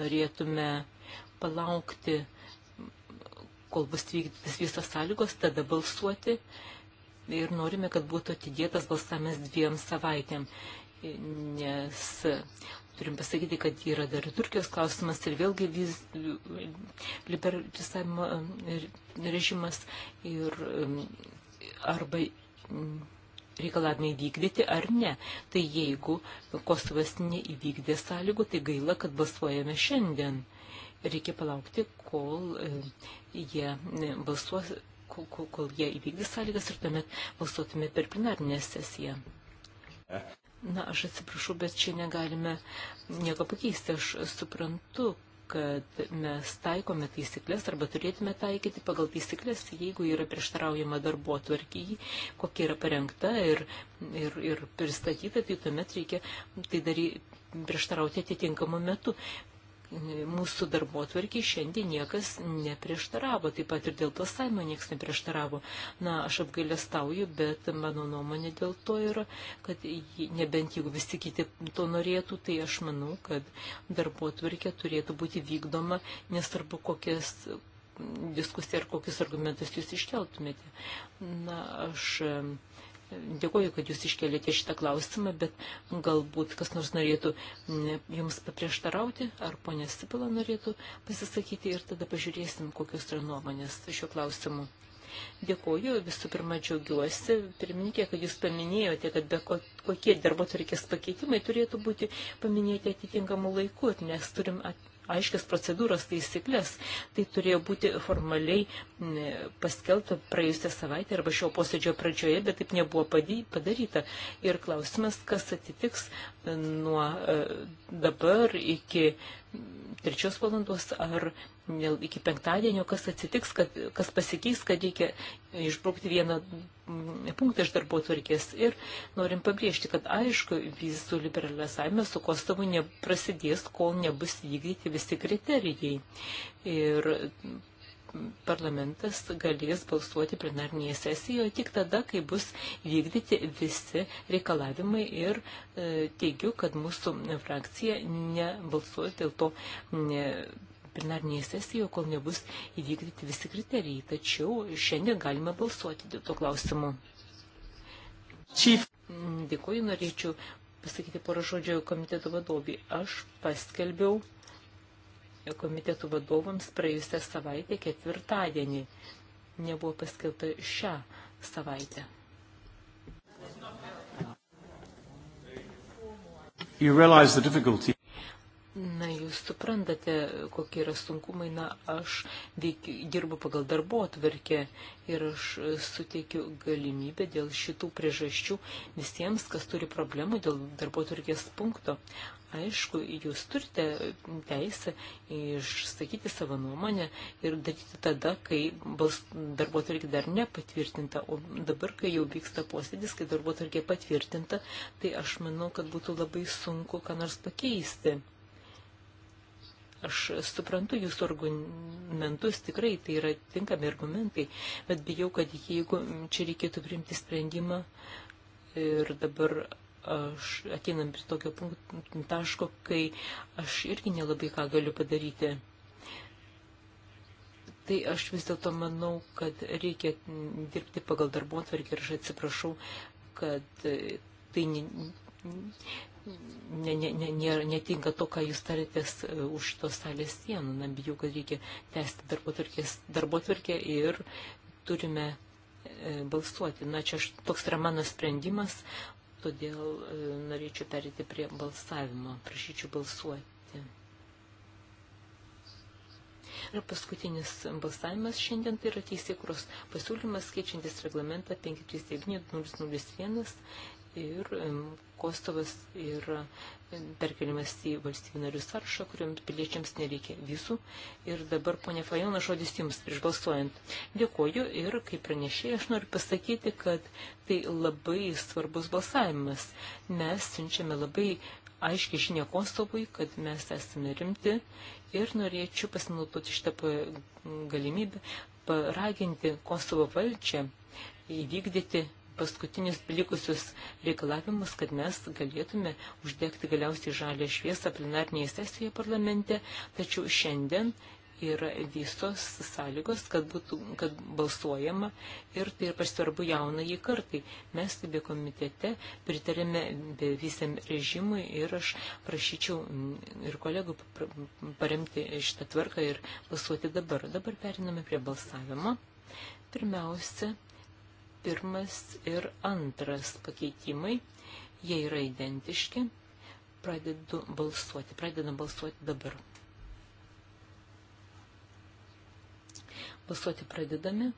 norėtume palaukti kol bus vykdytas visas sąlygos, tada balsuoti ir norime, kad būtų atidėtas balsavimas dviem savaitėm, nes turim pasakyti, kad yra dar Turkijos klausimas ir vėlgi vis liberalizavimo e, režimas ir arba reikalavimai vykdyti ar ne. Tai jeigu Kosovas neįvykdė sąlygų, tai gaila, kad balsuojame šiandien. Reikia palaukti, kol e, jie e, balsuos kol, kol, kol jie įvykdys sąlygas ir tuomet balsuotume per plenarinę sesiją. Na, aš atsiprašau, bet čia negalime nieko pakeisti. Aš suprantu, kad mes taikome taisyklės arba turėtume taikyti pagal taisyklės, jeigu yra prieštaraujama darbo atvarkiai, kokia yra parengta ir, ir, ir pristatyta, tai tuomet reikia tai daryti prieštarauti atitinkamu metu mūsų darbo tvarkiai šiandien niekas neprieštaravo, taip pat ir dėl balsavimo niekas neprieštaravo. Na, aš apgailestauju, bet mano nuomonė dėl to yra, kad nebent jeigu visi kiti to norėtų, tai aš manau, kad darbo tvarkė turėtų būti vykdoma, nesvarbu kokias diskusiją ar kokius argumentus jūs iškeltumėte. Na, aš Dėkuoju, kad jūs iškelėte šitą klausimą, bet galbūt kas nors norėtų jums paprieštarauti, ar ponė Sipila norėtų pasisakyti ir tada pažiūrėsim, kokios yra nuomonės šiuo klausimu. Dėkuoju, visų pirma džiaugiuosi, pirmininkė, kad jūs paminėjote, kad be ko, kokie darbo tvarkės pakeitimai turėtų būti paminėti atitinkamų laikų, nes turim at, aiškias procedūros taisyklės. Tai turėjo būti formaliai paskelbta praėjusią savaitę arba šio posėdžio pradžioje, bet taip nebuvo padaryta. Ir klausimas, kas atitiks nuo e, dabar iki trečios valandos ar iki penktadienio, kas atsitiks, kad, kas pasikeis, kad reikia išbraukti vieną mm, punktą iš darbo tvarkės. Ir norim pabrėžti, kad aišku, vizų liberalizavimas su Kosovu neprasidės, kol nebus vykdyti visi kriterijai. Ir parlamentas galės balsuoti plenarnėje sesijoje tik tada, kai bus vykdyti visi reikalavimai ir e, teigiu, kad mūsų frakcija nebalsuos dėl to ne, plenarnėje sesijoje, kol nebus įvykdyti visi kriterijai. Tačiau šiandien galime balsuoti dėl to klausimu. Chief. Dėkuoju, norėčiau pasakyti porą žodžių komiteto vadovį. Aš paskelbiau komitetų vadovams praėjusią savaitę ketvirtadienį. Nebuvo paskelbta šią savaitę. Na, jūs suprantate, kokie yra sunkumai. Na, aš veik, dirbu pagal darbo atvarkę ir aš suteikiu galimybę dėl šitų priežasčių visiems, kas turi problemų dėl darbo atvarkės punkto. Aišku, jūs turite teisę išsakyti savo nuomonę ir daryti tada, kai darbotvarkė dar nepatvirtinta, o dabar, kai jau vyksta posėdis, kai darbotvarkė patvirtinta, tai aš manau, kad būtų labai sunku ką nors pakeisti. Aš suprantu jūsų argumentus, tikrai tai yra tinkami argumentai, bet bijau, kad jeigu čia reikėtų priimti sprendimą ir dabar aš ateinam prie tokio taško, kai aš irgi nelabai ką galiu padaryti. Tai aš vis dėlto manau, kad reikia dirbti pagal darbo atvarkį ir aš atsiprašau, kad tai ne, ne, ne, ne, netinka to, ką jūs tarėtės e, už tos salės sienų. Na, bijau, kad reikia tęsti darbo atvarkę ir turime e, balsuoti. Na, čia aš, toks yra mano sprendimas, todėl e, norėčiau perėti prie balsavimo. Prašyčiau balsuoti. Ir paskutinis balsavimas šiandien tai yra teisėkuros pasiūlymas keičiantis reglamentą 539-001 ir Kostovas yra perkeliamas į valstybių narių sąrašą, kuriuoms piliečiams nereikia visų. Ir dabar, ponė Fajona, žodis jums prieš balsuojant. Dėkoju ir kaip pranešėjai aš noriu pasakyti, kad tai labai svarbus balsavimas. Mes siunčiame labai aiškiai žinia Kostovui, kad mes esame rimti ir norėčiau pasinaudoti šitą galimybę paraginti Kostovo valdžią įvykdyti paskutinius likusius reikalavimus, kad mes galėtume uždegti galiausiai žalę šviesą plenarnėje sesijoje parlamente, tačiau šiandien yra visos sąlygos, kad būtų kad balsuojama ir tai yra svarbu jaunai kartai. Mes be komitete pritarėme be visam režimui ir aš prašyčiau mm, ir kolegų paremti šitą tvarką ir balsuoti dabar. Dabar periname prie balsavimo. Pirmiausia, pirmas ir antras pakeitimai, jie yra identiški. Pradedu balsuoti, pradedam balsuoti dabar. Balsuoti pradedame.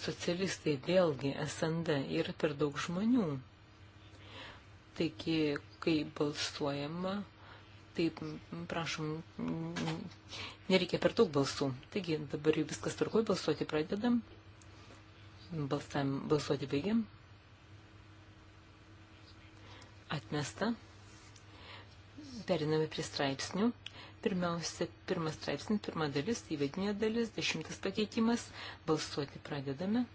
Socialistai vėlgi SND yra per daug žmonių. Taigi, kai balsuojama, Taip, prašom, nereikia per daug balsų. Taigi, dabar jau viskas tvarkoj, balsuoti pradedam. Balsam, balsuoti baigiam. Atmesta. Periname prie straipsnių. Pirmiausia, pirmas straipsnis, pirma dalis, įvedinė dalis, dešimtas pakeitimas. Balsuoti pradedame. Balsuoti pradedame.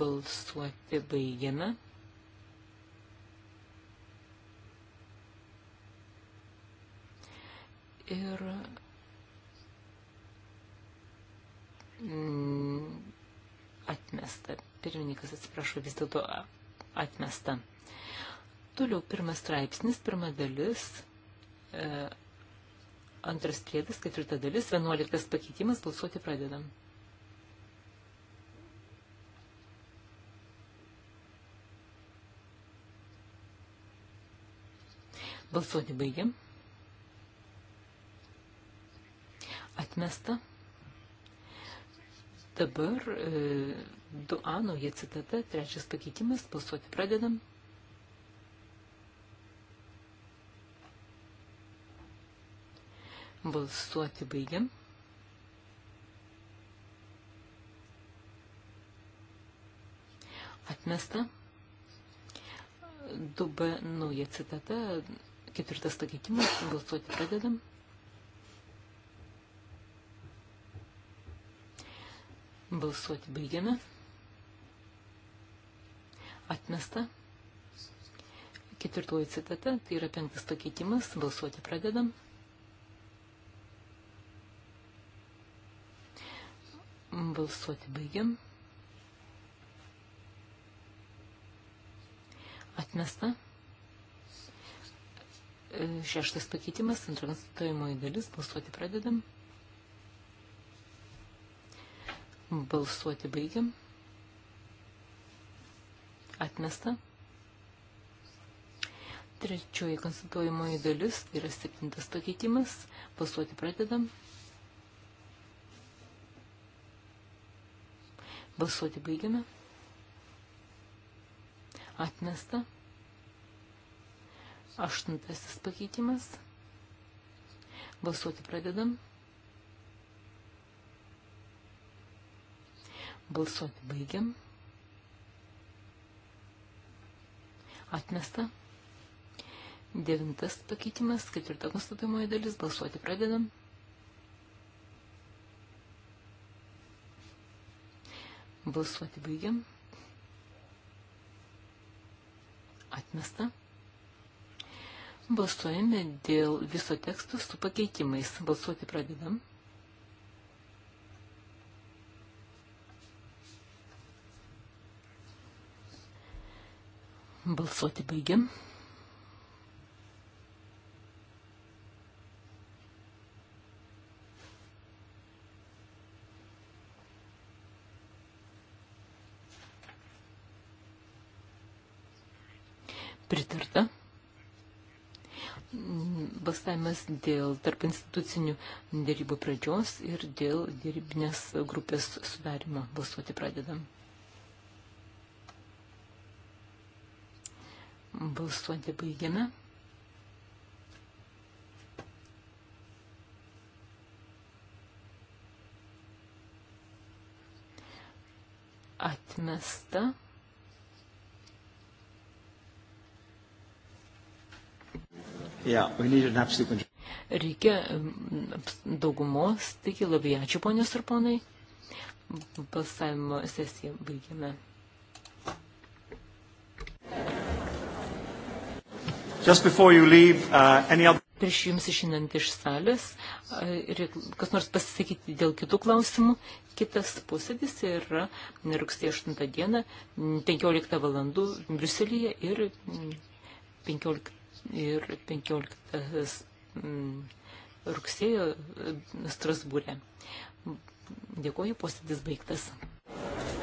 Balsuoti baigiame. Ir atmesta. Pirmininkas atsiprašo vis dėlto atmesta. Toliau pirmas straipsnis, pirma dalis, e, antras priedas, ketvirta dalis, vienuoliktas pakeitimas, balsuoti pradedam. Balsuoti baigiam. Atmesta. Dabar e, du A nauja citata, trečias pakeitimas, balsuoti pradedam. Balsuoti baigiam. Atmesta. 2B nauja citata, Ketvirtas pakeitimas, balsuoti pradedam. Balsuoti baigiame. Atmesta. Ketvirtoji citata, tai yra penktas pakeitimas, balsuoti pradedam. Balsuoti baigiam. Atmesta. Šeštas pakeitimas, antra konstatuojamoji dalis, balsuoti pradedam. Balsuoti baigiam. Atmesta. Trečioji konstatuojamoji dalis, tai yra septintas pakeitimas, balsuoti pradedam. Balsuoti baigiame. Atmesta. Atmesta. Aštuntasis pakeitimas. Balsuoti pradedam. Balsuoti baigiam. Atmesta. Devintas pakeitimas, ketvirta konstatuojamoji dalis. Balsuoti pradedam. Balsuoti baigiam. Atmesta. Balsuojame dėl viso teksto su pakeitimais. Balsuoti pradedam. Balsuoti baigiam. dėrybas dėl tarp institucinių dėrybų pradžios ir dėl dėrybinės grupės sudarimo. Balsuoti pradedam. Balsuoti baigiame. Atmesta. Yeah, we need an absolute reikia daugumos, taigi labai ačiū ponios ir ponai. Balsavimo sesiją baigiame. Just before you leave, uh, any other prieš jums išinant iš salės ir kas nors pasisakyti dėl kitų klausimų. Kitas posėdis yra rugsėjo 8 dieną, 15 valandų Briuselyje ir 15, ir 15 Mm, rugsėjo e, Strasbūrė. Dėkuoju, posėdis baigtas.